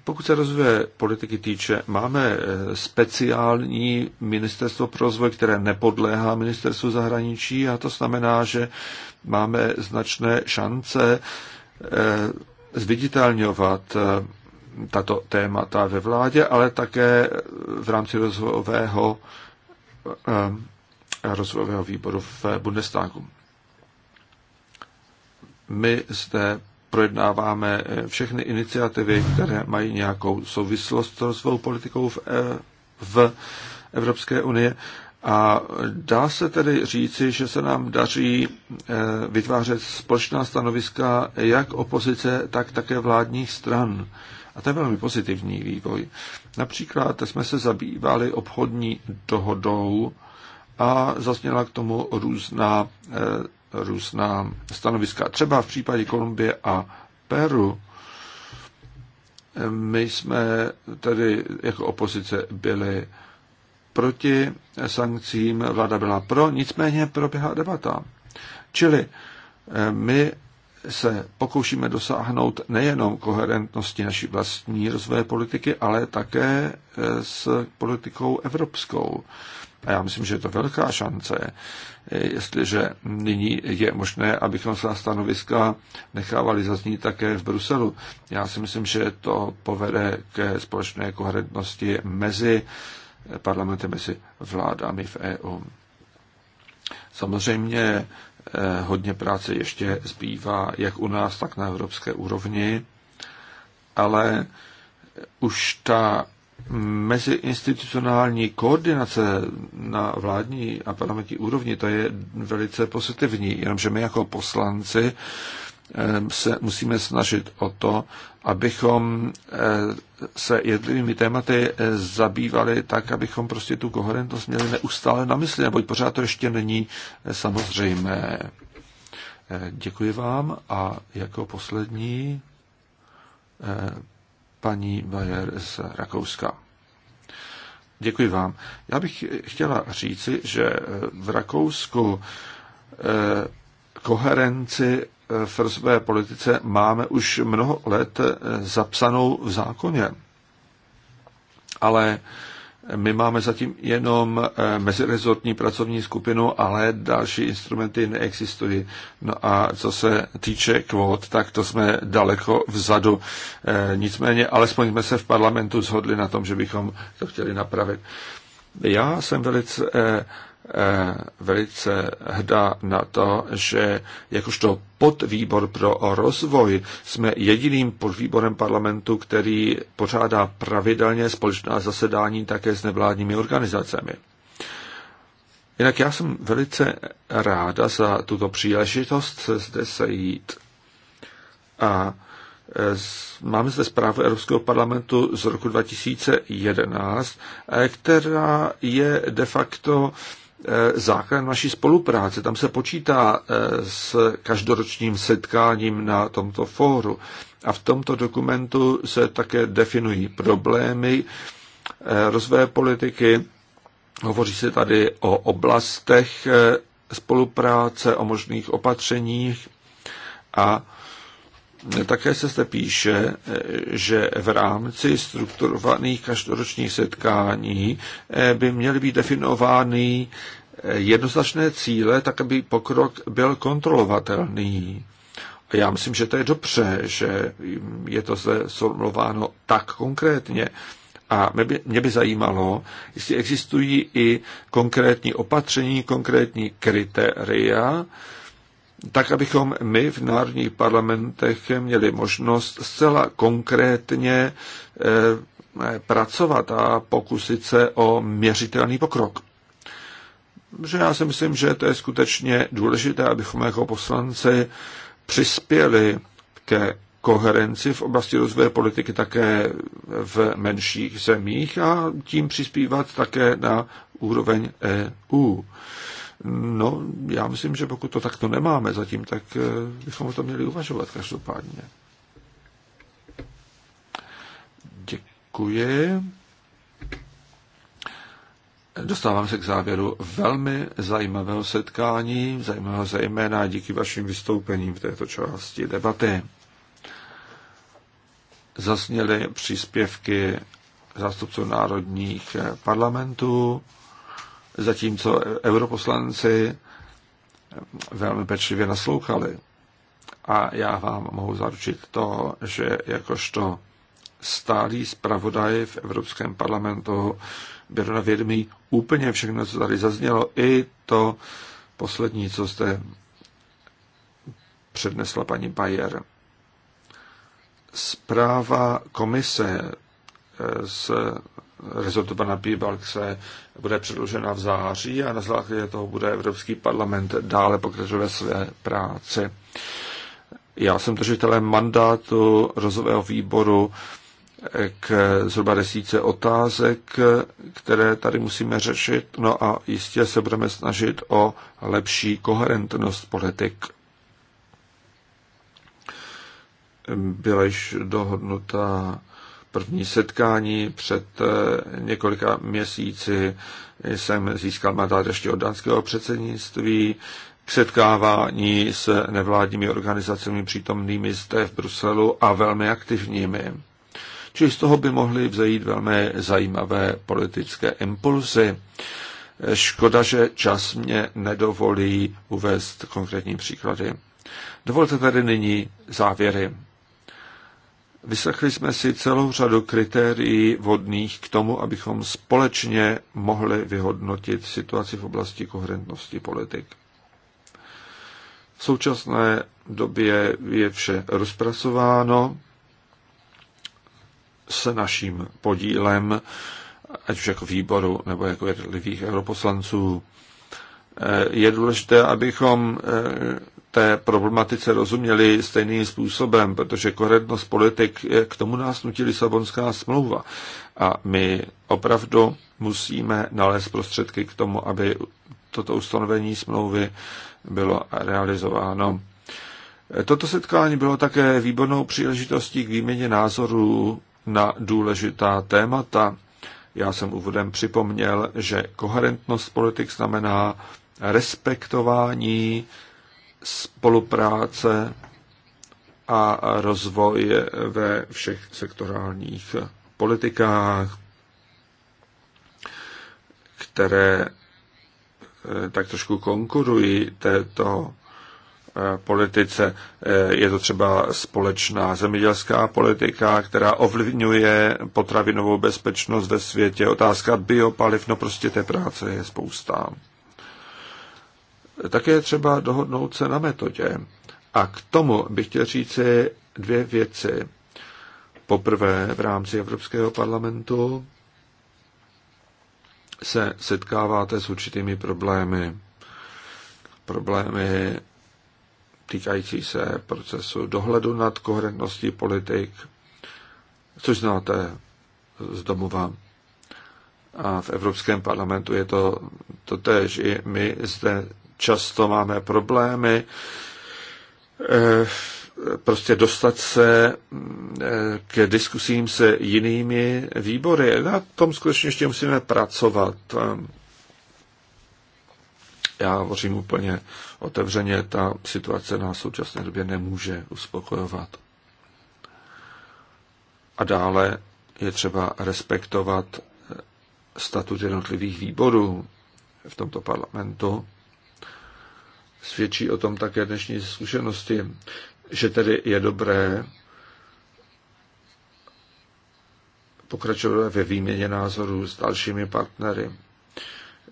Pokud se rozvoje politiky týče, máme eh, speciální ministerstvo pro rozvoj, které nepodléhá ministerstvu zahraničí a to znamená, že máme značné šance eh, zviditelňovat eh, tato témata ve vládě, ale také v rámci rozvojového, rozvojového výboru v Bundestagu. My zde projednáváme eh, všechny iniciativy, které mají nějakou souvislost s svou politikou v, eh, v Evropské unie. A dá se tedy říci, že se nám daří eh, vytvářet společná stanoviska jak opozice, tak také vládních stran. A to je velmi pozitivní vývoj. Například jsme se zabývali obchodní dohodou a zasněla k tomu různá různá stanoviska. Třeba v případě Kolumbie a Peru my jsme tedy jako opozice byli proti sankcím, vláda byla pro, nicméně proběhla debata. Čili eh, my se pokoušíme dosáhnout nejenom koherentnosti naší vlastní rozvoje politiky, ale také e, s politikou evropskou. A já myslím, že je to velká šance, e, jestliže nyní je možné, abychom se stanoviska nechávali zaznít také v Bruselu. Já si myslím, že to povede ke společné koherentnosti mezi parlamentem, mezi vládami v EU. Samozřejmě Eh, hodně práce ještě zbývá, jak u nás, tak na evropské úrovni, ale eh, už ta meziinstitucionální koordinace na vládní a parlamentní úrovni, to je velice pozitivní, jenomže my jako poslanci se musíme snažit o to, abychom eh, se jednotlivými tématy eh, zabývali tak, abychom prostě tu koherentnost měli neustále na mysli, neboť pořád to ještě není eh, samozřejmé. Děkuji vám a jako poslední paní Bayer z Rakouska. Děkuji vám. Já bych chtěla říci, že v Rakousku koherenci v rozvojové politice máme už mnoho let zapsanou v zákoně. Ale my máme zatím jenom eh, mezirezortní pracovní skupinu, ale další instrumenty neexistují. No a co se týče kvót, tak to jsme daleko vzadu. Eh, nicméně, alespoň jsme se v parlamentu zhodli na tom, že bychom to chtěli napravit. Já jsem velice eh, Eh, velice hrdá na to, že jakožto podvýbor pro rozvoj jsme jediným podvýborem parlamentu, který pořádá pravidelně společná zasedání také s nevládními organizacemi. Jinak já jsem velice ráda za tuto příležitost se zde sejít. A eh, Máme zde zprávu Evropského parlamentu z roku 2011, eh, která je de facto Eh, základ naší spolupráce. Tam se počítá eh, s každoročním setkáním na tomto fóru. A v tomto dokumentu se také definují problémy eh, rozvoje politiky. Hovoří se tady o oblastech spolupráce, o možných opatřeních a také se zde píše, že v rámci strukturovaných každoročních setkání eh, by měly být definovány eh, jednoznačné cíle, tak aby pokrok byl kontrolovatelný. A já myslím, že to je dobře, že je to zde formulováno tak konkrétně. A mě by, mě by zajímalo, jestli existují i konkrétní opatření, konkrétní kritéria, tak abychom my v národních parlamentech měli možnost zcela konkrétně eh, pracovat a pokusit se o měřitelný pokrok. Že já si myslím, že to je skutečně důležité, abychom jako poslanci přispěli ke koherenci v oblasti rozvoje politiky také v menších zemích a tím přispívat také na úroveň EU. No, já myslím, že pokud to takto nemáme zatím, tak eh, bychom o tom měli uvažovat každopádně. Děkuji. Dostávám se k závěru velmi zajímavého setkání, zajímavého zejména díky vašim vystoupením v této části debaty. Zasněly příspěvky zástupců národních eh, parlamentů, zatímco europoslanci velmi pečlivě naslouchali. A já vám mohu zaručit to, že jakožto stálý zpravodaj v Evropském parlamentu beru na vědomí úplně všechno, co tady zaznělo, i to poslední, co jste přednesla paní Bayer. Zpráva komise z rezortu pana Pibalkse bude předložena v září a na základě toho bude Evropský parlament dále pokračovat své práci. Já jsem držitelem mandátu rozového výboru k zhruba desíce otázek, které tady musíme řešit, no a jistě se budeme snažit o lepší koherentnost politik. Byla již dohodnuta první setkání před eh, několika měsíci jsem získal mandát ještě od dánského předsednictví k setkávání s nevládními organizacemi přítomnými zde v Bruselu a velmi aktivními. Čili z toho by mohly vzejít velmi zajímavé politické impulzy. Škoda, že čas mě nedovolí uvést konkrétní příklady. Dovolte tedy nyní závěry. Vyslechli jsme si celou řadu kritérií vodných k tomu, abychom společně mohli vyhodnotit situaci v oblasti koherentnosti politik. V současné době je vše rozpracováno se naším podílem, ať už jako výboru nebo jako jednotlivých europoslanců. Je důležité, abychom té problematice rozuměli stejným způsobem, protože koherentnost politik, k tomu nás nutí Lisabonská smlouva. A my opravdu musíme nalézt prostředky k tomu, aby toto ustanovení smlouvy bylo realizováno. Toto setkání bylo také výbornou příležitostí k výměně názorů na důležitá témata. Já jsem úvodem připomněl, že koherentnost politik znamená respektování spolupráce a rozvoj ve všech sektorálních politikách, které eh, tak trošku konkurují této eh, politice. Eh, je to třeba společná zemědělská politika, která ovlivňuje potravinovou bezpečnost ve světě. Otázka biopaliv, no prostě té práce je spousta. Také je třeba dohodnout se na metodě. A k tomu bych chtěl říci dvě věci. Poprvé v rámci Evropského parlamentu se setkáváte s určitými problémy. Problémy týkající se procesu dohledu nad koherentností politik, což znáte z domova. A v Evropském parlamentu je to totéž. I my zde často máme problémy eh, prostě dostat se eh, k diskusím se jinými výbory. Na tom skutečně ještě musíme pracovat. Já hovořím úplně otevřeně, ta situace na současné době nemůže uspokojovat. A dále je třeba respektovat eh, statut jednotlivých výborů v tomto parlamentu Svědčí o tom také dnešní zkušenosti, že tedy je dobré pokračovat ve výměně názorů s dalšími partnery.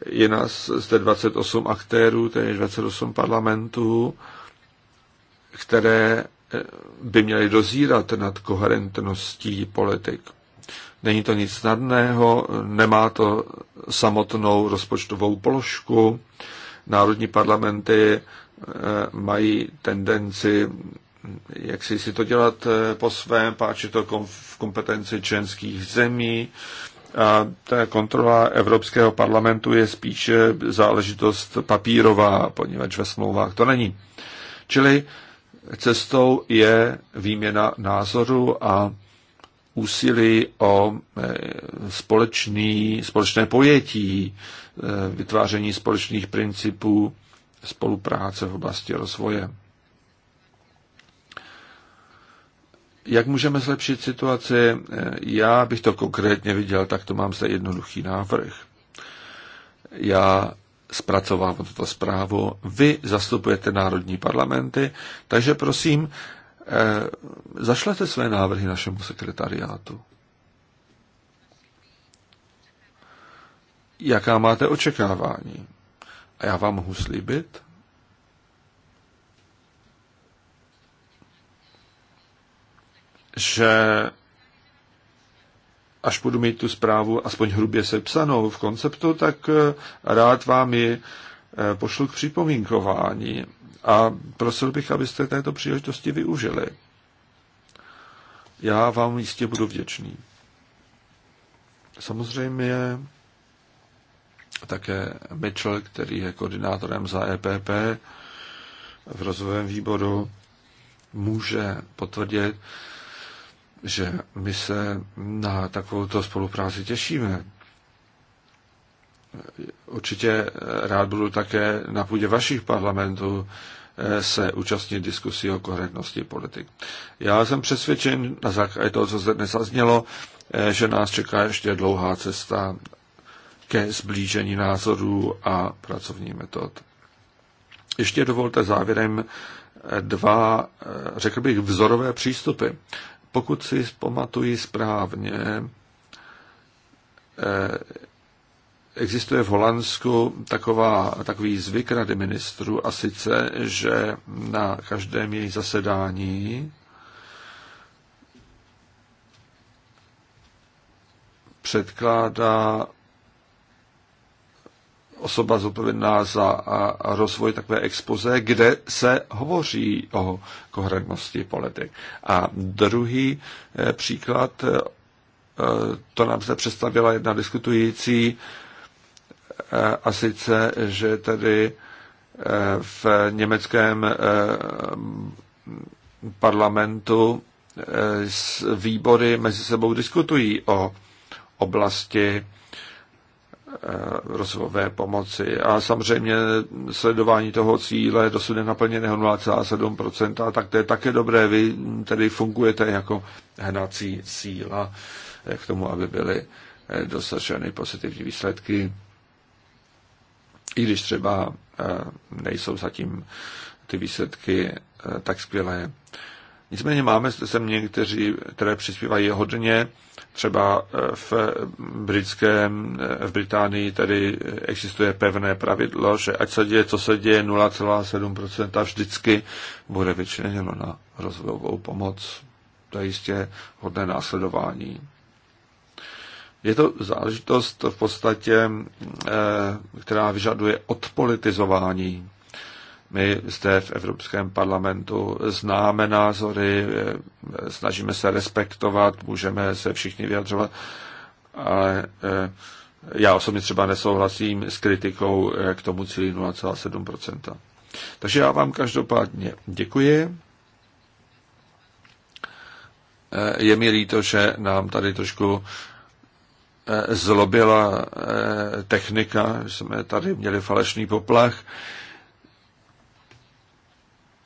Je nás zde 28 aktérů, tedy 28 parlamentů, které eh, by měly dozírat nad koherentností politik. Není to nic snadného, nemá to samotnou rozpočtovou položku, národní parlamenty eh, mají tendenci jak si, si to dělat eh, po svém, páči to v kompetenci členských zemí. A ta kontrola Evropského parlamentu je spíše záležitost papírová, poněvadž ve smlouvách to není. Čili cestou je výměna názoru a úsilí o eh, společný, společné pojetí Eh, vytváření společných principů spolupráce v oblasti rozvoje. Jak můžeme zlepšit situaci? Eh, já bych to konkrétně viděl, tak to mám zde jednoduchý návrh. Já zpracovávám tuto zprávu. Vy zastupujete národní parlamenty, takže prosím, eh, zašlete své návrhy našemu sekretariátu. jaká máte očekávání. A já vám mohu slíbit, že až budu mít tu zprávu aspoň hrubě sepsanou v konceptu, tak eh, rád vám ji eh, pošlu k připomínkování a prosil bych, abyste této příležitosti využili. Já vám jistě budu vděčný. Samozřejmě také Mitchell, který je koordinátorem za EPP v rozvojem výboru, může potvrdit, že my se na takovouto spolupráci těšíme. Určitě rád budu také na půdě vašich parlamentů eh, se účastnit diskusí o koherentnosti politik. Já jsem přesvědčen na základě toho, co zde dnes zaznělo, eh, že nás čeká ještě dlouhá cesta ke zblížení názorů a pracovní metod. Ještě dovolte závěrem eh, dva, eh, řekl bych, vzorové přístupy. Pokud si pamatuji správně, eh, existuje v Holandsku taková, takový zvyk rady ministrů a sice, že na každém jejich zasedání předkládá osoba zodpovědná za rozvoj takové expoze, kde se hovoří o koherentnosti politik. A druhý e, příklad, e, to nám se představila jedna diskutující, e, a sice, že tedy v německém parlamentu výbory mezi sebou diskutují o oblasti Eh, rozvojové pomoci. A samozřejmě sledování toho cíle dosud nenaplněného 0,7%, tak to je také dobré. Vy tedy fungujete jako hnací síla eh, k tomu, aby byly eh, dosaženy pozitivní výsledky, i když třeba nejsou zatím ty výsledky tak skvělé. Nicméně máme zde země, kteří, které přispívají hodně, třeba eh, v, britském, eh, v Británii tady existuje pevné pravidlo, že ať se děje, co se děje, 0,7% vždycky bude vyčleněno na rozvojovou pomoc. To je jistě hodné následování. Je to záležitost v podstatě, eh, která vyžaduje odpolitizování my zde v Evropském parlamentu známe názory, snažíme se respektovat, můžeme se všichni vyjadřovat, ale eh, já osobně třeba nesouhlasím s kritikou eh, k tomu cíli 0,7%. Takže já vám každopádně děkuji. Eh, je mi líto, že nám tady trošku zlobila technika, že jsme tady měli falešný poplach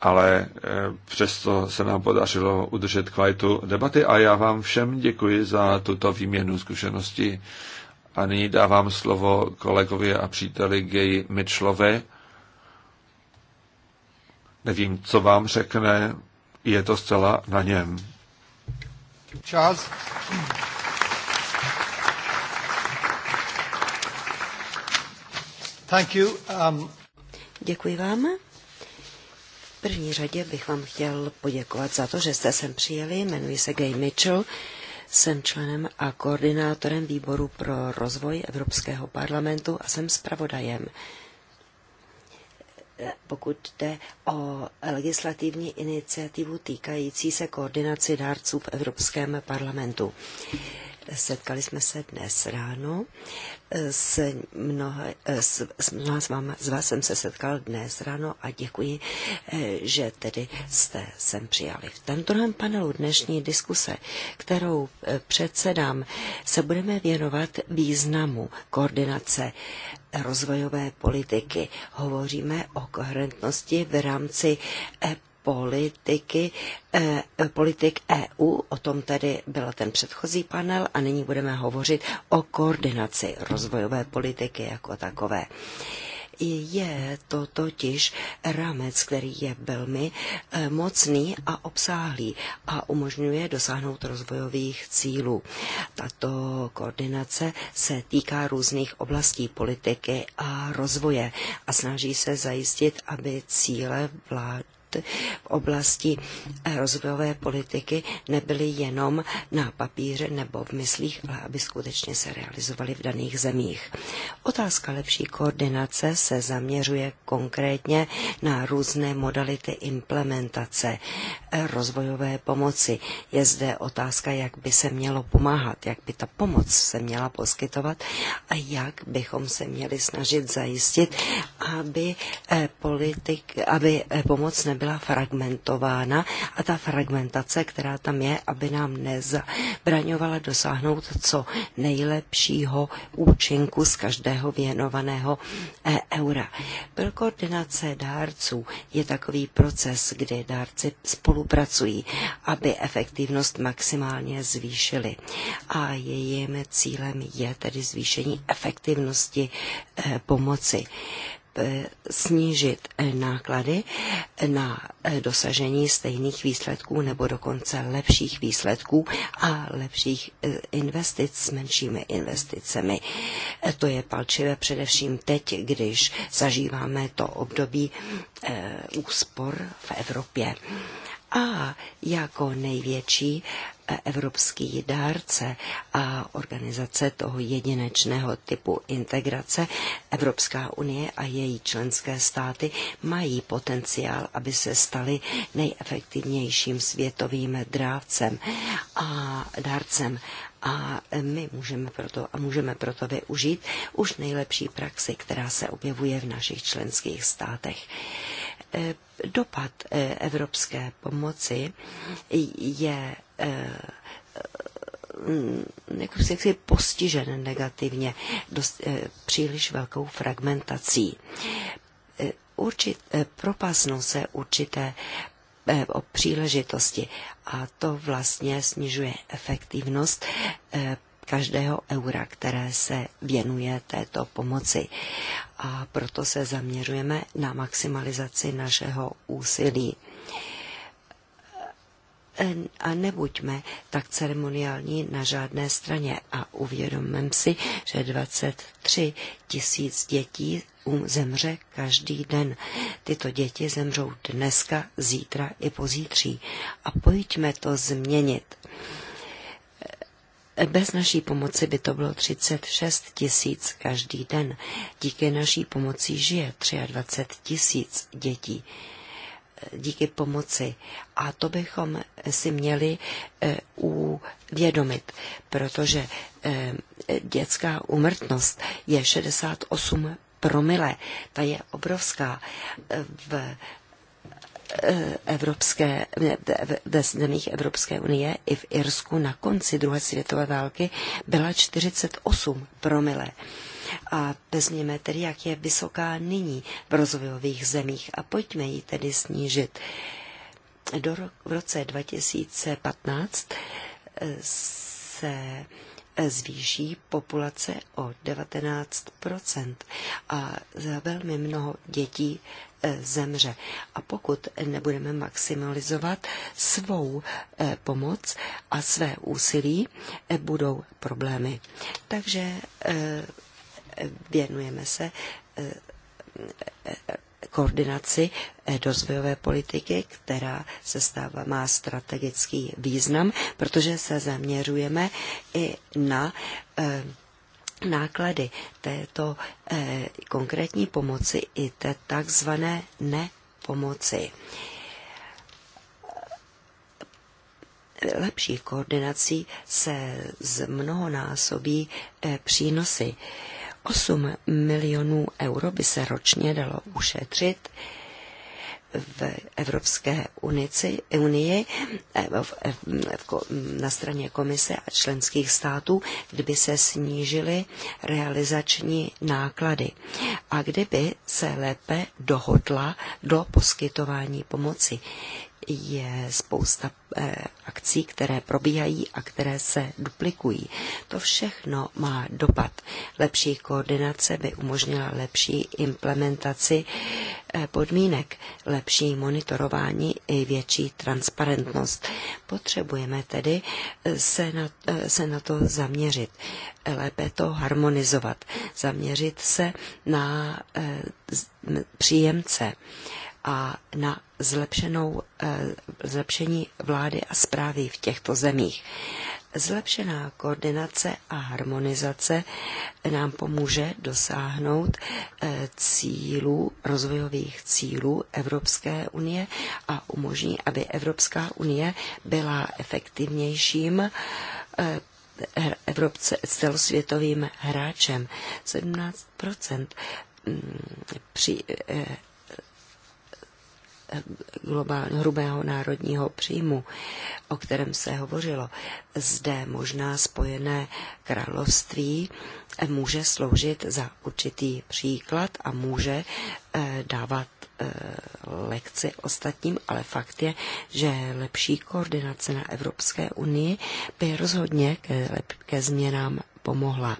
ale eh, přesto se nám podařilo udržet kvalitu debaty a já vám všem děkuji za tuto výměnu zkušeností. A nyní dávám slovo kolegovi a příteli Geji Mitchellové. Nevím, co vám řekne, je to zcela na něm. Čas. Thank you. Um... Děkuji vám. V první řadě bych vám chtěl poděkovat za to, že jste sem přijeli. Jmenuji se Gay Mitchell. Jsem členem a koordinátorem výboru pro rozvoj Evropského parlamentu a jsem zpravodajem pokud jde o legislativní iniciativu týkající se koordinaci dárců v Evropském parlamentu. Setkali jsme se dnes ráno. S mnoha, s, s mnoha z, vám, z vás jsem se setkal dnes ráno a děkuji, eh, že tedy jste sem přijali. V tomto druhém panelu dnešní diskuse, kterou eh, předsedám, se budeme věnovat významu koordinace rozvojové politiky. Hovoříme o koherentnosti v rámci eh, politiky, eh, politik EU, o tom tedy byl ten předchozí panel a nyní budeme hovořit o koordinaci rozvojové politiky jako takové. Je to totiž rámec, který je velmi eh, mocný a obsáhlý a umožňuje dosáhnout rozvojových cílů. Tato koordinace se týká různých oblastí politiky a rozvoje a snaží se zajistit, aby cíle vlády v oblasti eh, rozvojové politiky nebyly jenom na papíře nebo v myslích, ale aby skutečně se realizovaly v daných zemích. Otázka lepší koordinace se zaměřuje konkrétně na různé modality implementace eh, rozvojové pomoci. Je zde otázka, jak by se mělo pomáhat, jak by ta pomoc se měla poskytovat a jak bychom se měli snažit zajistit, aby, eh, politik, aby pomoc nebyla byla fragmentována a ta fragmentace, která tam je, aby nám nezabraňovala dosáhnout co nejlepšího účinku z každého věnovaného eh, eura. Byl koordinace dárců je takový proces, kdy dárci spolupracují, aby efektivnost maximálně zvýšili. A jejím cílem je tedy zvýšení efektivnosti eh, pomoci. Eh, snížit eh, náklady na eh, dosažení stejných výsledků nebo dokonce lepších výsledků a lepších investic s menšími investicemi. To je palčivé především teď, když zažíváme to období úspor v Evropě. A jako největší evropský dárce a organizace toho jedinečného typu integrace, Evropská unie a její členské státy mají potenciál, aby se staly nejefektivnějším světovým drávcem a dárcem a my můžeme proto, a můžeme proto využít už nejlepší praxi, která se objevuje v našich členských státech. E, dopad e, evropské pomoci je jako jaksi postižen negativně dost, eh, příliš velkou fragmentací. Určit, propasnou se určité o příležitosti a to vlastně snižuje efektivnost každého eura, které se věnuje této pomoci. A proto se zaměřujeme na maximalizaci našeho úsilí a nebuďme tak ceremoniální na žádné straně a uvědomím si, že 23 tisíc dětí zemře každý den. Tyto děti zemřou dneska, zítra i pozítří. A pojďme to změnit. E, bez naší pomoci by to bylo 36 tisíc každý den. Díky naší pomoci žije 23 tisíc dětí díky pomoci. A to bychom si měli e, uvědomit, protože e, dětská umrtnost je 68 promile. Ta je obrovská. V e, Evropské, ve zemích Evropské unie i v Irsku na konci druhé světové války byla 48 promile. A vezměme tedy, jak je vysoká nyní v rozvojových zemích a pojďme ji tedy snížit. Do ro- v roce 2015 eh, se eh, zvýší populace o 19 a za velmi mnoho dětí eh, zemře. A pokud nebudeme maximalizovat svou pomoc a své úsilí, budou problémy. Takže věnujeme se eh, eh, koordinaci eh, rozvojové politiky, která se stává, má strategický význam, protože se zaměřujeme i na náklady této konkrétní pomoci i té takzvané nepomoci. Lepší koordinací se z mnoho násobí přínosy 8 milionů euro by se ročně dalo ušetřit v Evropské unici, unii eh, eh, na straně komise a členských států, kdyby se snížily realizační náklady a kdyby se lépe dohodla do poskytování pomoci je spousta eh, akcí, které probíhají a které se duplikují. To všechno má dopad. Lepší koordinace by umožnila lepší implementaci eh, podmínek, lepší monitorování i větší transparentnost. Potřebujeme tedy eh, se na, se na to zaměřit, lépe to harmonizovat, zaměřit se na příjemce a na zlepšenou, eh, zlepšení vlády a zprávy v těchto zemích. Zlepšená koordinace a harmonizace nám pomůže dosáhnout eh, cílů, rozvojových cílů Evropské unie a umožní, aby Evropská unie byla efektivnějším eh, Evropce, celosvětovým hráčem. 17 mm, při, globálního hrubého národního příjmu, o kterém se hovořilo. Zde možná spojené království eh, může sloužit za určitý příklad a může eh, dávat eh, lekci ostatním, ale fakt je, že lepší koordinace na Evropské unii by rozhodně ke, ke změnám pomohla.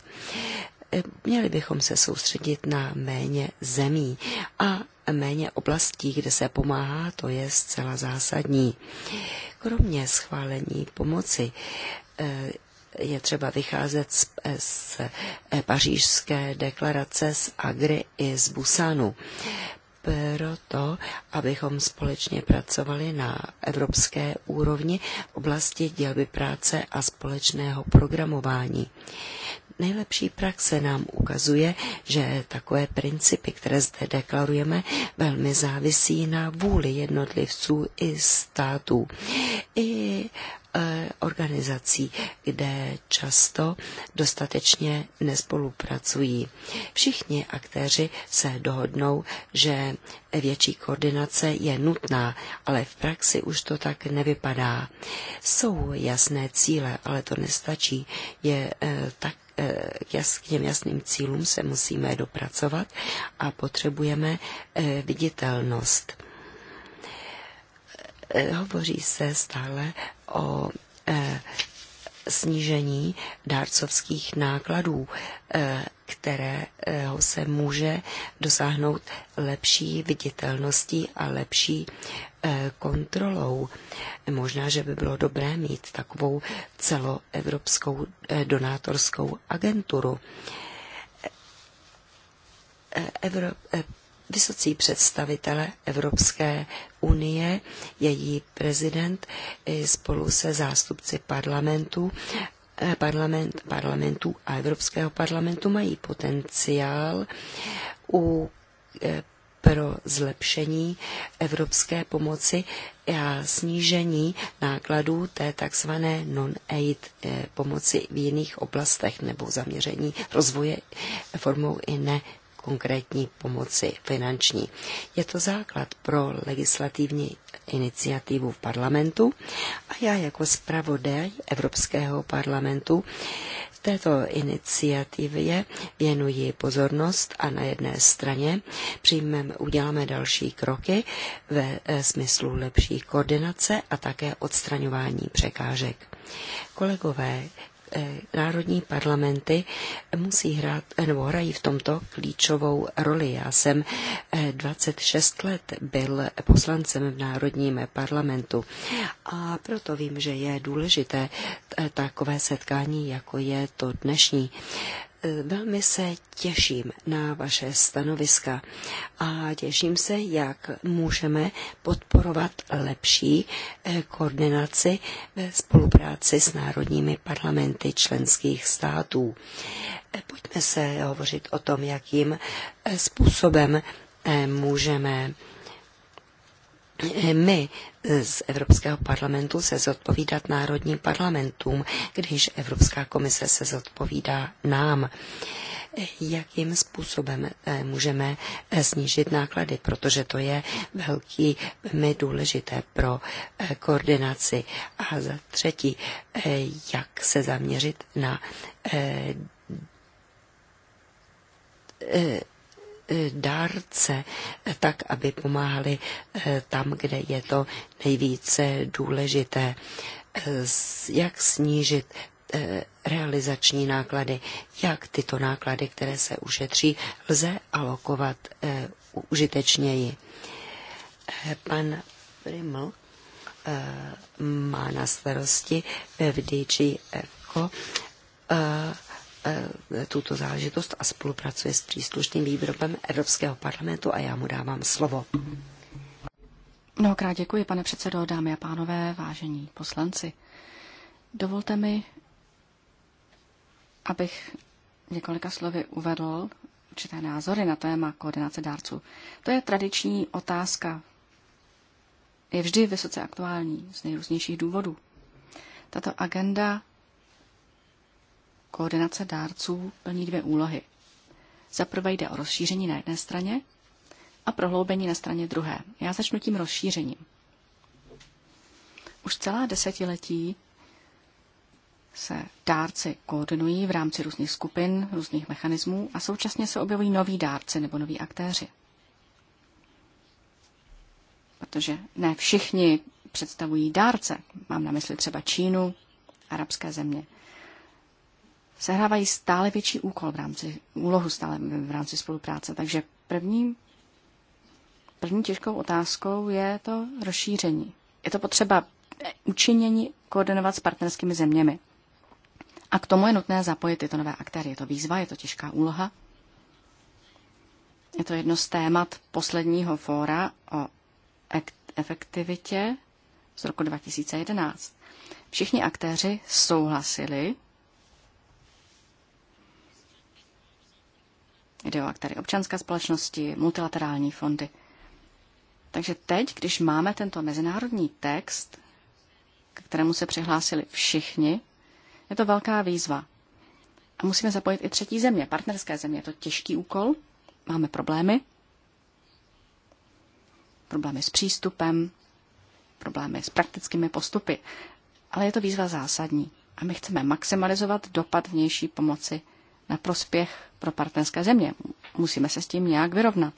Měli bychom se soustředit na méně zemí a méně oblastí, kde se pomáhá, to je zcela zásadní. Kromě schválení pomoci eh, je třeba vycházet z, eh, z eh, pařížské deklarace z Agri i z Busanu proto, abychom společně pracovali na evropské úrovni v oblasti dělby práce a společného programování. Nejlepší praxe nám ukazuje, že takové principy, které zde deklarujeme, velmi závisí na vůli jednotlivců i států. I e, organizací, kde často dostatečně nespolupracují. Všichni aktéři se dohodnou, že větší koordinace je nutná, ale v praxi už to tak nevypadá. Jsou jasné cíle, ale to nestačí. Je e, tak Eh, k těm jasným cílům se musíme dopracovat a potřebujeme eh, viditelnost. Eh, hovoří se stále o snížení dárcovských nákladů kterého se může dosáhnout lepší viditelností a lepší eh, kontrolou. Možná, že by bylo dobré mít takovou celoevropskou eh, donátorskou agenturu. Eh, Evro, vysocí představitele Evropské unie, její prezident spolu se zástupci parlamentu Eh, parlament, parlamentů a Evropského parlamentu mají potenciál u, eh, pro zlepšení evropské pomoci a snížení nákladů té takzvané non-aid eh, pomoci v jiných oblastech nebo zaměření rozvoje formou i ne konkrétní pomoci finanční. Je to základ pro legislativní iniciativu v parlamentu a já jako zpravodaj Evropského parlamentu této iniciativě věnuji pozornost a na jedné straně přijmem, uděláme další kroky ve e, smyslu lepší koordinace a také odstraňování překážek. Kolegové, Eh, národní parlamenty musí hrát eh, nebo hrají v tomto klíčovou roli. Já jsem 26 eh, let byl poslancem v národním parlamentu a proto vím, že je důležité takové setkání, jako je to dnešní. Velmi se těším na vaše stanoviska a těším se, jak můžeme podporovat lepší eh, koordinaci ve eh, spolupráci s národními parlamenty členských států. Eh, pojďme se hovořit o tom, jakým způsobem můžeme my z Evropského parlamentu se zodpovídat národním parlamentům, když Evropská komise se zodpovídá nám. Jakým způsobem eh, můžeme eh, snížit náklady, protože to je velký, velmi důležité pro eh, koordinaci. A za třetí, jak se zaměřit na E, dárce, tak aby pomáhali e, tam, kde je to nejvíce důležité. E, jak snížit realizační náklady, jak tyto náklady, které se ušetří, lze alokovat užitečněji. Pan Priml má na starosti v DGFK Eh, tuto záležitost a spolupracuje s příslušným výborem Evropského parlamentu a já mu dávám slovo. Mnohokrát děkuji, pane předsedo, dámy a pánové, vážení poslanci. Dovolte mi, abych několika slovy uvedl určité názory na téma koordinace dárců. To je tradiční otázka. Je vždy vysoce aktuální z nejrůznějších důvodů. Tato agenda Koordinace dárců plní dvě úlohy. Za prvé jde o rozšíření na jedné straně a prohloubení na straně druhé. Já začnu tím rozšířením. Už celá desetiletí se dárci koordinují v rámci různých skupin, různých mechanismů a současně se objevují noví dárci nebo noví aktéři. Protože ne všichni představují dárce. Mám na mysli třeba Čínu, arabské země sehrávají stále větší úkol v rámci, úlohu stále v rámci spolupráce. Takže první, první těžkou otázkou je to rozšíření. Je to potřeba učinění koordinovat s partnerskými zeměmi. A k tomu je nutné zapojit tyto nové aktéry. Je to výzva, je to těžká úloha. Je to jedno z témat posledního fóra o efektivitě z roku 2011. Všichni aktéři souhlasili Jde o občanské společnosti, multilaterální fondy. Takže teď, když máme tento mezinárodní text, k kterému se přihlásili všichni, je to velká výzva. A musíme zapojit i třetí země, partnerské země. Je to těžký úkol, máme problémy. Problémy s přístupem, problémy s praktickými postupy. Ale je to výzva zásadní. A my chceme maximalizovat dopad vnější pomoci na prospěch pro partnerské země. Musíme se s tím nějak vyrovnat.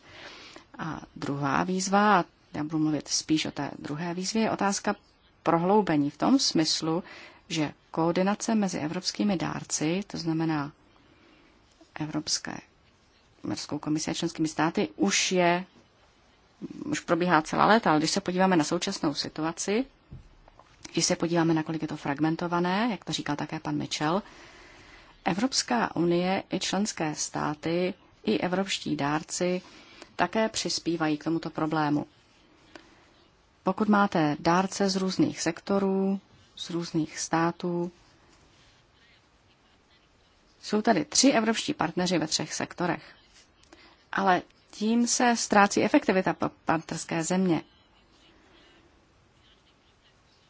A druhá výzva, a já budu mluvit spíš o té druhé výzvě, je otázka prohloubení v tom smyslu, že koordinace mezi evropskými dárci, to znamená Evropské Evropskou komisi a členskými státy, už je, už probíhá celá léta, ale když se podíváme na současnou situaci, když se podíváme, nakolik je to fragmentované, jak to říkal také pan Mitchell, Evropská unie i členské státy i evropští dárci také přispívají k tomuto problému. Pokud máte dárce z různých sektorů, z různých států, jsou tady tři evropští partneři ve třech sektorech. Ale tím se ztrácí efektivita partnerské země.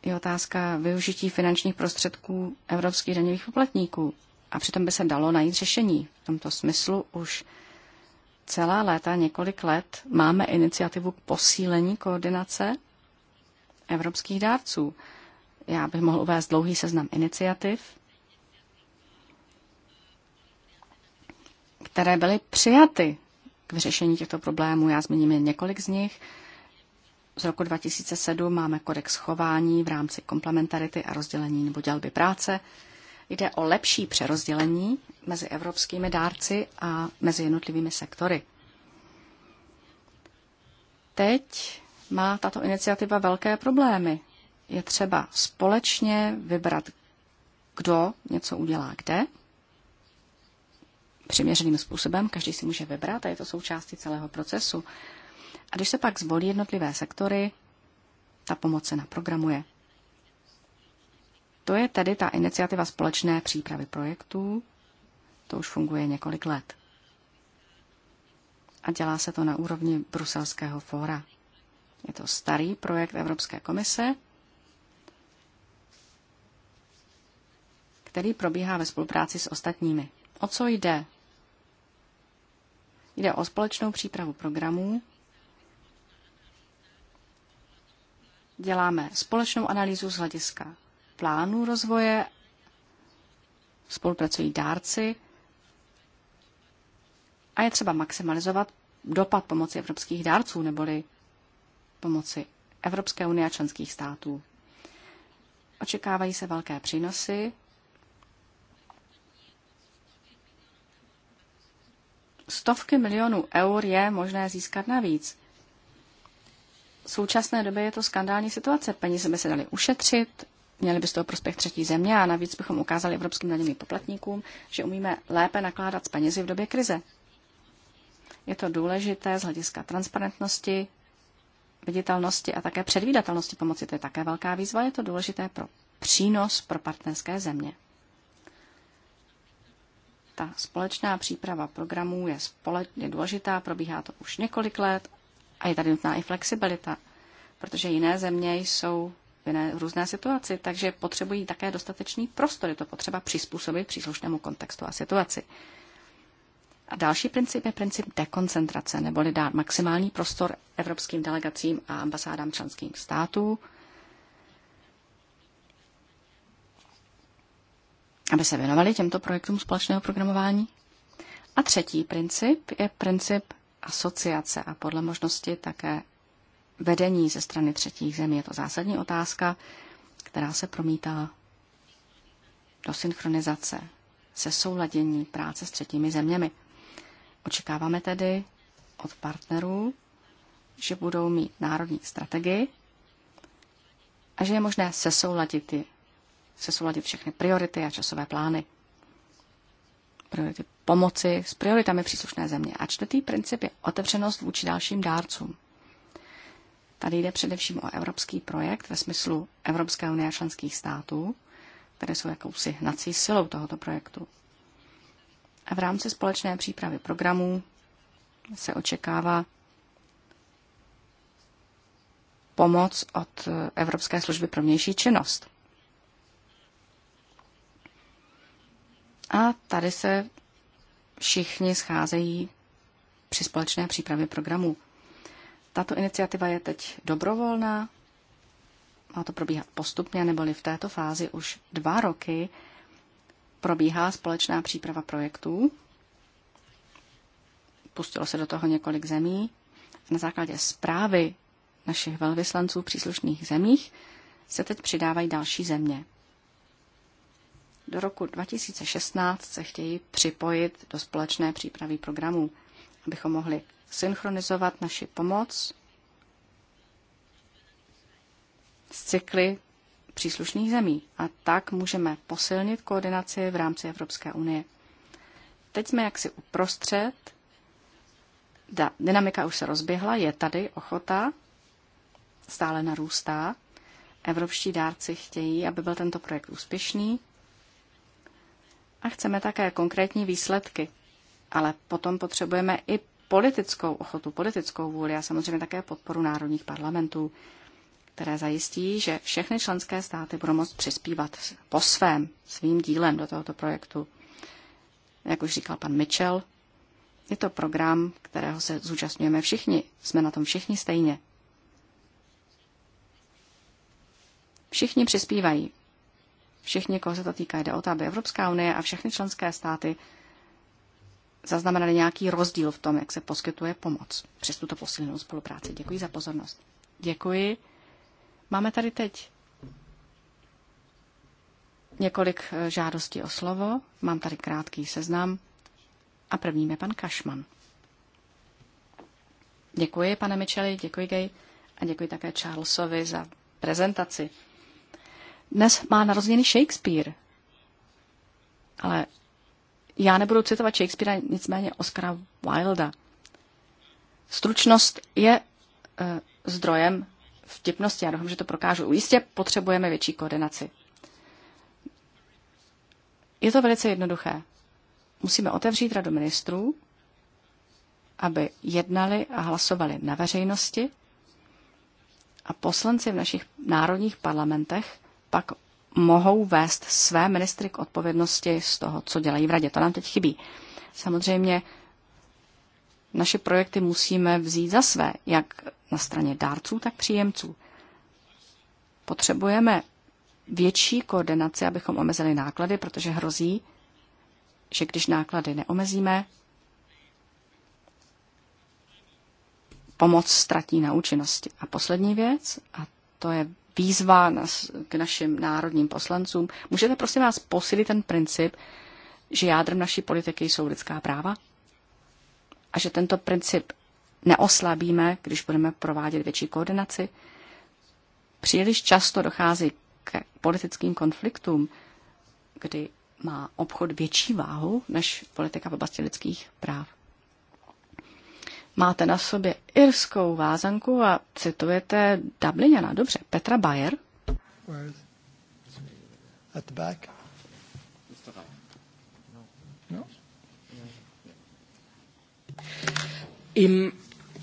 Je otázka využití finančních prostředků evropských daňových poplatníků. A přitom by se dalo najít řešení. V tomto smyslu už celá léta, několik let, máme iniciativu k posílení koordinace evropských dárců. Já bych mohl uvést dlouhý seznam iniciativ, které byly přijaty k vyřešení těchto problémů. Já zmíním jen několik z nich. Z roku 2007 máme kodex chování v rámci komplementarity a rozdělení nebo dělby práce. Jde o lepší přerozdělení mezi evropskými dárci a mezi jednotlivými sektory. Teď má tato iniciativa velké problémy. Je třeba společně vybrat, kdo něco udělá kde, přiměřeným způsobem, každý si může vybrat a je to součástí celého procesu. A když se pak zvolí jednotlivé sektory, ta pomoc se naprogramuje. To je tedy ta iniciativa společné přípravy projektů. To už funguje několik let. A dělá se to na úrovni Bruselského fóra. Je to starý projekt Evropské komise, který probíhá ve spolupráci s ostatními. O co jde? Jde o společnou přípravu programů. Děláme společnou analýzu z hlediska plánů rozvoje, spolupracují dárci a je třeba maximalizovat dopad pomoci evropských dárců neboli pomoci Evropské unie a členských států. Očekávají se velké přínosy. Stovky milionů eur je možné získat navíc. V současné době je to skandální situace. Peníze by se daly ušetřit měli by z toho prospěch třetí země a navíc bychom ukázali evropským daněným poplatníkům, že umíme lépe nakládat s penězi v době krize. Je to důležité z hlediska transparentnosti, viditelnosti a také předvídatelnosti pomoci. To je také velká výzva. Je to důležité pro přínos pro partnerské země. Ta společná příprava programů je, společ... je důležitá, probíhá to už několik let a je tady nutná i flexibilita, protože jiné země jsou v různé situaci, takže potřebují také dostatečný prostor. Je to potřeba přizpůsobit příslušnému kontextu a situaci. A další princip je princip dekoncentrace, neboli dát maximální prostor evropským delegacím a ambasádám členských států, aby se věnovali těmto projektům společného programování. A třetí princip je princip asociace a podle možnosti také vedení ze strany třetích zemí. Je to zásadní otázka, která se promítá do synchronizace, se souladění práce s třetími zeměmi. Očekáváme tedy od partnerů, že budou mít národní strategii a že je možné sesouladit, ty, sesouladit všechny priority a časové plány. Priority pomoci s prioritami příslušné země. A čtvrtý princip je otevřenost vůči dalším dárcům. Tady jde především o evropský projekt ve smyslu Evropské unie a členských států, které jsou jakousi hnací silou tohoto projektu. A v rámci společné přípravy programů se očekává pomoc od Evropské služby pro vnější činnost. A tady se všichni scházejí při společné přípravě programů. Tato iniciativa je teď dobrovolná, má to probíhat postupně, neboli v této fázi už dva roky probíhá společná příprava projektů. Pustilo se do toho několik zemí. Na základě zprávy našich velvyslanců v příslušných zemích se teď přidávají další země. Do roku 2016 se chtějí připojit do společné přípravy programů, abychom mohli synchronizovat naši pomoc s cykly příslušných zemí a tak můžeme posilnit koordinaci v rámci Evropské unie. Teď jsme jaksi uprostřed, da, dynamika už se rozběhla, je tady ochota, stále narůstá. Evropští dárci chtějí, aby byl tento projekt úspěšný a chceme také konkrétní výsledky, ale potom potřebujeme i politickou ochotu, politickou vůli a samozřejmě také podporu národních parlamentů, které zajistí, že všechny členské státy budou moct přispívat po svém, svým dílem do tohoto projektu. Jak už říkal pan Mitchell, je to program, kterého se zúčastňujeme všichni. Jsme na tom všichni stejně. Všichni přispívají. Všichni, koho se to týká, jde o to, aby Evropská unie a všechny členské státy zaznamenali nějaký rozdíl v tom, jak se poskytuje pomoc přes tuto posílenou spolupráci. Děkuji za pozornost. Děkuji. Máme tady teď několik eh, žádostí o slovo. Mám tady krátký seznam. A prvním je pan Kašman. Děkuji, pane Micheli, děkuji, Gay, a děkuji také Charlesovi za prezentaci. Dnes má narozeniny Shakespeare, ale já nebudu citovat Shakespearea, nicméně Oscara Wilda. Stručnost je e, zdrojem vtipnosti. Já doufám, že to prokážu. Jistě potřebujeme větší koordinaci. Je to velice jednoduché. Musíme otevřít radu ministrů, aby jednali a hlasovali na veřejnosti a poslanci v našich národních parlamentech pak mohou vést své ministry k odpovědnosti z toho, co dělají v radě. To nám teď chybí. Samozřejmě naše projekty musíme vzít za své, jak na straně dárců, tak příjemců. Potřebujeme větší koordinaci, abychom omezili náklady, protože hrozí, že když náklady neomezíme, pomoc ztratí na účinnosti. A poslední věc, a to je výzva k našim národním poslancům. Můžete prosím vás posilit ten princip, že jádrem naší politiky jsou lidská práva a že tento princip neoslabíme, když budeme provádět větší koordinaci. Příliš často dochází k politickým konfliktům, kdy má obchod větší váhu než politika v oblasti lidských práv máte na sobě irskou vázanku a citujete Dubliněna. Dobře, Petra Bayer. At the back. No. Im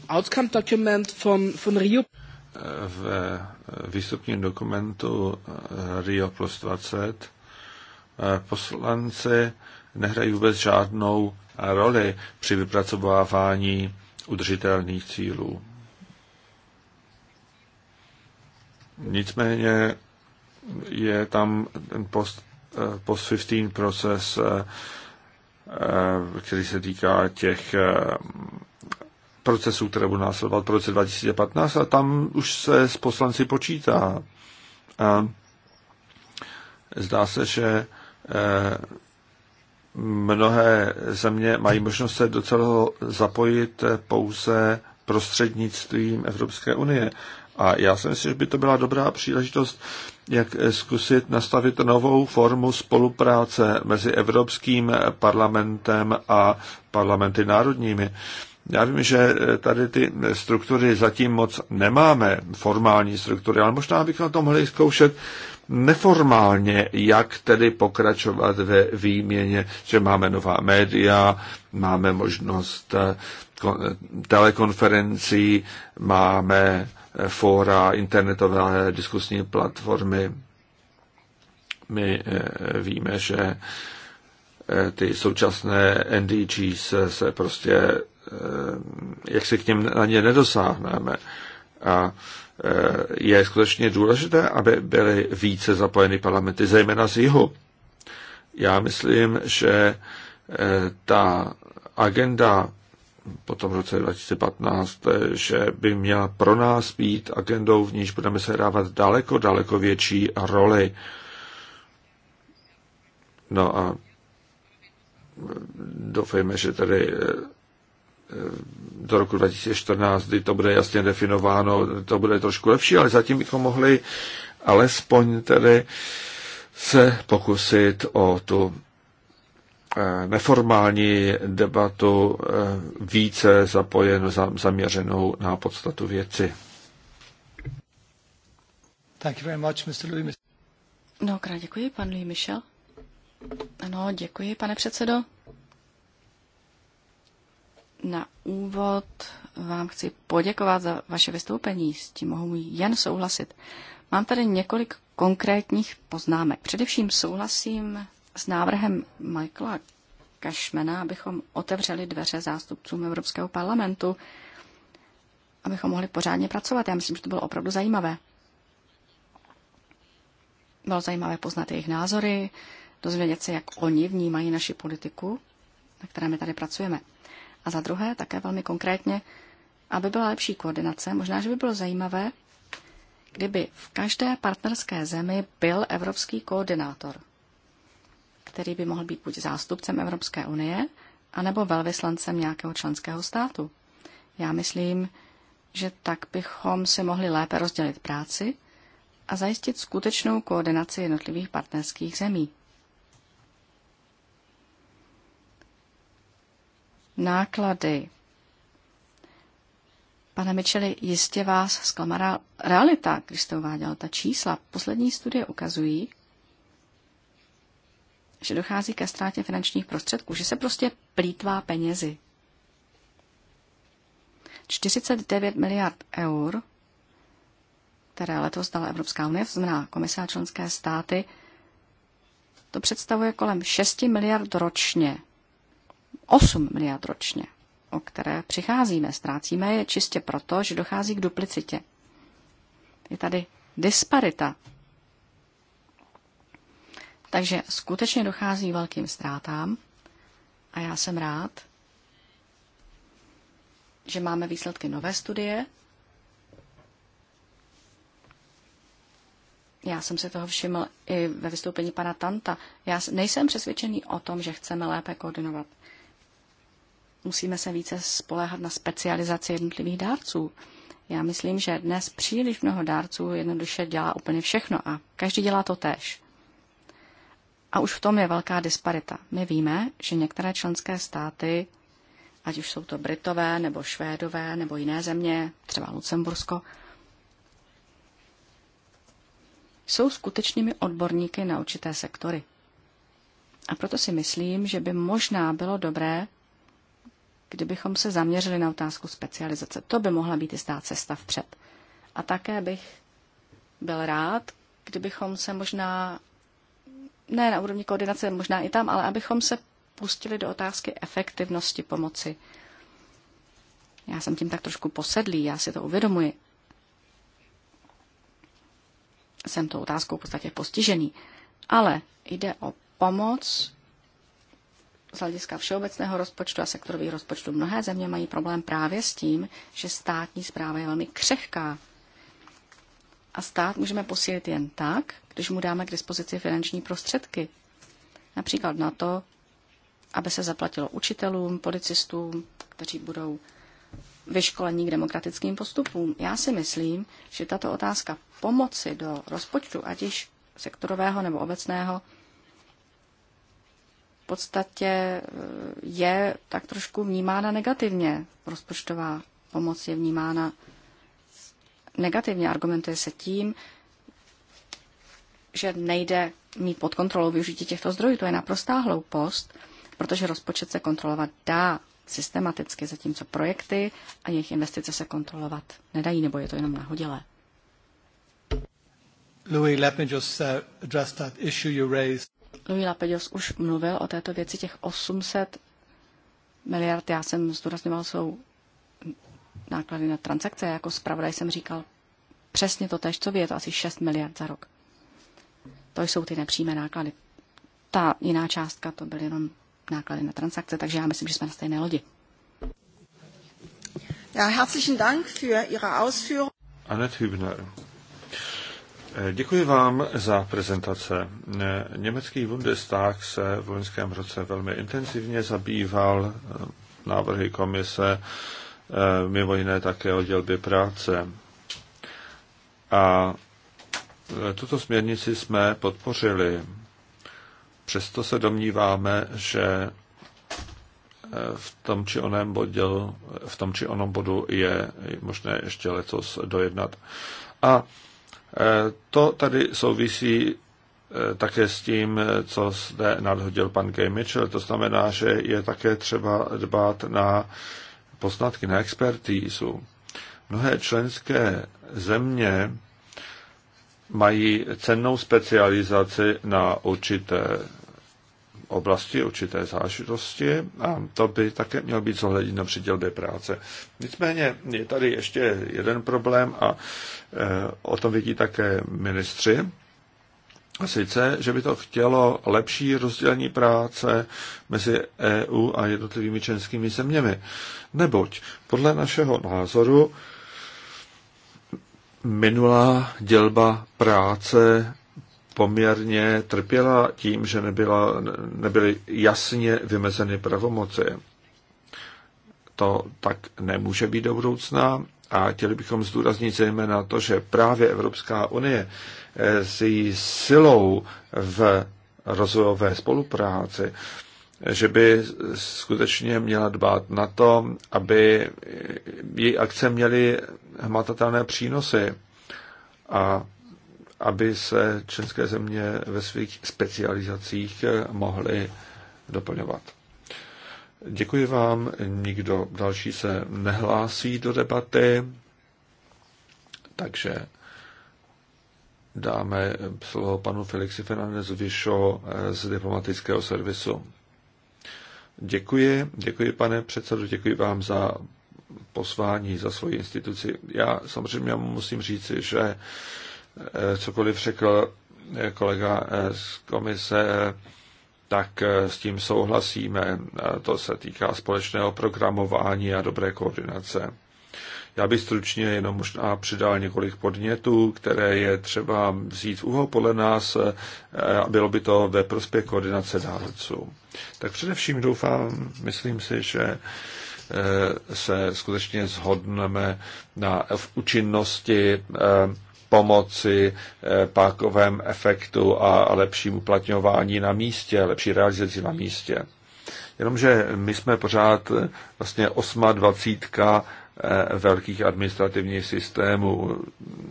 Outcome Document von, von Rio v výstupním dokumentu eh, Rio plus 20 eh, poslanci nehrají vůbec žádnou roli při vypracovávání udržitelných cílů. Nicméně je tam ten post, eh, post 15 proces, eh, eh, který se týká těch procesů, které budou následovat v roce 2015 a tam už se s poslanci počítá. A zdá se, že mnohé země mají možnost se do celého zapojit pouze prostřednictvím Evropské unie. A já si myslím, že by to byla dobrá příležitost, jak zkusit nastavit novou formu spolupráce mezi Evropským parlamentem a parlamenty národními. Já vím, že tady ty struktury zatím moc nemáme, formální struktury, ale možná bychom to mohli zkoušet neformálně, jak tedy pokračovat ve výměně, že máme nová média, máme možnost eh, telekonferencí, máme eh, fóra, internetové eh, diskusní platformy. My víme, že ty současné NDGs se prostě, jak si k něm na ně nedosáhneme. A je skutečně důležité, aby byly více zapojeny parlamenty, zejména z jihu. Já myslím, že eh, ta agenda po tom roce 2015, eh, že by měla pro nás být agendou, v níž budeme se dávat daleko, daleko větší roli. No a eh, doufejme, že tady Eh, do roku 2014, kdy to bude jasně definováno, to bude trošku lepší, ale zatím bychom mohli alespoň tedy se pokusit o tu eh, neformální debatu eh, více zapojen, zaměřenou na podstatu věci. Thank you very much, Mr. Louis. krát děkuji, pan Louis Michel. Ano, děkuji, pane předsedo. Na úvod vám chci poděkovat za vaše vystoupení, s tím mohu jen souhlasit. Mám tady několik konkrétních poznámek. Především souhlasím s návrhem Michaela Kašmena, abychom otevřeli dveře zástupcům Evropského parlamentu, abychom mohli pořádně pracovat. Já myslím, že to bylo opravdu zajímavé. Bylo zajímavé poznat jejich názory, dozvědět se, jak oni vnímají naši politiku, na které my tady pracujeme. A za druhé, také velmi konkrétně, aby byla lepší koordinace, možná, že by bylo zajímavé, kdyby v každé partnerské zemi byl evropský koordinátor, který by mohl být buď zástupcem Evropské unie, anebo velvyslancem nějakého členského státu. Já myslím, že tak bychom si mohli lépe rozdělit práci a zajistit skutečnou koordinaci jednotlivých partnerských zemí. náklady. Pane Mičeli, jistě vás zklamala realita, když jste uváděl ta čísla. Poslední studie ukazují, že dochází ke ztrátě finančních prostředků, že se prostě plítvá penězi. 49 miliard eur, které letos dala Evropská unie, to znamená komise a členské státy, to představuje kolem 6 miliard ročně 8 miliard ročně, o které přicházíme, ztrácíme je čistě proto, že dochází k duplicitě. Je tady disparita. Takže skutečně dochází velkým ztrátám a já jsem rád, že máme výsledky nové studie. Já jsem se toho všiml i ve vystoupení pana Tanta. Já nejsem přesvědčený o tom, že chceme lépe koordinovat musíme se více spoléhat na specializaci jednotlivých dárců. Já myslím, že dnes příliš mnoho dárců jednoduše dělá úplně všechno a každý dělá to též. A už v tom je velká disparita. My víme, že některé členské státy, ať už jsou to Britové, nebo Švédové, nebo jiné země, třeba Lucembursko, jsou skutečnými odborníky na určité sektory. A proto si myslím, že by možná bylo dobré kdybychom se zaměřili na otázku specializace. To by mohla být jistá cesta vpřed. A také bych byl rád, kdybychom se možná, ne na úrovni koordinace, možná i tam, ale abychom se pustili do otázky efektivnosti pomoci. Já jsem tím tak trošku posedlý, já si to uvědomuji. Jsem tou otázkou v podstatě postižený. Ale jde o pomoc, z hlediska všeobecného rozpočtu a sektorových rozpočtů mnohé země mají problém právě s tím, že státní zpráva je velmi křehká. A stát můžeme posílit jen tak, když mu dáme k dispozici finanční prostředky. Například na to, aby se zaplatilo učitelům, policistům, kteří budou vyškolení k demokratickým postupům. Já si myslím, že tato otázka pomoci do rozpočtu, ať již sektorového nebo obecného, podstatě eh, je tak trošku vnímána negativně. Rozpočtová pomoc je vnímána negativně. Argumentuje se tím, že nejde mít pod kontrolou využití těchto zdrojů. To je naprostá hloupost, protože rozpočet se kontrolovat dá systematicky, zatímco projekty a jejich investice se kontrolovat nedají, nebo je to jenom nahodilé. Louis, let me just uh, address that issue you raised. Louis Lapedios už mluvil o této věci, těch 800 miliard, já jsem zdůrazňoval, jsou náklady na transakce. jako zpravodaj jsem říkal přesně to tež, co vy, je to asi 6 miliard za rok. To jsou ty nepřímé náklady. Ta jiná částka, to byly jenom náklady na transakce, takže já myslím, že jsme na stejné lodi. Ja, herzlichen Dank für Ihre Ausführung. Annette Hübner. Děkuji vám za prezentace. Německý Bundestag se v loňském roce velmi intenzivně zabýval eh, návrhy komise, eh, mimo jiné také o dělbě práce. A eh, tuto směrnici jsme podpořili. Přesto se domníváme, že v tom či onom bodě, v tom či onom bodu je možné ještě letos dojednat. A Eh, to tady souvisí eh, také s tím, eh, co zde nadhodil pan Gay Mitchell. To znamená, že je také třeba dbát na poznatky, na expertízu. Mnohé členské země mají cennou specializaci na určité oblasti, určité zážitosti a to by také mělo být zohledněno při dělbě práce. Nicméně je tady ještě jeden problém a e, o tom vidí také ministři. A sice, že by to chtělo lepší rozdělení práce mezi EU a jednotlivými členskými zeměmi. Neboť podle našeho názoru minulá dělba práce poměrně trpěla tím, že nebyla, nebyly jasně vymezeny pravomoci. To tak nemůže být do budoucna a chtěli bychom zdůraznit zejména to, že právě Evropská unie eh, s její silou v rozvojové spolupráci, eh, že by skutečně měla dbát na to, aby její akce měly hmatatelné přínosy. A aby se české země ve svých specializacích mohly doplňovat. Děkuji vám, nikdo další se nehlásí do debaty, takže dáme slovo panu Felixi Fernandez Vyšo z diplomatického servisu. Děkuji, děkuji pane předsedu, děkuji vám za posvání, za svoji instituci. Já samozřejmě musím říci, že Eh, cokoliv řekl eh, kolega eh, z komise, tak s tím souhlasíme. To se týká společného programování a dobré koordinace. Já bych stručně jenom možná přidal několik podnětů, které je třeba vzít v úho podle nás a bylo by to ve prospěch koordinace dárců. Tak především doufám, myslím si, že se skutečně zhodneme na v účinnosti pomoci, eh, pákovém efektu a lepším uplatňování na místě, lepší realizaci na místě. Jenomže my jsme pořád eh, vlastně 28 eh, velkých administrativních systémů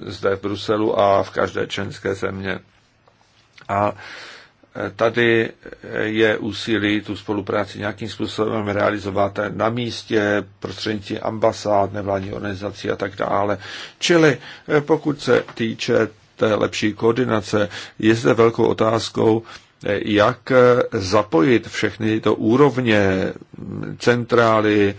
zde v Bruselu a v každé členské země. A Tady je úsilí tu spolupráci nějakým způsobem realizovat na místě, prostřednictvím ambasád, nevládní organizací a tak dále. Čili eh, pokud se týče té lepší koordinace, je zde velkou otázkou, eh, jak eh, zapojit všechny tyto úrovně, centrály,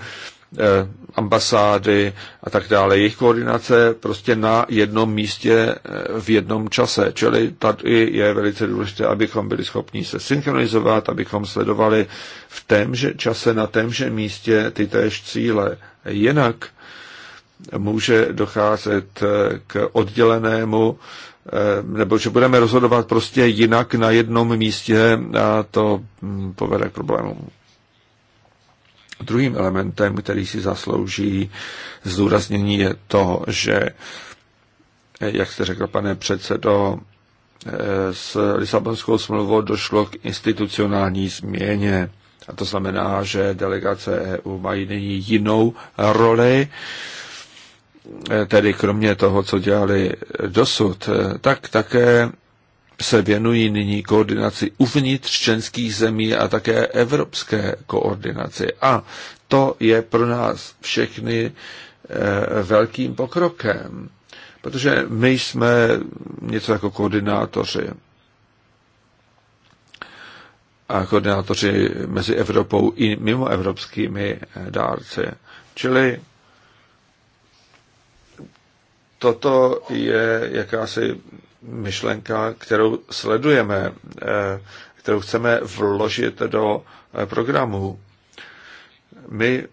Eh, ambasády a tak dále. Jejich koordinace prostě na jednom místě eh, v jednom čase. Čili tady je velice důležité, abychom byli schopni se synchronizovat, abychom sledovali v témže čase na témže místě ty též cíle. Jinak může docházet eh, k oddělenému nebo že budeme rozhodovat prostě jinak na jednom místě a to hm, povede k problémům. Druhým elementem, který si zaslouží zdůraznění, je to, že, eh, jak jste řekl, pane předsedo, eh, s Lisabonskou smlouvou došlo k institucionální změně. A to znamená, že delegace EU mají nyní jinou roli, eh, tedy kromě toho, co dělali dosud, tak také se věnují nyní koordinaci uvnitř členských zemí a také evropské koordinaci. A to je pro nás všechny eh, velkým pokrokem, protože my jsme něco jako koordinátoři. A koordinátoři mezi Evropou i mimo evropskými eh, dárci. Čili toto je jakási myšlenka, kterou sledujeme, eh, kterou chceme vložit do eh, programu. My,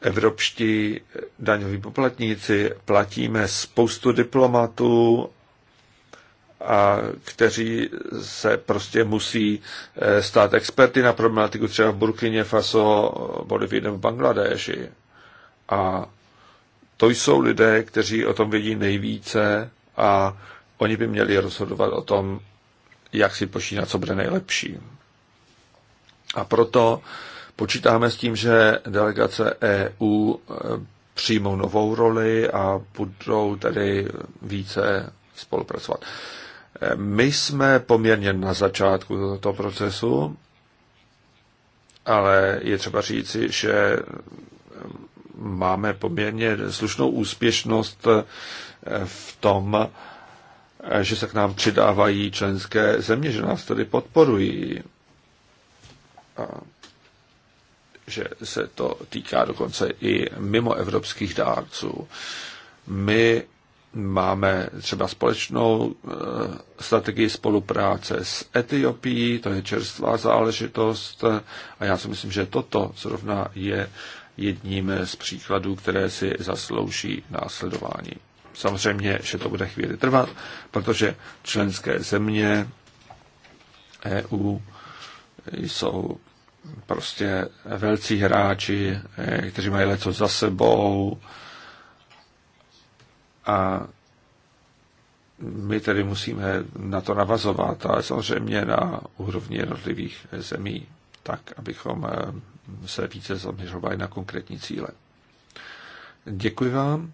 evropští daňoví poplatníci, platíme spoustu diplomatů, a kteří se prostě musí eh, stát experty na problematiku třeba v Burkině Faso, Bolivii v Bangladeši. A to jsou lidé, kteří o tom vědí nejvíce a Oni by měli rozhodovat o tom, jak si počínat, co bude nejlepší. A proto počítáme s tím, že delegace EU e, přijmou novou roli a budou tedy více spolupracovat. E, my jsme poměrně na začátku tohoto procesu, ale je třeba říci, že máme poměrně slušnou úspěšnost v tom, že se k nám přidávají členské země, že nás tedy podporují. A že se to týká dokonce i mimo evropských dárců. My máme třeba společnou eh, strategii spolupráce s Etiopií, to je čerstvá záležitost a já si myslím, že toto zrovna je jedním z příkladů, které si zaslouží následování. Samozřejmě, že to bude chvíli trvat, protože členské země EU jsou prostě velcí hráči, eh, kteří mají leco za sebou a my tedy musíme na to navazovat, ale samozřejmě na úrovni jednotlivých zemí, tak, abychom eh, se více zaměřovali na konkrétní cíle. Děkuji vám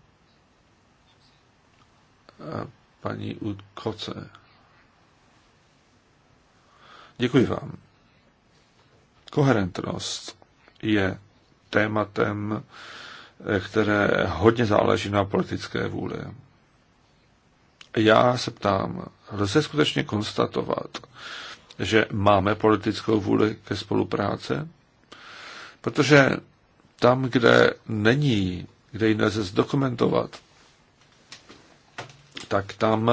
paní Udkoce. Děkuji vám. Koherentnost je tématem, které hodně záleží na politické vůli. Já se ptám, lze skutečně konstatovat, že máme politickou vůli ke spolupráce? Protože tam, kde není, kde ji nelze zdokumentovat, tak tam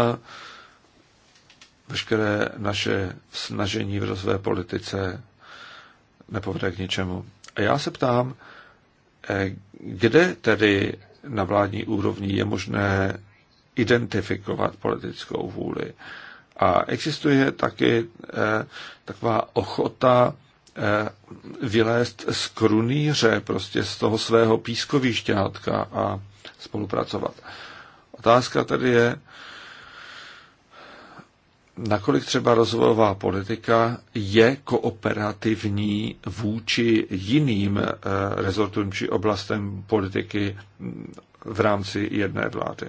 veškeré naše snažení v rozvé politice nepovede k ničemu. A já se ptám, eh, kde tedy na vládní úrovni je možné identifikovat politickou vůli. A existuje taky eh, taková ochota eh, vylézt z krunýře, prostě z toho svého pískovišťátka a spolupracovat. Otázka tedy je, nakolik třeba rozvojová politika je kooperativní vůči jiným eh, rezortům či oblastem politiky v rámci jedné vlády.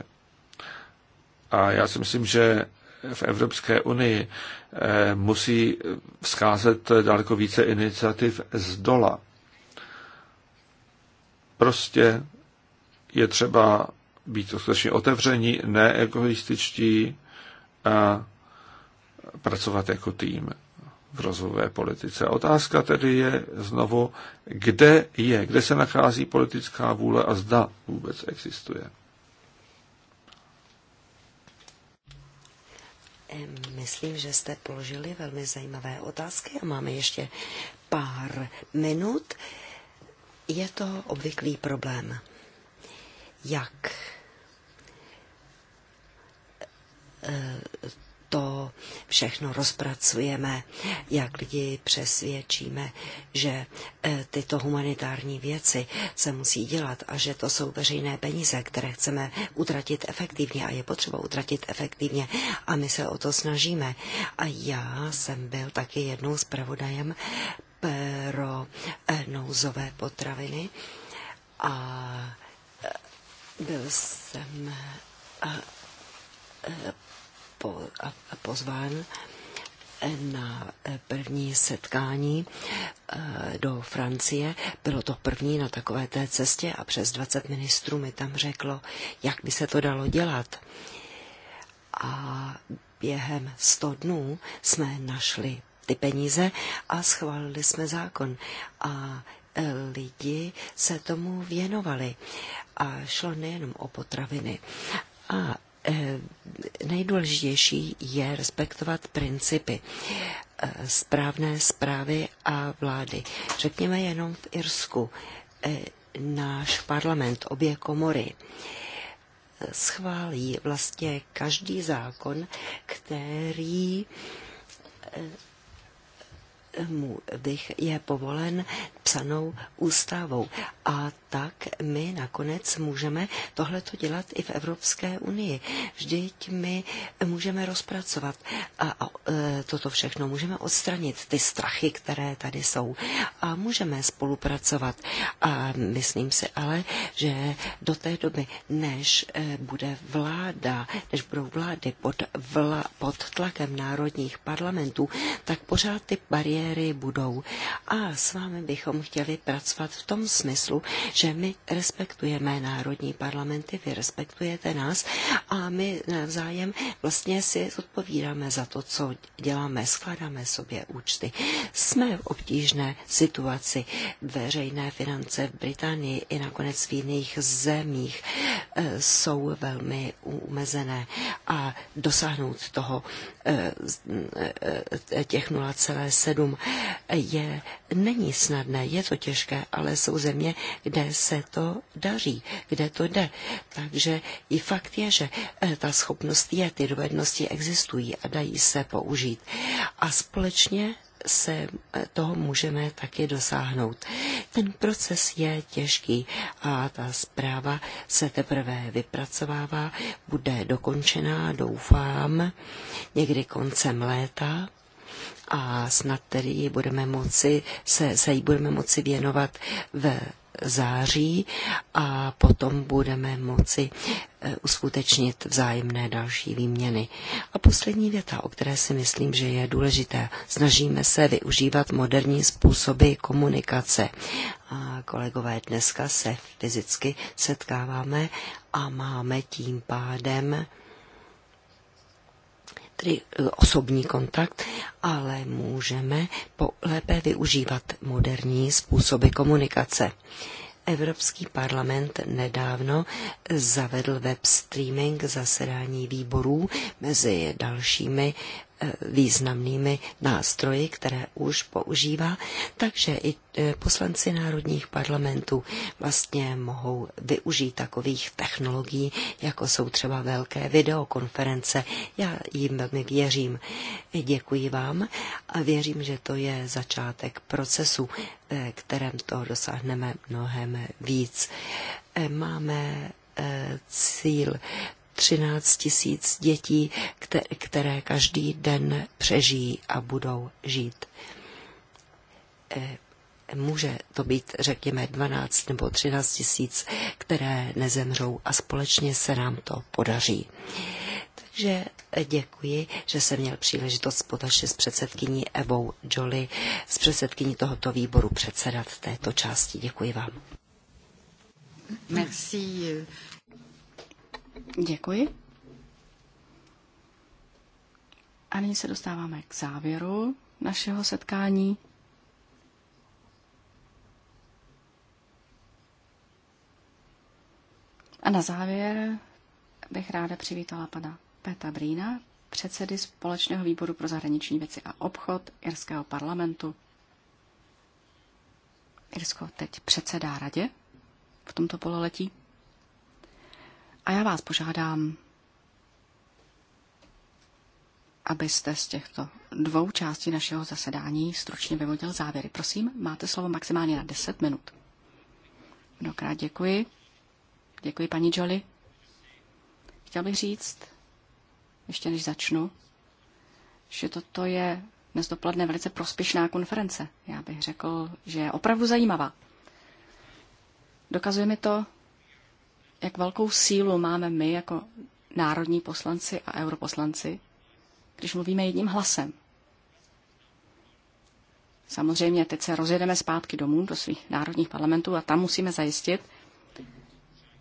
A já si myslím, že v Evropské unii eh, musí vzkázet daleko více iniciativ z dola. Prostě je třeba být skutečně otevření, egoističtí a pracovat jako tým v rozvojové politice. Otázka tedy je znovu, kde je, kde se nachází politická vůle a zda vůbec existuje. Myslím, že jste položili velmi zajímavé otázky a máme ještě pár minut. Je to obvyklý problém jak e, to všechno rozpracujeme, jak lidi přesvědčíme, že e, tyto humanitární věci se musí dělat a že to jsou veřejné peníze, které chceme utratit efektivně a je potřeba utratit efektivně a my se o to snažíme. A já jsem byl taky jednou pravodajem pro e, nouzové potraviny a byl jsem a e, pozván e, na e, první setkání do Francie. Bylo to první na takové té cestě a přes 20 ministrů mi tam řeklo, jak by se to dalo dělat. A během 100 dnů jsme našli ty peníze a schválili jsme zákon. A lidi se tomu věnovali. A šlo nejenom o potraviny. A e, nejdůležitější je respektovat principy e, správné zprávy a vlády. Řekněme jenom v Irsku. E, náš parlament, obě komory, schválí vlastně každý zákon, který mu dych je povolen psanou ústavou. A tak my nakonec můžeme tohleto dělat i v Evropské unii. Vždyť my můžeme rozpracovat a, a, e, toto všechno, můžeme odstranit ty strachy, které tady jsou a můžeme spolupracovat. A myslím si ale, že do té doby, než e, bude vláda, než budou vlády pod, vla, pod tlakem národních parlamentů, tak pořád ty bariéry bariéry budou. A s vámi bychom chtěli pracovat v tom smyslu, že my respektujeme národní parlamenty, vy respektujete nás a my navzájem vlastně si odpovídáme za to, co děláme, skládáme sobě účty. Jsme v obtížné situaci veřejné finance v Británii i nakonec v jiných zemích eh, jsou velmi umezené a dosáhnout toho eh, eh, těch 0,7 výzkum je, není snadné, je to těžké, ale jsou země, kde se to daří, kde to jde. Takže i fakt je, že eh, ta schopnost je, ty dovednosti existují a dají se použít. A společně se eh, toho můžeme taky dosáhnout. Ten proces je těžký a ta zpráva se teprve vypracovává, bude dokončená, doufám, někdy koncem léta a snad tedy ji budeme moci, se, se jí budeme moci věnovat v září a potom budeme moci e, uskutečnit vzájemné další výměny. A poslední věta, o které si myslím, že je důležité. Snažíme se využívat moderní způsoby komunikace. A kolegové, dneska se fyzicky setkáváme a máme tím pádem tedy e, osobní kontakt, ale můžeme po, lépe využívat moderní způsoby komunikace. Evropský parlament nedávno zavedl web streaming zasedání výborů mezi dalšími významnými nástroji, které už používá, takže i e, poslanci národních parlamentů vlastně mohou využít takových technologií, jako jsou třeba velké videokonference. Já jim velmi věřím. Děkuji vám a věřím, že to je začátek procesu, e, kterém to dosáhneme mnohem víc. E, máme cíl 13 tisíc dětí, které každý den přežijí a budou žít. Eh, může to být, řekněme, 12 nebo 13 tisíc, které nezemřou a společně se nám to podaří. Takže děkuji, že jsem měl příležitost společně s předsedkyní Evou Jolly, s předsedkyní tohoto výboru předsedat této části. Děkuji vám. Merci. Eh, Děkuji. A nyní se dostáváme k závěru našeho setkání. A na závěr bych ráda přivítala pana Peta Brýna, předsedy Společného výboru pro zahraniční věci a obchod Irského parlamentu. Irsko teď předsedá radě v tomto pololetí. A já vás požádám, abyste z těchto dvou částí našeho zasedání stručně vyvodil závěry. Prosím, máte slovo maximálně na 10 minut. Mnohokrát děkuji. Děkuji, paní Jolly. Chtěl bych říct, ještě než začnu, že toto je dnes dopoledne velice prospěšná konference. Já bych řekl, že je opravdu zajímavá. Dokazuje mi to, jak velkou sílu máme my jako národní poslanci a europoslanci, když mluvíme jedním hlasem. Samozřejmě teď se rozjedeme zpátky domů do svých národních parlamentů a tam musíme zajistit,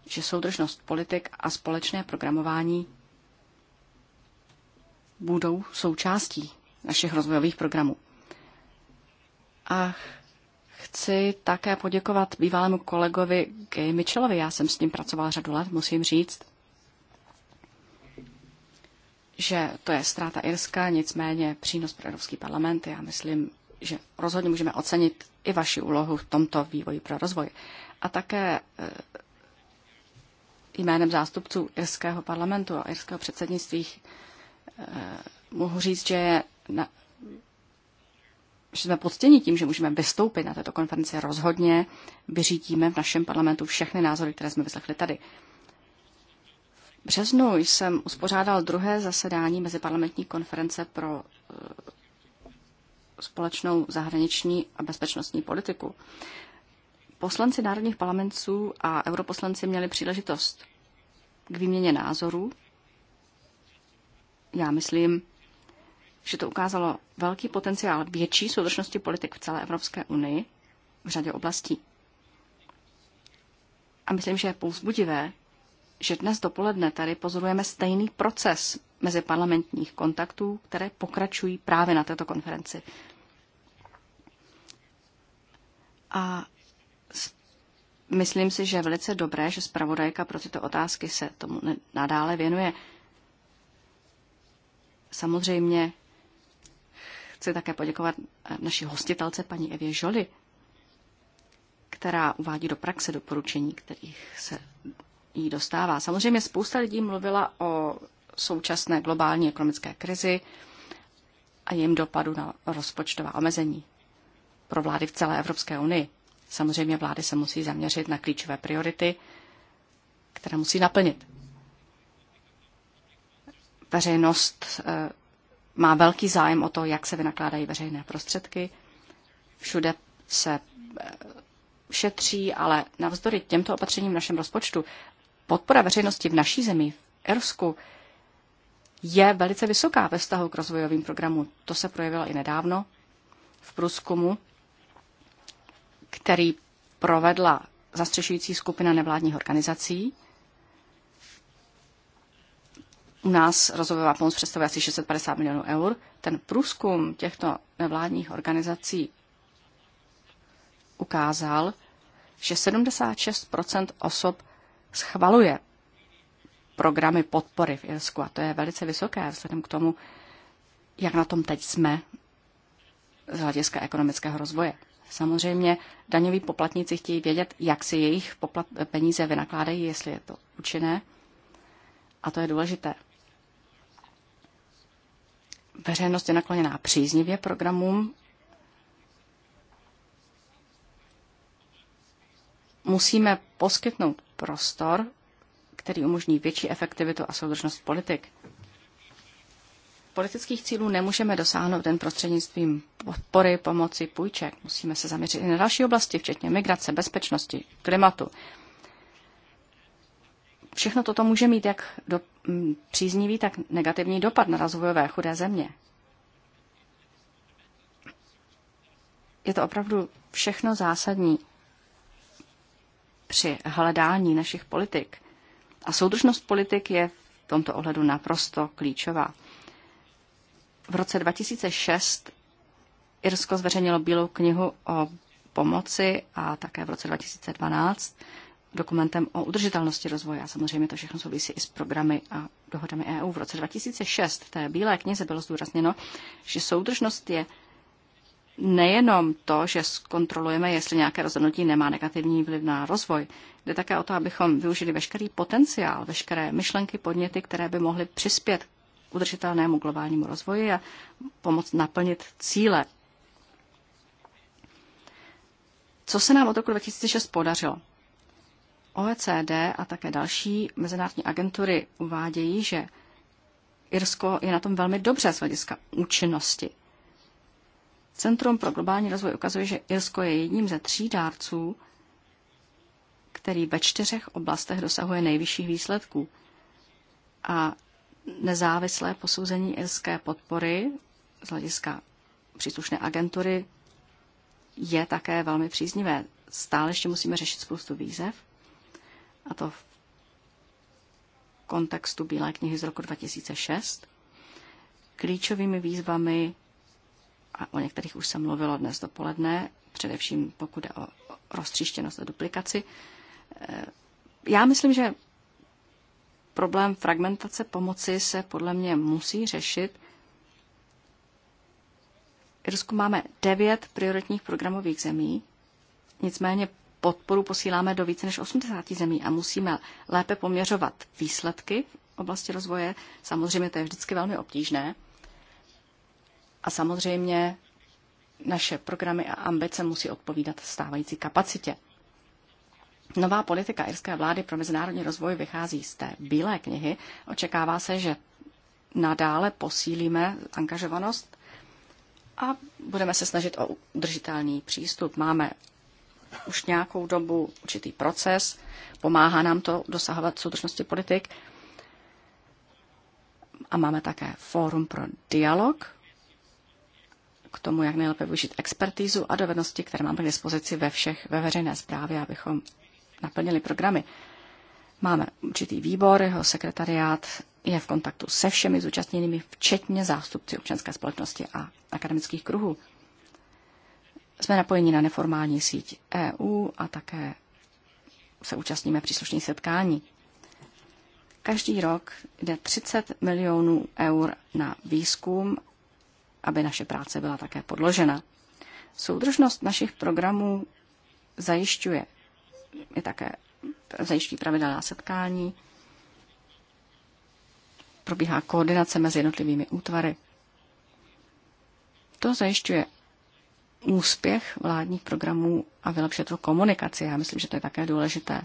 že soudržnost politik a společné programování budou součástí našich rozvojových programů. Ach, chci také poděkovat bývalému kolegovi Gay Mitchellovi. Já jsem s ním pracoval řadu let, musím říct, že to je ztráta Irska, nicméně přínos pro Evropský parlament. Já myslím, že rozhodně můžeme ocenit i vaši úlohu v tomto vývoji pro rozvoj. A také eh, jménem zástupců irského parlamentu a irského předsednictví eh, mohu říct, že je že jsme poctěni tím, že můžeme vystoupit na této konferenci, rozhodně vyřídíme v našem parlamentu všechny názory, které jsme vyslechli tady. V březnu jsem uspořádal druhé zasedání Meziparlamentní konference pro e, společnou zahraniční a bezpečnostní politiku. Poslanci národních parlamentů a europoslanci měli příležitost k výměně názorů. Já myslím, že to ukázalo velký potenciál větší soudržnosti politik v celé Evropské unii v řadě oblastí. A myslím, že je pouzbudivé, že dnes dopoledne tady pozorujeme stejný proces mezi parlamentních kontaktů, které pokračují právě na této konferenci. A myslím si, že je velice dobré, že zpravodajka pro tyto otázky se tomu nadále věnuje. Samozřejmě Chci také poděkovat eh, naší hostitelce paní Evě Žoli, která uvádí do praxe doporučení, kterých se jí dostává. Samozřejmě spousta lidí mluvila o současné globální ekonomické krizi a jejím dopadu na rozpočtová omezení pro vlády v celé Evropské unii. Samozřejmě vlády se musí zaměřit na klíčové priority, které musí naplnit. Veřejnost eh, má velký zájem o to, jak se vynakládají veřejné prostředky. Všude se eh, šetří, ale navzdory těmto opatřením v našem rozpočtu podpora veřejnosti v naší zemi, v Irsku, je velice vysoká ve vztahu k rozvojovým programům. To se projevilo i nedávno v průzkumu, který provedla zastřešující skupina nevládních organizací u nás rozvojová pomoc představuje asi 650 milionů eur. Ten průzkum těchto nevládních organizací ukázal, že 76 osob schvaluje programy podpory v Irsku. A to je velice vysoké vzhledem k tomu, jak na tom teď jsme z hlediska ekonomického rozvoje. Samozřejmě daňoví poplatníci chtějí vědět, jak si jejich poplat- peníze vynakládají, jestli je to účinné. A to je důležité. Veřejnost je nakloněná příznivě programům. Musíme poskytnout prostor, který umožní větší efektivitu a soudržnost politik. Politických cílů nemůžeme dosáhnout jen prostřednictvím podpory, pomoci, půjček. Musíme se zaměřit i na další oblasti, včetně migrace, bezpečnosti, klimatu. Všechno toto může mít jak do, m, mm, příznivý, tak negativní dopad na rozvojové chudé země. Je to opravdu všechno zásadní při hledání našich politik. A soudržnost politik je v tomto ohledu naprosto klíčová. V roce 2006 Irsko zveřejnilo Bílou knihu o pomoci a také v roce 2012 dokumentem o udržitelnosti rozvoje. A samozřejmě to všechno souvisí i s programy a dohodami EU. V roce 2006 v té bílé knize bylo zdůrazněno, že soudržnost je nejenom to, že zkontrolujeme, jestli nějaké rozhodnutí nemá negativní vliv na rozvoj. Jde také o to, abychom využili veškerý potenciál, veškeré myšlenky, podněty, které by mohly přispět k udržitelnému globálnímu rozvoji a pomoct naplnit cíle. Co se nám od roku 2006 podařilo? OECD a také další mezinárodní agentury uvádějí, že Irsko je na tom velmi dobře z hlediska účinnosti. Centrum pro globální rozvoj ukazuje, že Irsko je jedním ze tří dárců, který ve čtyřech oblastech dosahuje nejvyšších výsledků. A nezávislé posouzení irské podpory z hlediska příslušné agentury je také velmi příznivé. Stále ještě musíme řešit spoustu výzev, a to v kontextu Bílé knihy z roku 2006. Klíčovými výzvami, a o některých už se mluvilo dnes dopoledne, především pokud je o roztříštěnost a duplikaci, eh, já myslím, že problém fragmentace pomoci se podle mě musí řešit. V Irsku máme devět prioritních programových zemí, nicméně podporu posíláme do více než 80 zemí a musíme lépe poměřovat výsledky v oblasti rozvoje. Samozřejmě to je vždycky velmi obtížné. A samozřejmě naše programy a ambice musí odpovídat stávající kapacitě. Nová politika irské vlády pro mezinárodní rozvoj vychází z té bílé knihy. Očekává se, že nadále posílíme angažovanost a budeme se snažit o udržitelný přístup. Máme už nějakou dobu určitý proces, pomáhá nám to dosahovat soudržnosti politik. A máme také fórum pro dialog k tomu, jak nejlépe využít expertízu a dovednosti, které máme k dispozici ve všech ve veřejné správě, abychom naplnili programy. Máme určitý výbor, jeho sekretariát je v kontaktu se všemi zúčastněnými, včetně zástupci občanské společnosti a akademických kruhů jsme napojeni na neformální síť EU a také se účastníme příslušných setkání. Každý rok jde 30 milionů eur na výzkum, aby naše práce byla také podložena. Soudržnost našich programů zajišťuje je také zajišťují pravidelná setkání, probíhá koordinace mezi jednotlivými útvary. To zajišťuje úspěch vládních programů a vylepšit tu komunikaci. Já myslím, že to je také důležité.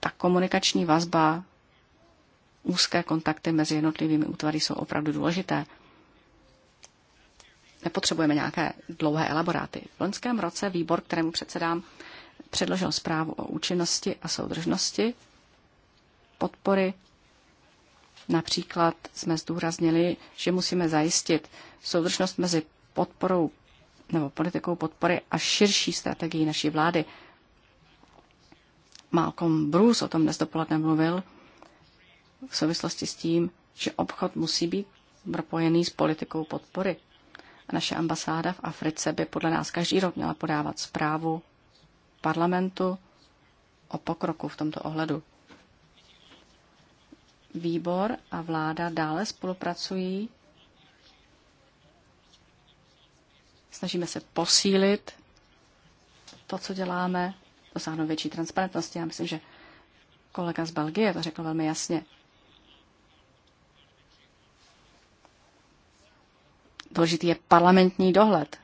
Ta komunikační vazba, úzké kontakty mezi jednotlivými útvary jsou opravdu důležité. Nepotřebujeme nějaké dlouhé elaboráty. V loňském roce výbor, kterému předsedám, předložil zprávu o účinnosti a soudržnosti podpory. Například jsme zdůraznili, že musíme zajistit soudržnost mezi podporou nebo politikou podpory a širší strategii naší vlády. Malcolm Bruce o tom dnes dopoledne mluvil v souvislosti s tím, že obchod musí být propojený s politikou podpory. A naše ambasáda v Africe by podle nás každý rok měla podávat zprávu parlamentu o pokroku v tomto ohledu. Výbor a vláda dále spolupracují Snažíme se posílit to, co děláme, dosáhnout větší transparentnosti. Já myslím, že kolega z Belgie to řekl velmi jasně. Důležitý je parlamentní dohled.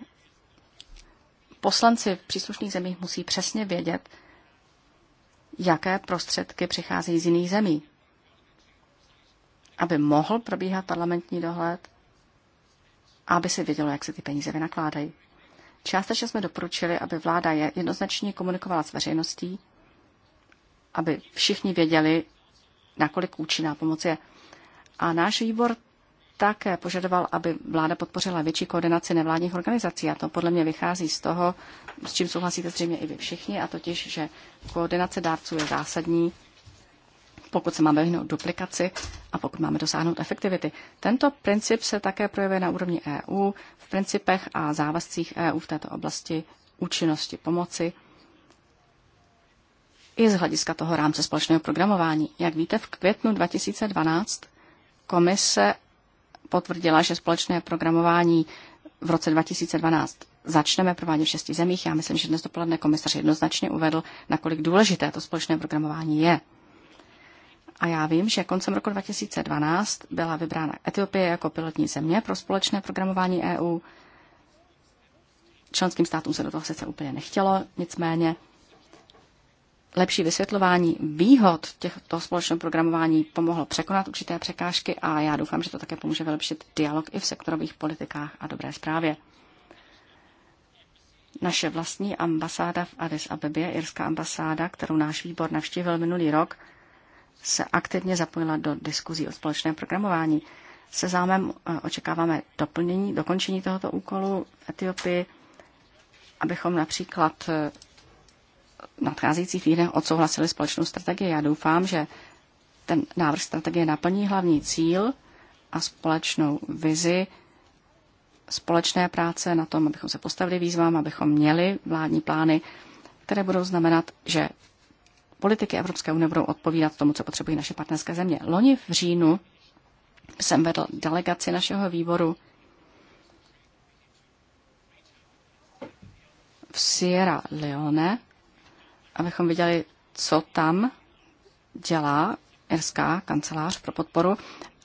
Poslanci v příslušných zemích musí přesně vědět, jaké prostředky přicházejí z jiných zemí. Aby mohl probíhat parlamentní dohled, aby se vědělo, jak se ty peníze vynakládají. Částečně jsme doporučili, aby vláda jednoznačně komunikovala s veřejností, aby všichni věděli, nakolik účinná pomoc je. A náš výbor také požadoval, aby vláda podpořila větší koordinaci nevládních organizací. A to podle mě vychází z toho, s čím souhlasíte zřejmě i vy všichni, a totiž, že koordinace dárců je zásadní pokud se máme vyhnout duplikaci a pokud máme dosáhnout efektivity. Tento princip se také projevuje na úrovni EU v principech a závazcích EU v této oblasti účinnosti pomoci i z hlediska toho rámce společného programování. Jak víte, v květnu 2012 komise potvrdila, že společné programování v roce 2012 začneme provádět v šesti zemích. Já myslím, že dnes dopoledne komisař jednoznačně uvedl, nakolik důležité to společné programování je. A já vím, že koncem roku 2012 byla vybrána Etiopie jako pilotní země pro společné programování EU. Členským státům se do toho sice úplně nechtělo, nicméně lepší vysvětlování výhod těchto společného programování pomohlo překonat určité překážky a já doufám, že to také pomůže vylepšit dialog i v sektorových politikách a dobré zprávě. Naše vlastní ambasáda v Addis Abebě, irská ambasáda, kterou náš výbor navštívil minulý rok, se aktivně zapojila do diskuzí o společném programování. Se zámem eh, očekáváme doplnění, dokončení tohoto úkolu v Etiopii, abychom například eh, v nadcházejících týdnech odsouhlasili společnou strategii. Já doufám, že ten návrh strategie naplní hlavní cíl a společnou vizi společné práce na tom, abychom se postavili výzvám, abychom měli vládní plány, které budou znamenat, že politiky Evropské unie budou odpovídat tomu, co potřebují naše partnerské země. Loni v říjnu jsem vedl delegaci našeho výboru v Sierra Leone, abychom viděli, co tam dělá irská kancelář pro podporu.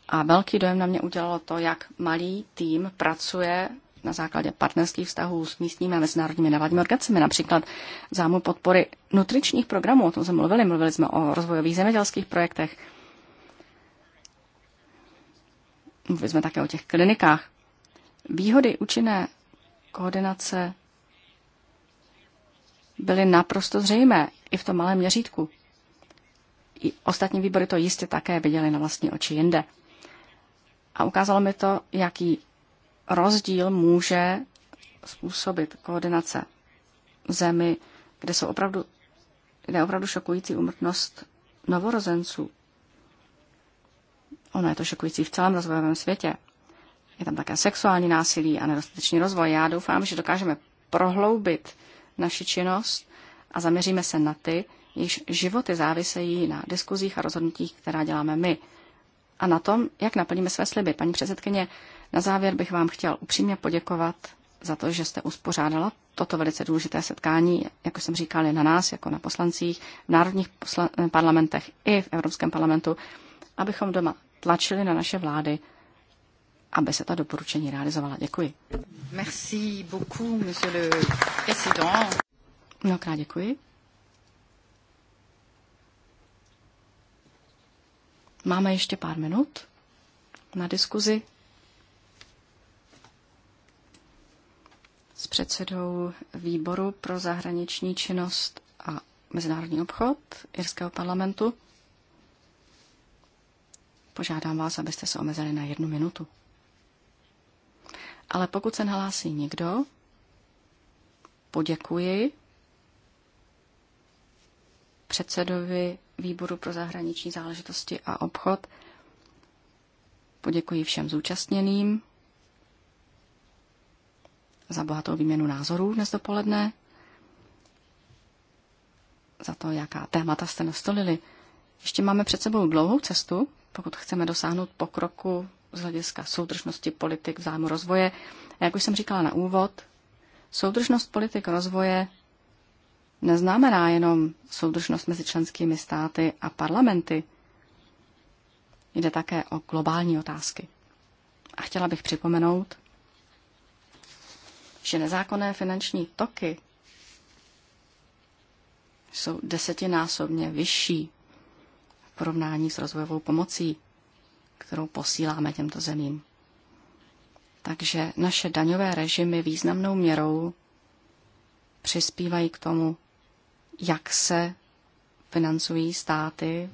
A velký dojem na mě udělalo to, jak malý tým pracuje na základě partnerských vztahů s místními a mezinárodními nevládními organizacemi, například zámu podpory nutričních programů, o tom jsme mluvili, mluvili jsme o rozvojových zemědělských projektech, mluvili jsme také o těch klinikách. Výhody účinné koordinace byly naprosto zřejmé i v tom malém měřítku. I ostatní výbory to jistě také viděli na vlastní oči jinde. A ukázalo mi to, jaký rozdíl může způsobit koordinace v zemi, kde jsou opravdu, kde je opravdu šokující umrtnost novorozenců. Ono je to šokující v celém rozvojovém světě. Je tam také sexuální násilí a nedostatečný rozvoj. Já doufám, že dokážeme prohloubit naši činnost a zaměříme se na ty, jejichž životy závisejí na diskuzích a rozhodnutích, která děláme my. A na tom, jak naplníme své sliby. Paní předsedkyně, na závěr bych vám chtěl upřímně poděkovat za to, že jste uspořádala toto velice důležité setkání, jako jsem říkal, je na nás, jako na poslancích, v národních posla- parlamentech i v Evropském parlamentu, abychom doma tlačili na naše vlády, aby se ta doporučení realizovala. Děkuji. Merci beaucoup, monsieur le président. Mnohokrát děkuji. Máme ještě pár minut na diskuzi. s předsedou výboru pro zahraniční činnost a mezinárodní obchod Irského parlamentu. Požádám vás, abyste se omezili na jednu minutu. Ale pokud se nahlásí někdo, poděkuji předsedovi výboru pro zahraniční záležitosti a obchod. Poděkuji všem zúčastněným za bohatou výměnu názorů dnes dopoledne, za to, jaká témata jste nastolili. Ještě máme před sebou dlouhou cestu, pokud chceme dosáhnout pokroku z hlediska soudržnosti politik v zájmu rozvoje. A jak už jsem říkala na úvod, soudržnost politik rozvoje neznamená jenom soudržnost mezi členskými státy a parlamenty. Jde také o globální otázky. A chtěla bych připomenout, že nezákonné finanční toky jsou desetinásobně vyšší v porovnání s rozvojovou pomocí, kterou posíláme těmto zemím. Takže naše daňové režimy významnou měrou přispívají k tomu, jak se financují státy,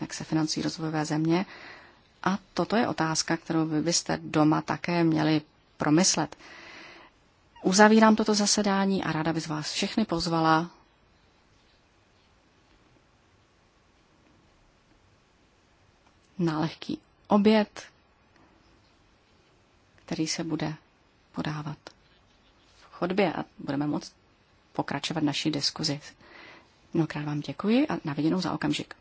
jak se financují rozvojové země. A toto je otázka, kterou vy byste doma také měli promyslet. Uzavírám toto zasedání a ráda bych vás všechny pozvala na lehký oběd, který se bude podávat v chodbě a budeme moct pokračovat naší diskuzi. Mnohokrát vám děkuji a naviděnou za okamžik.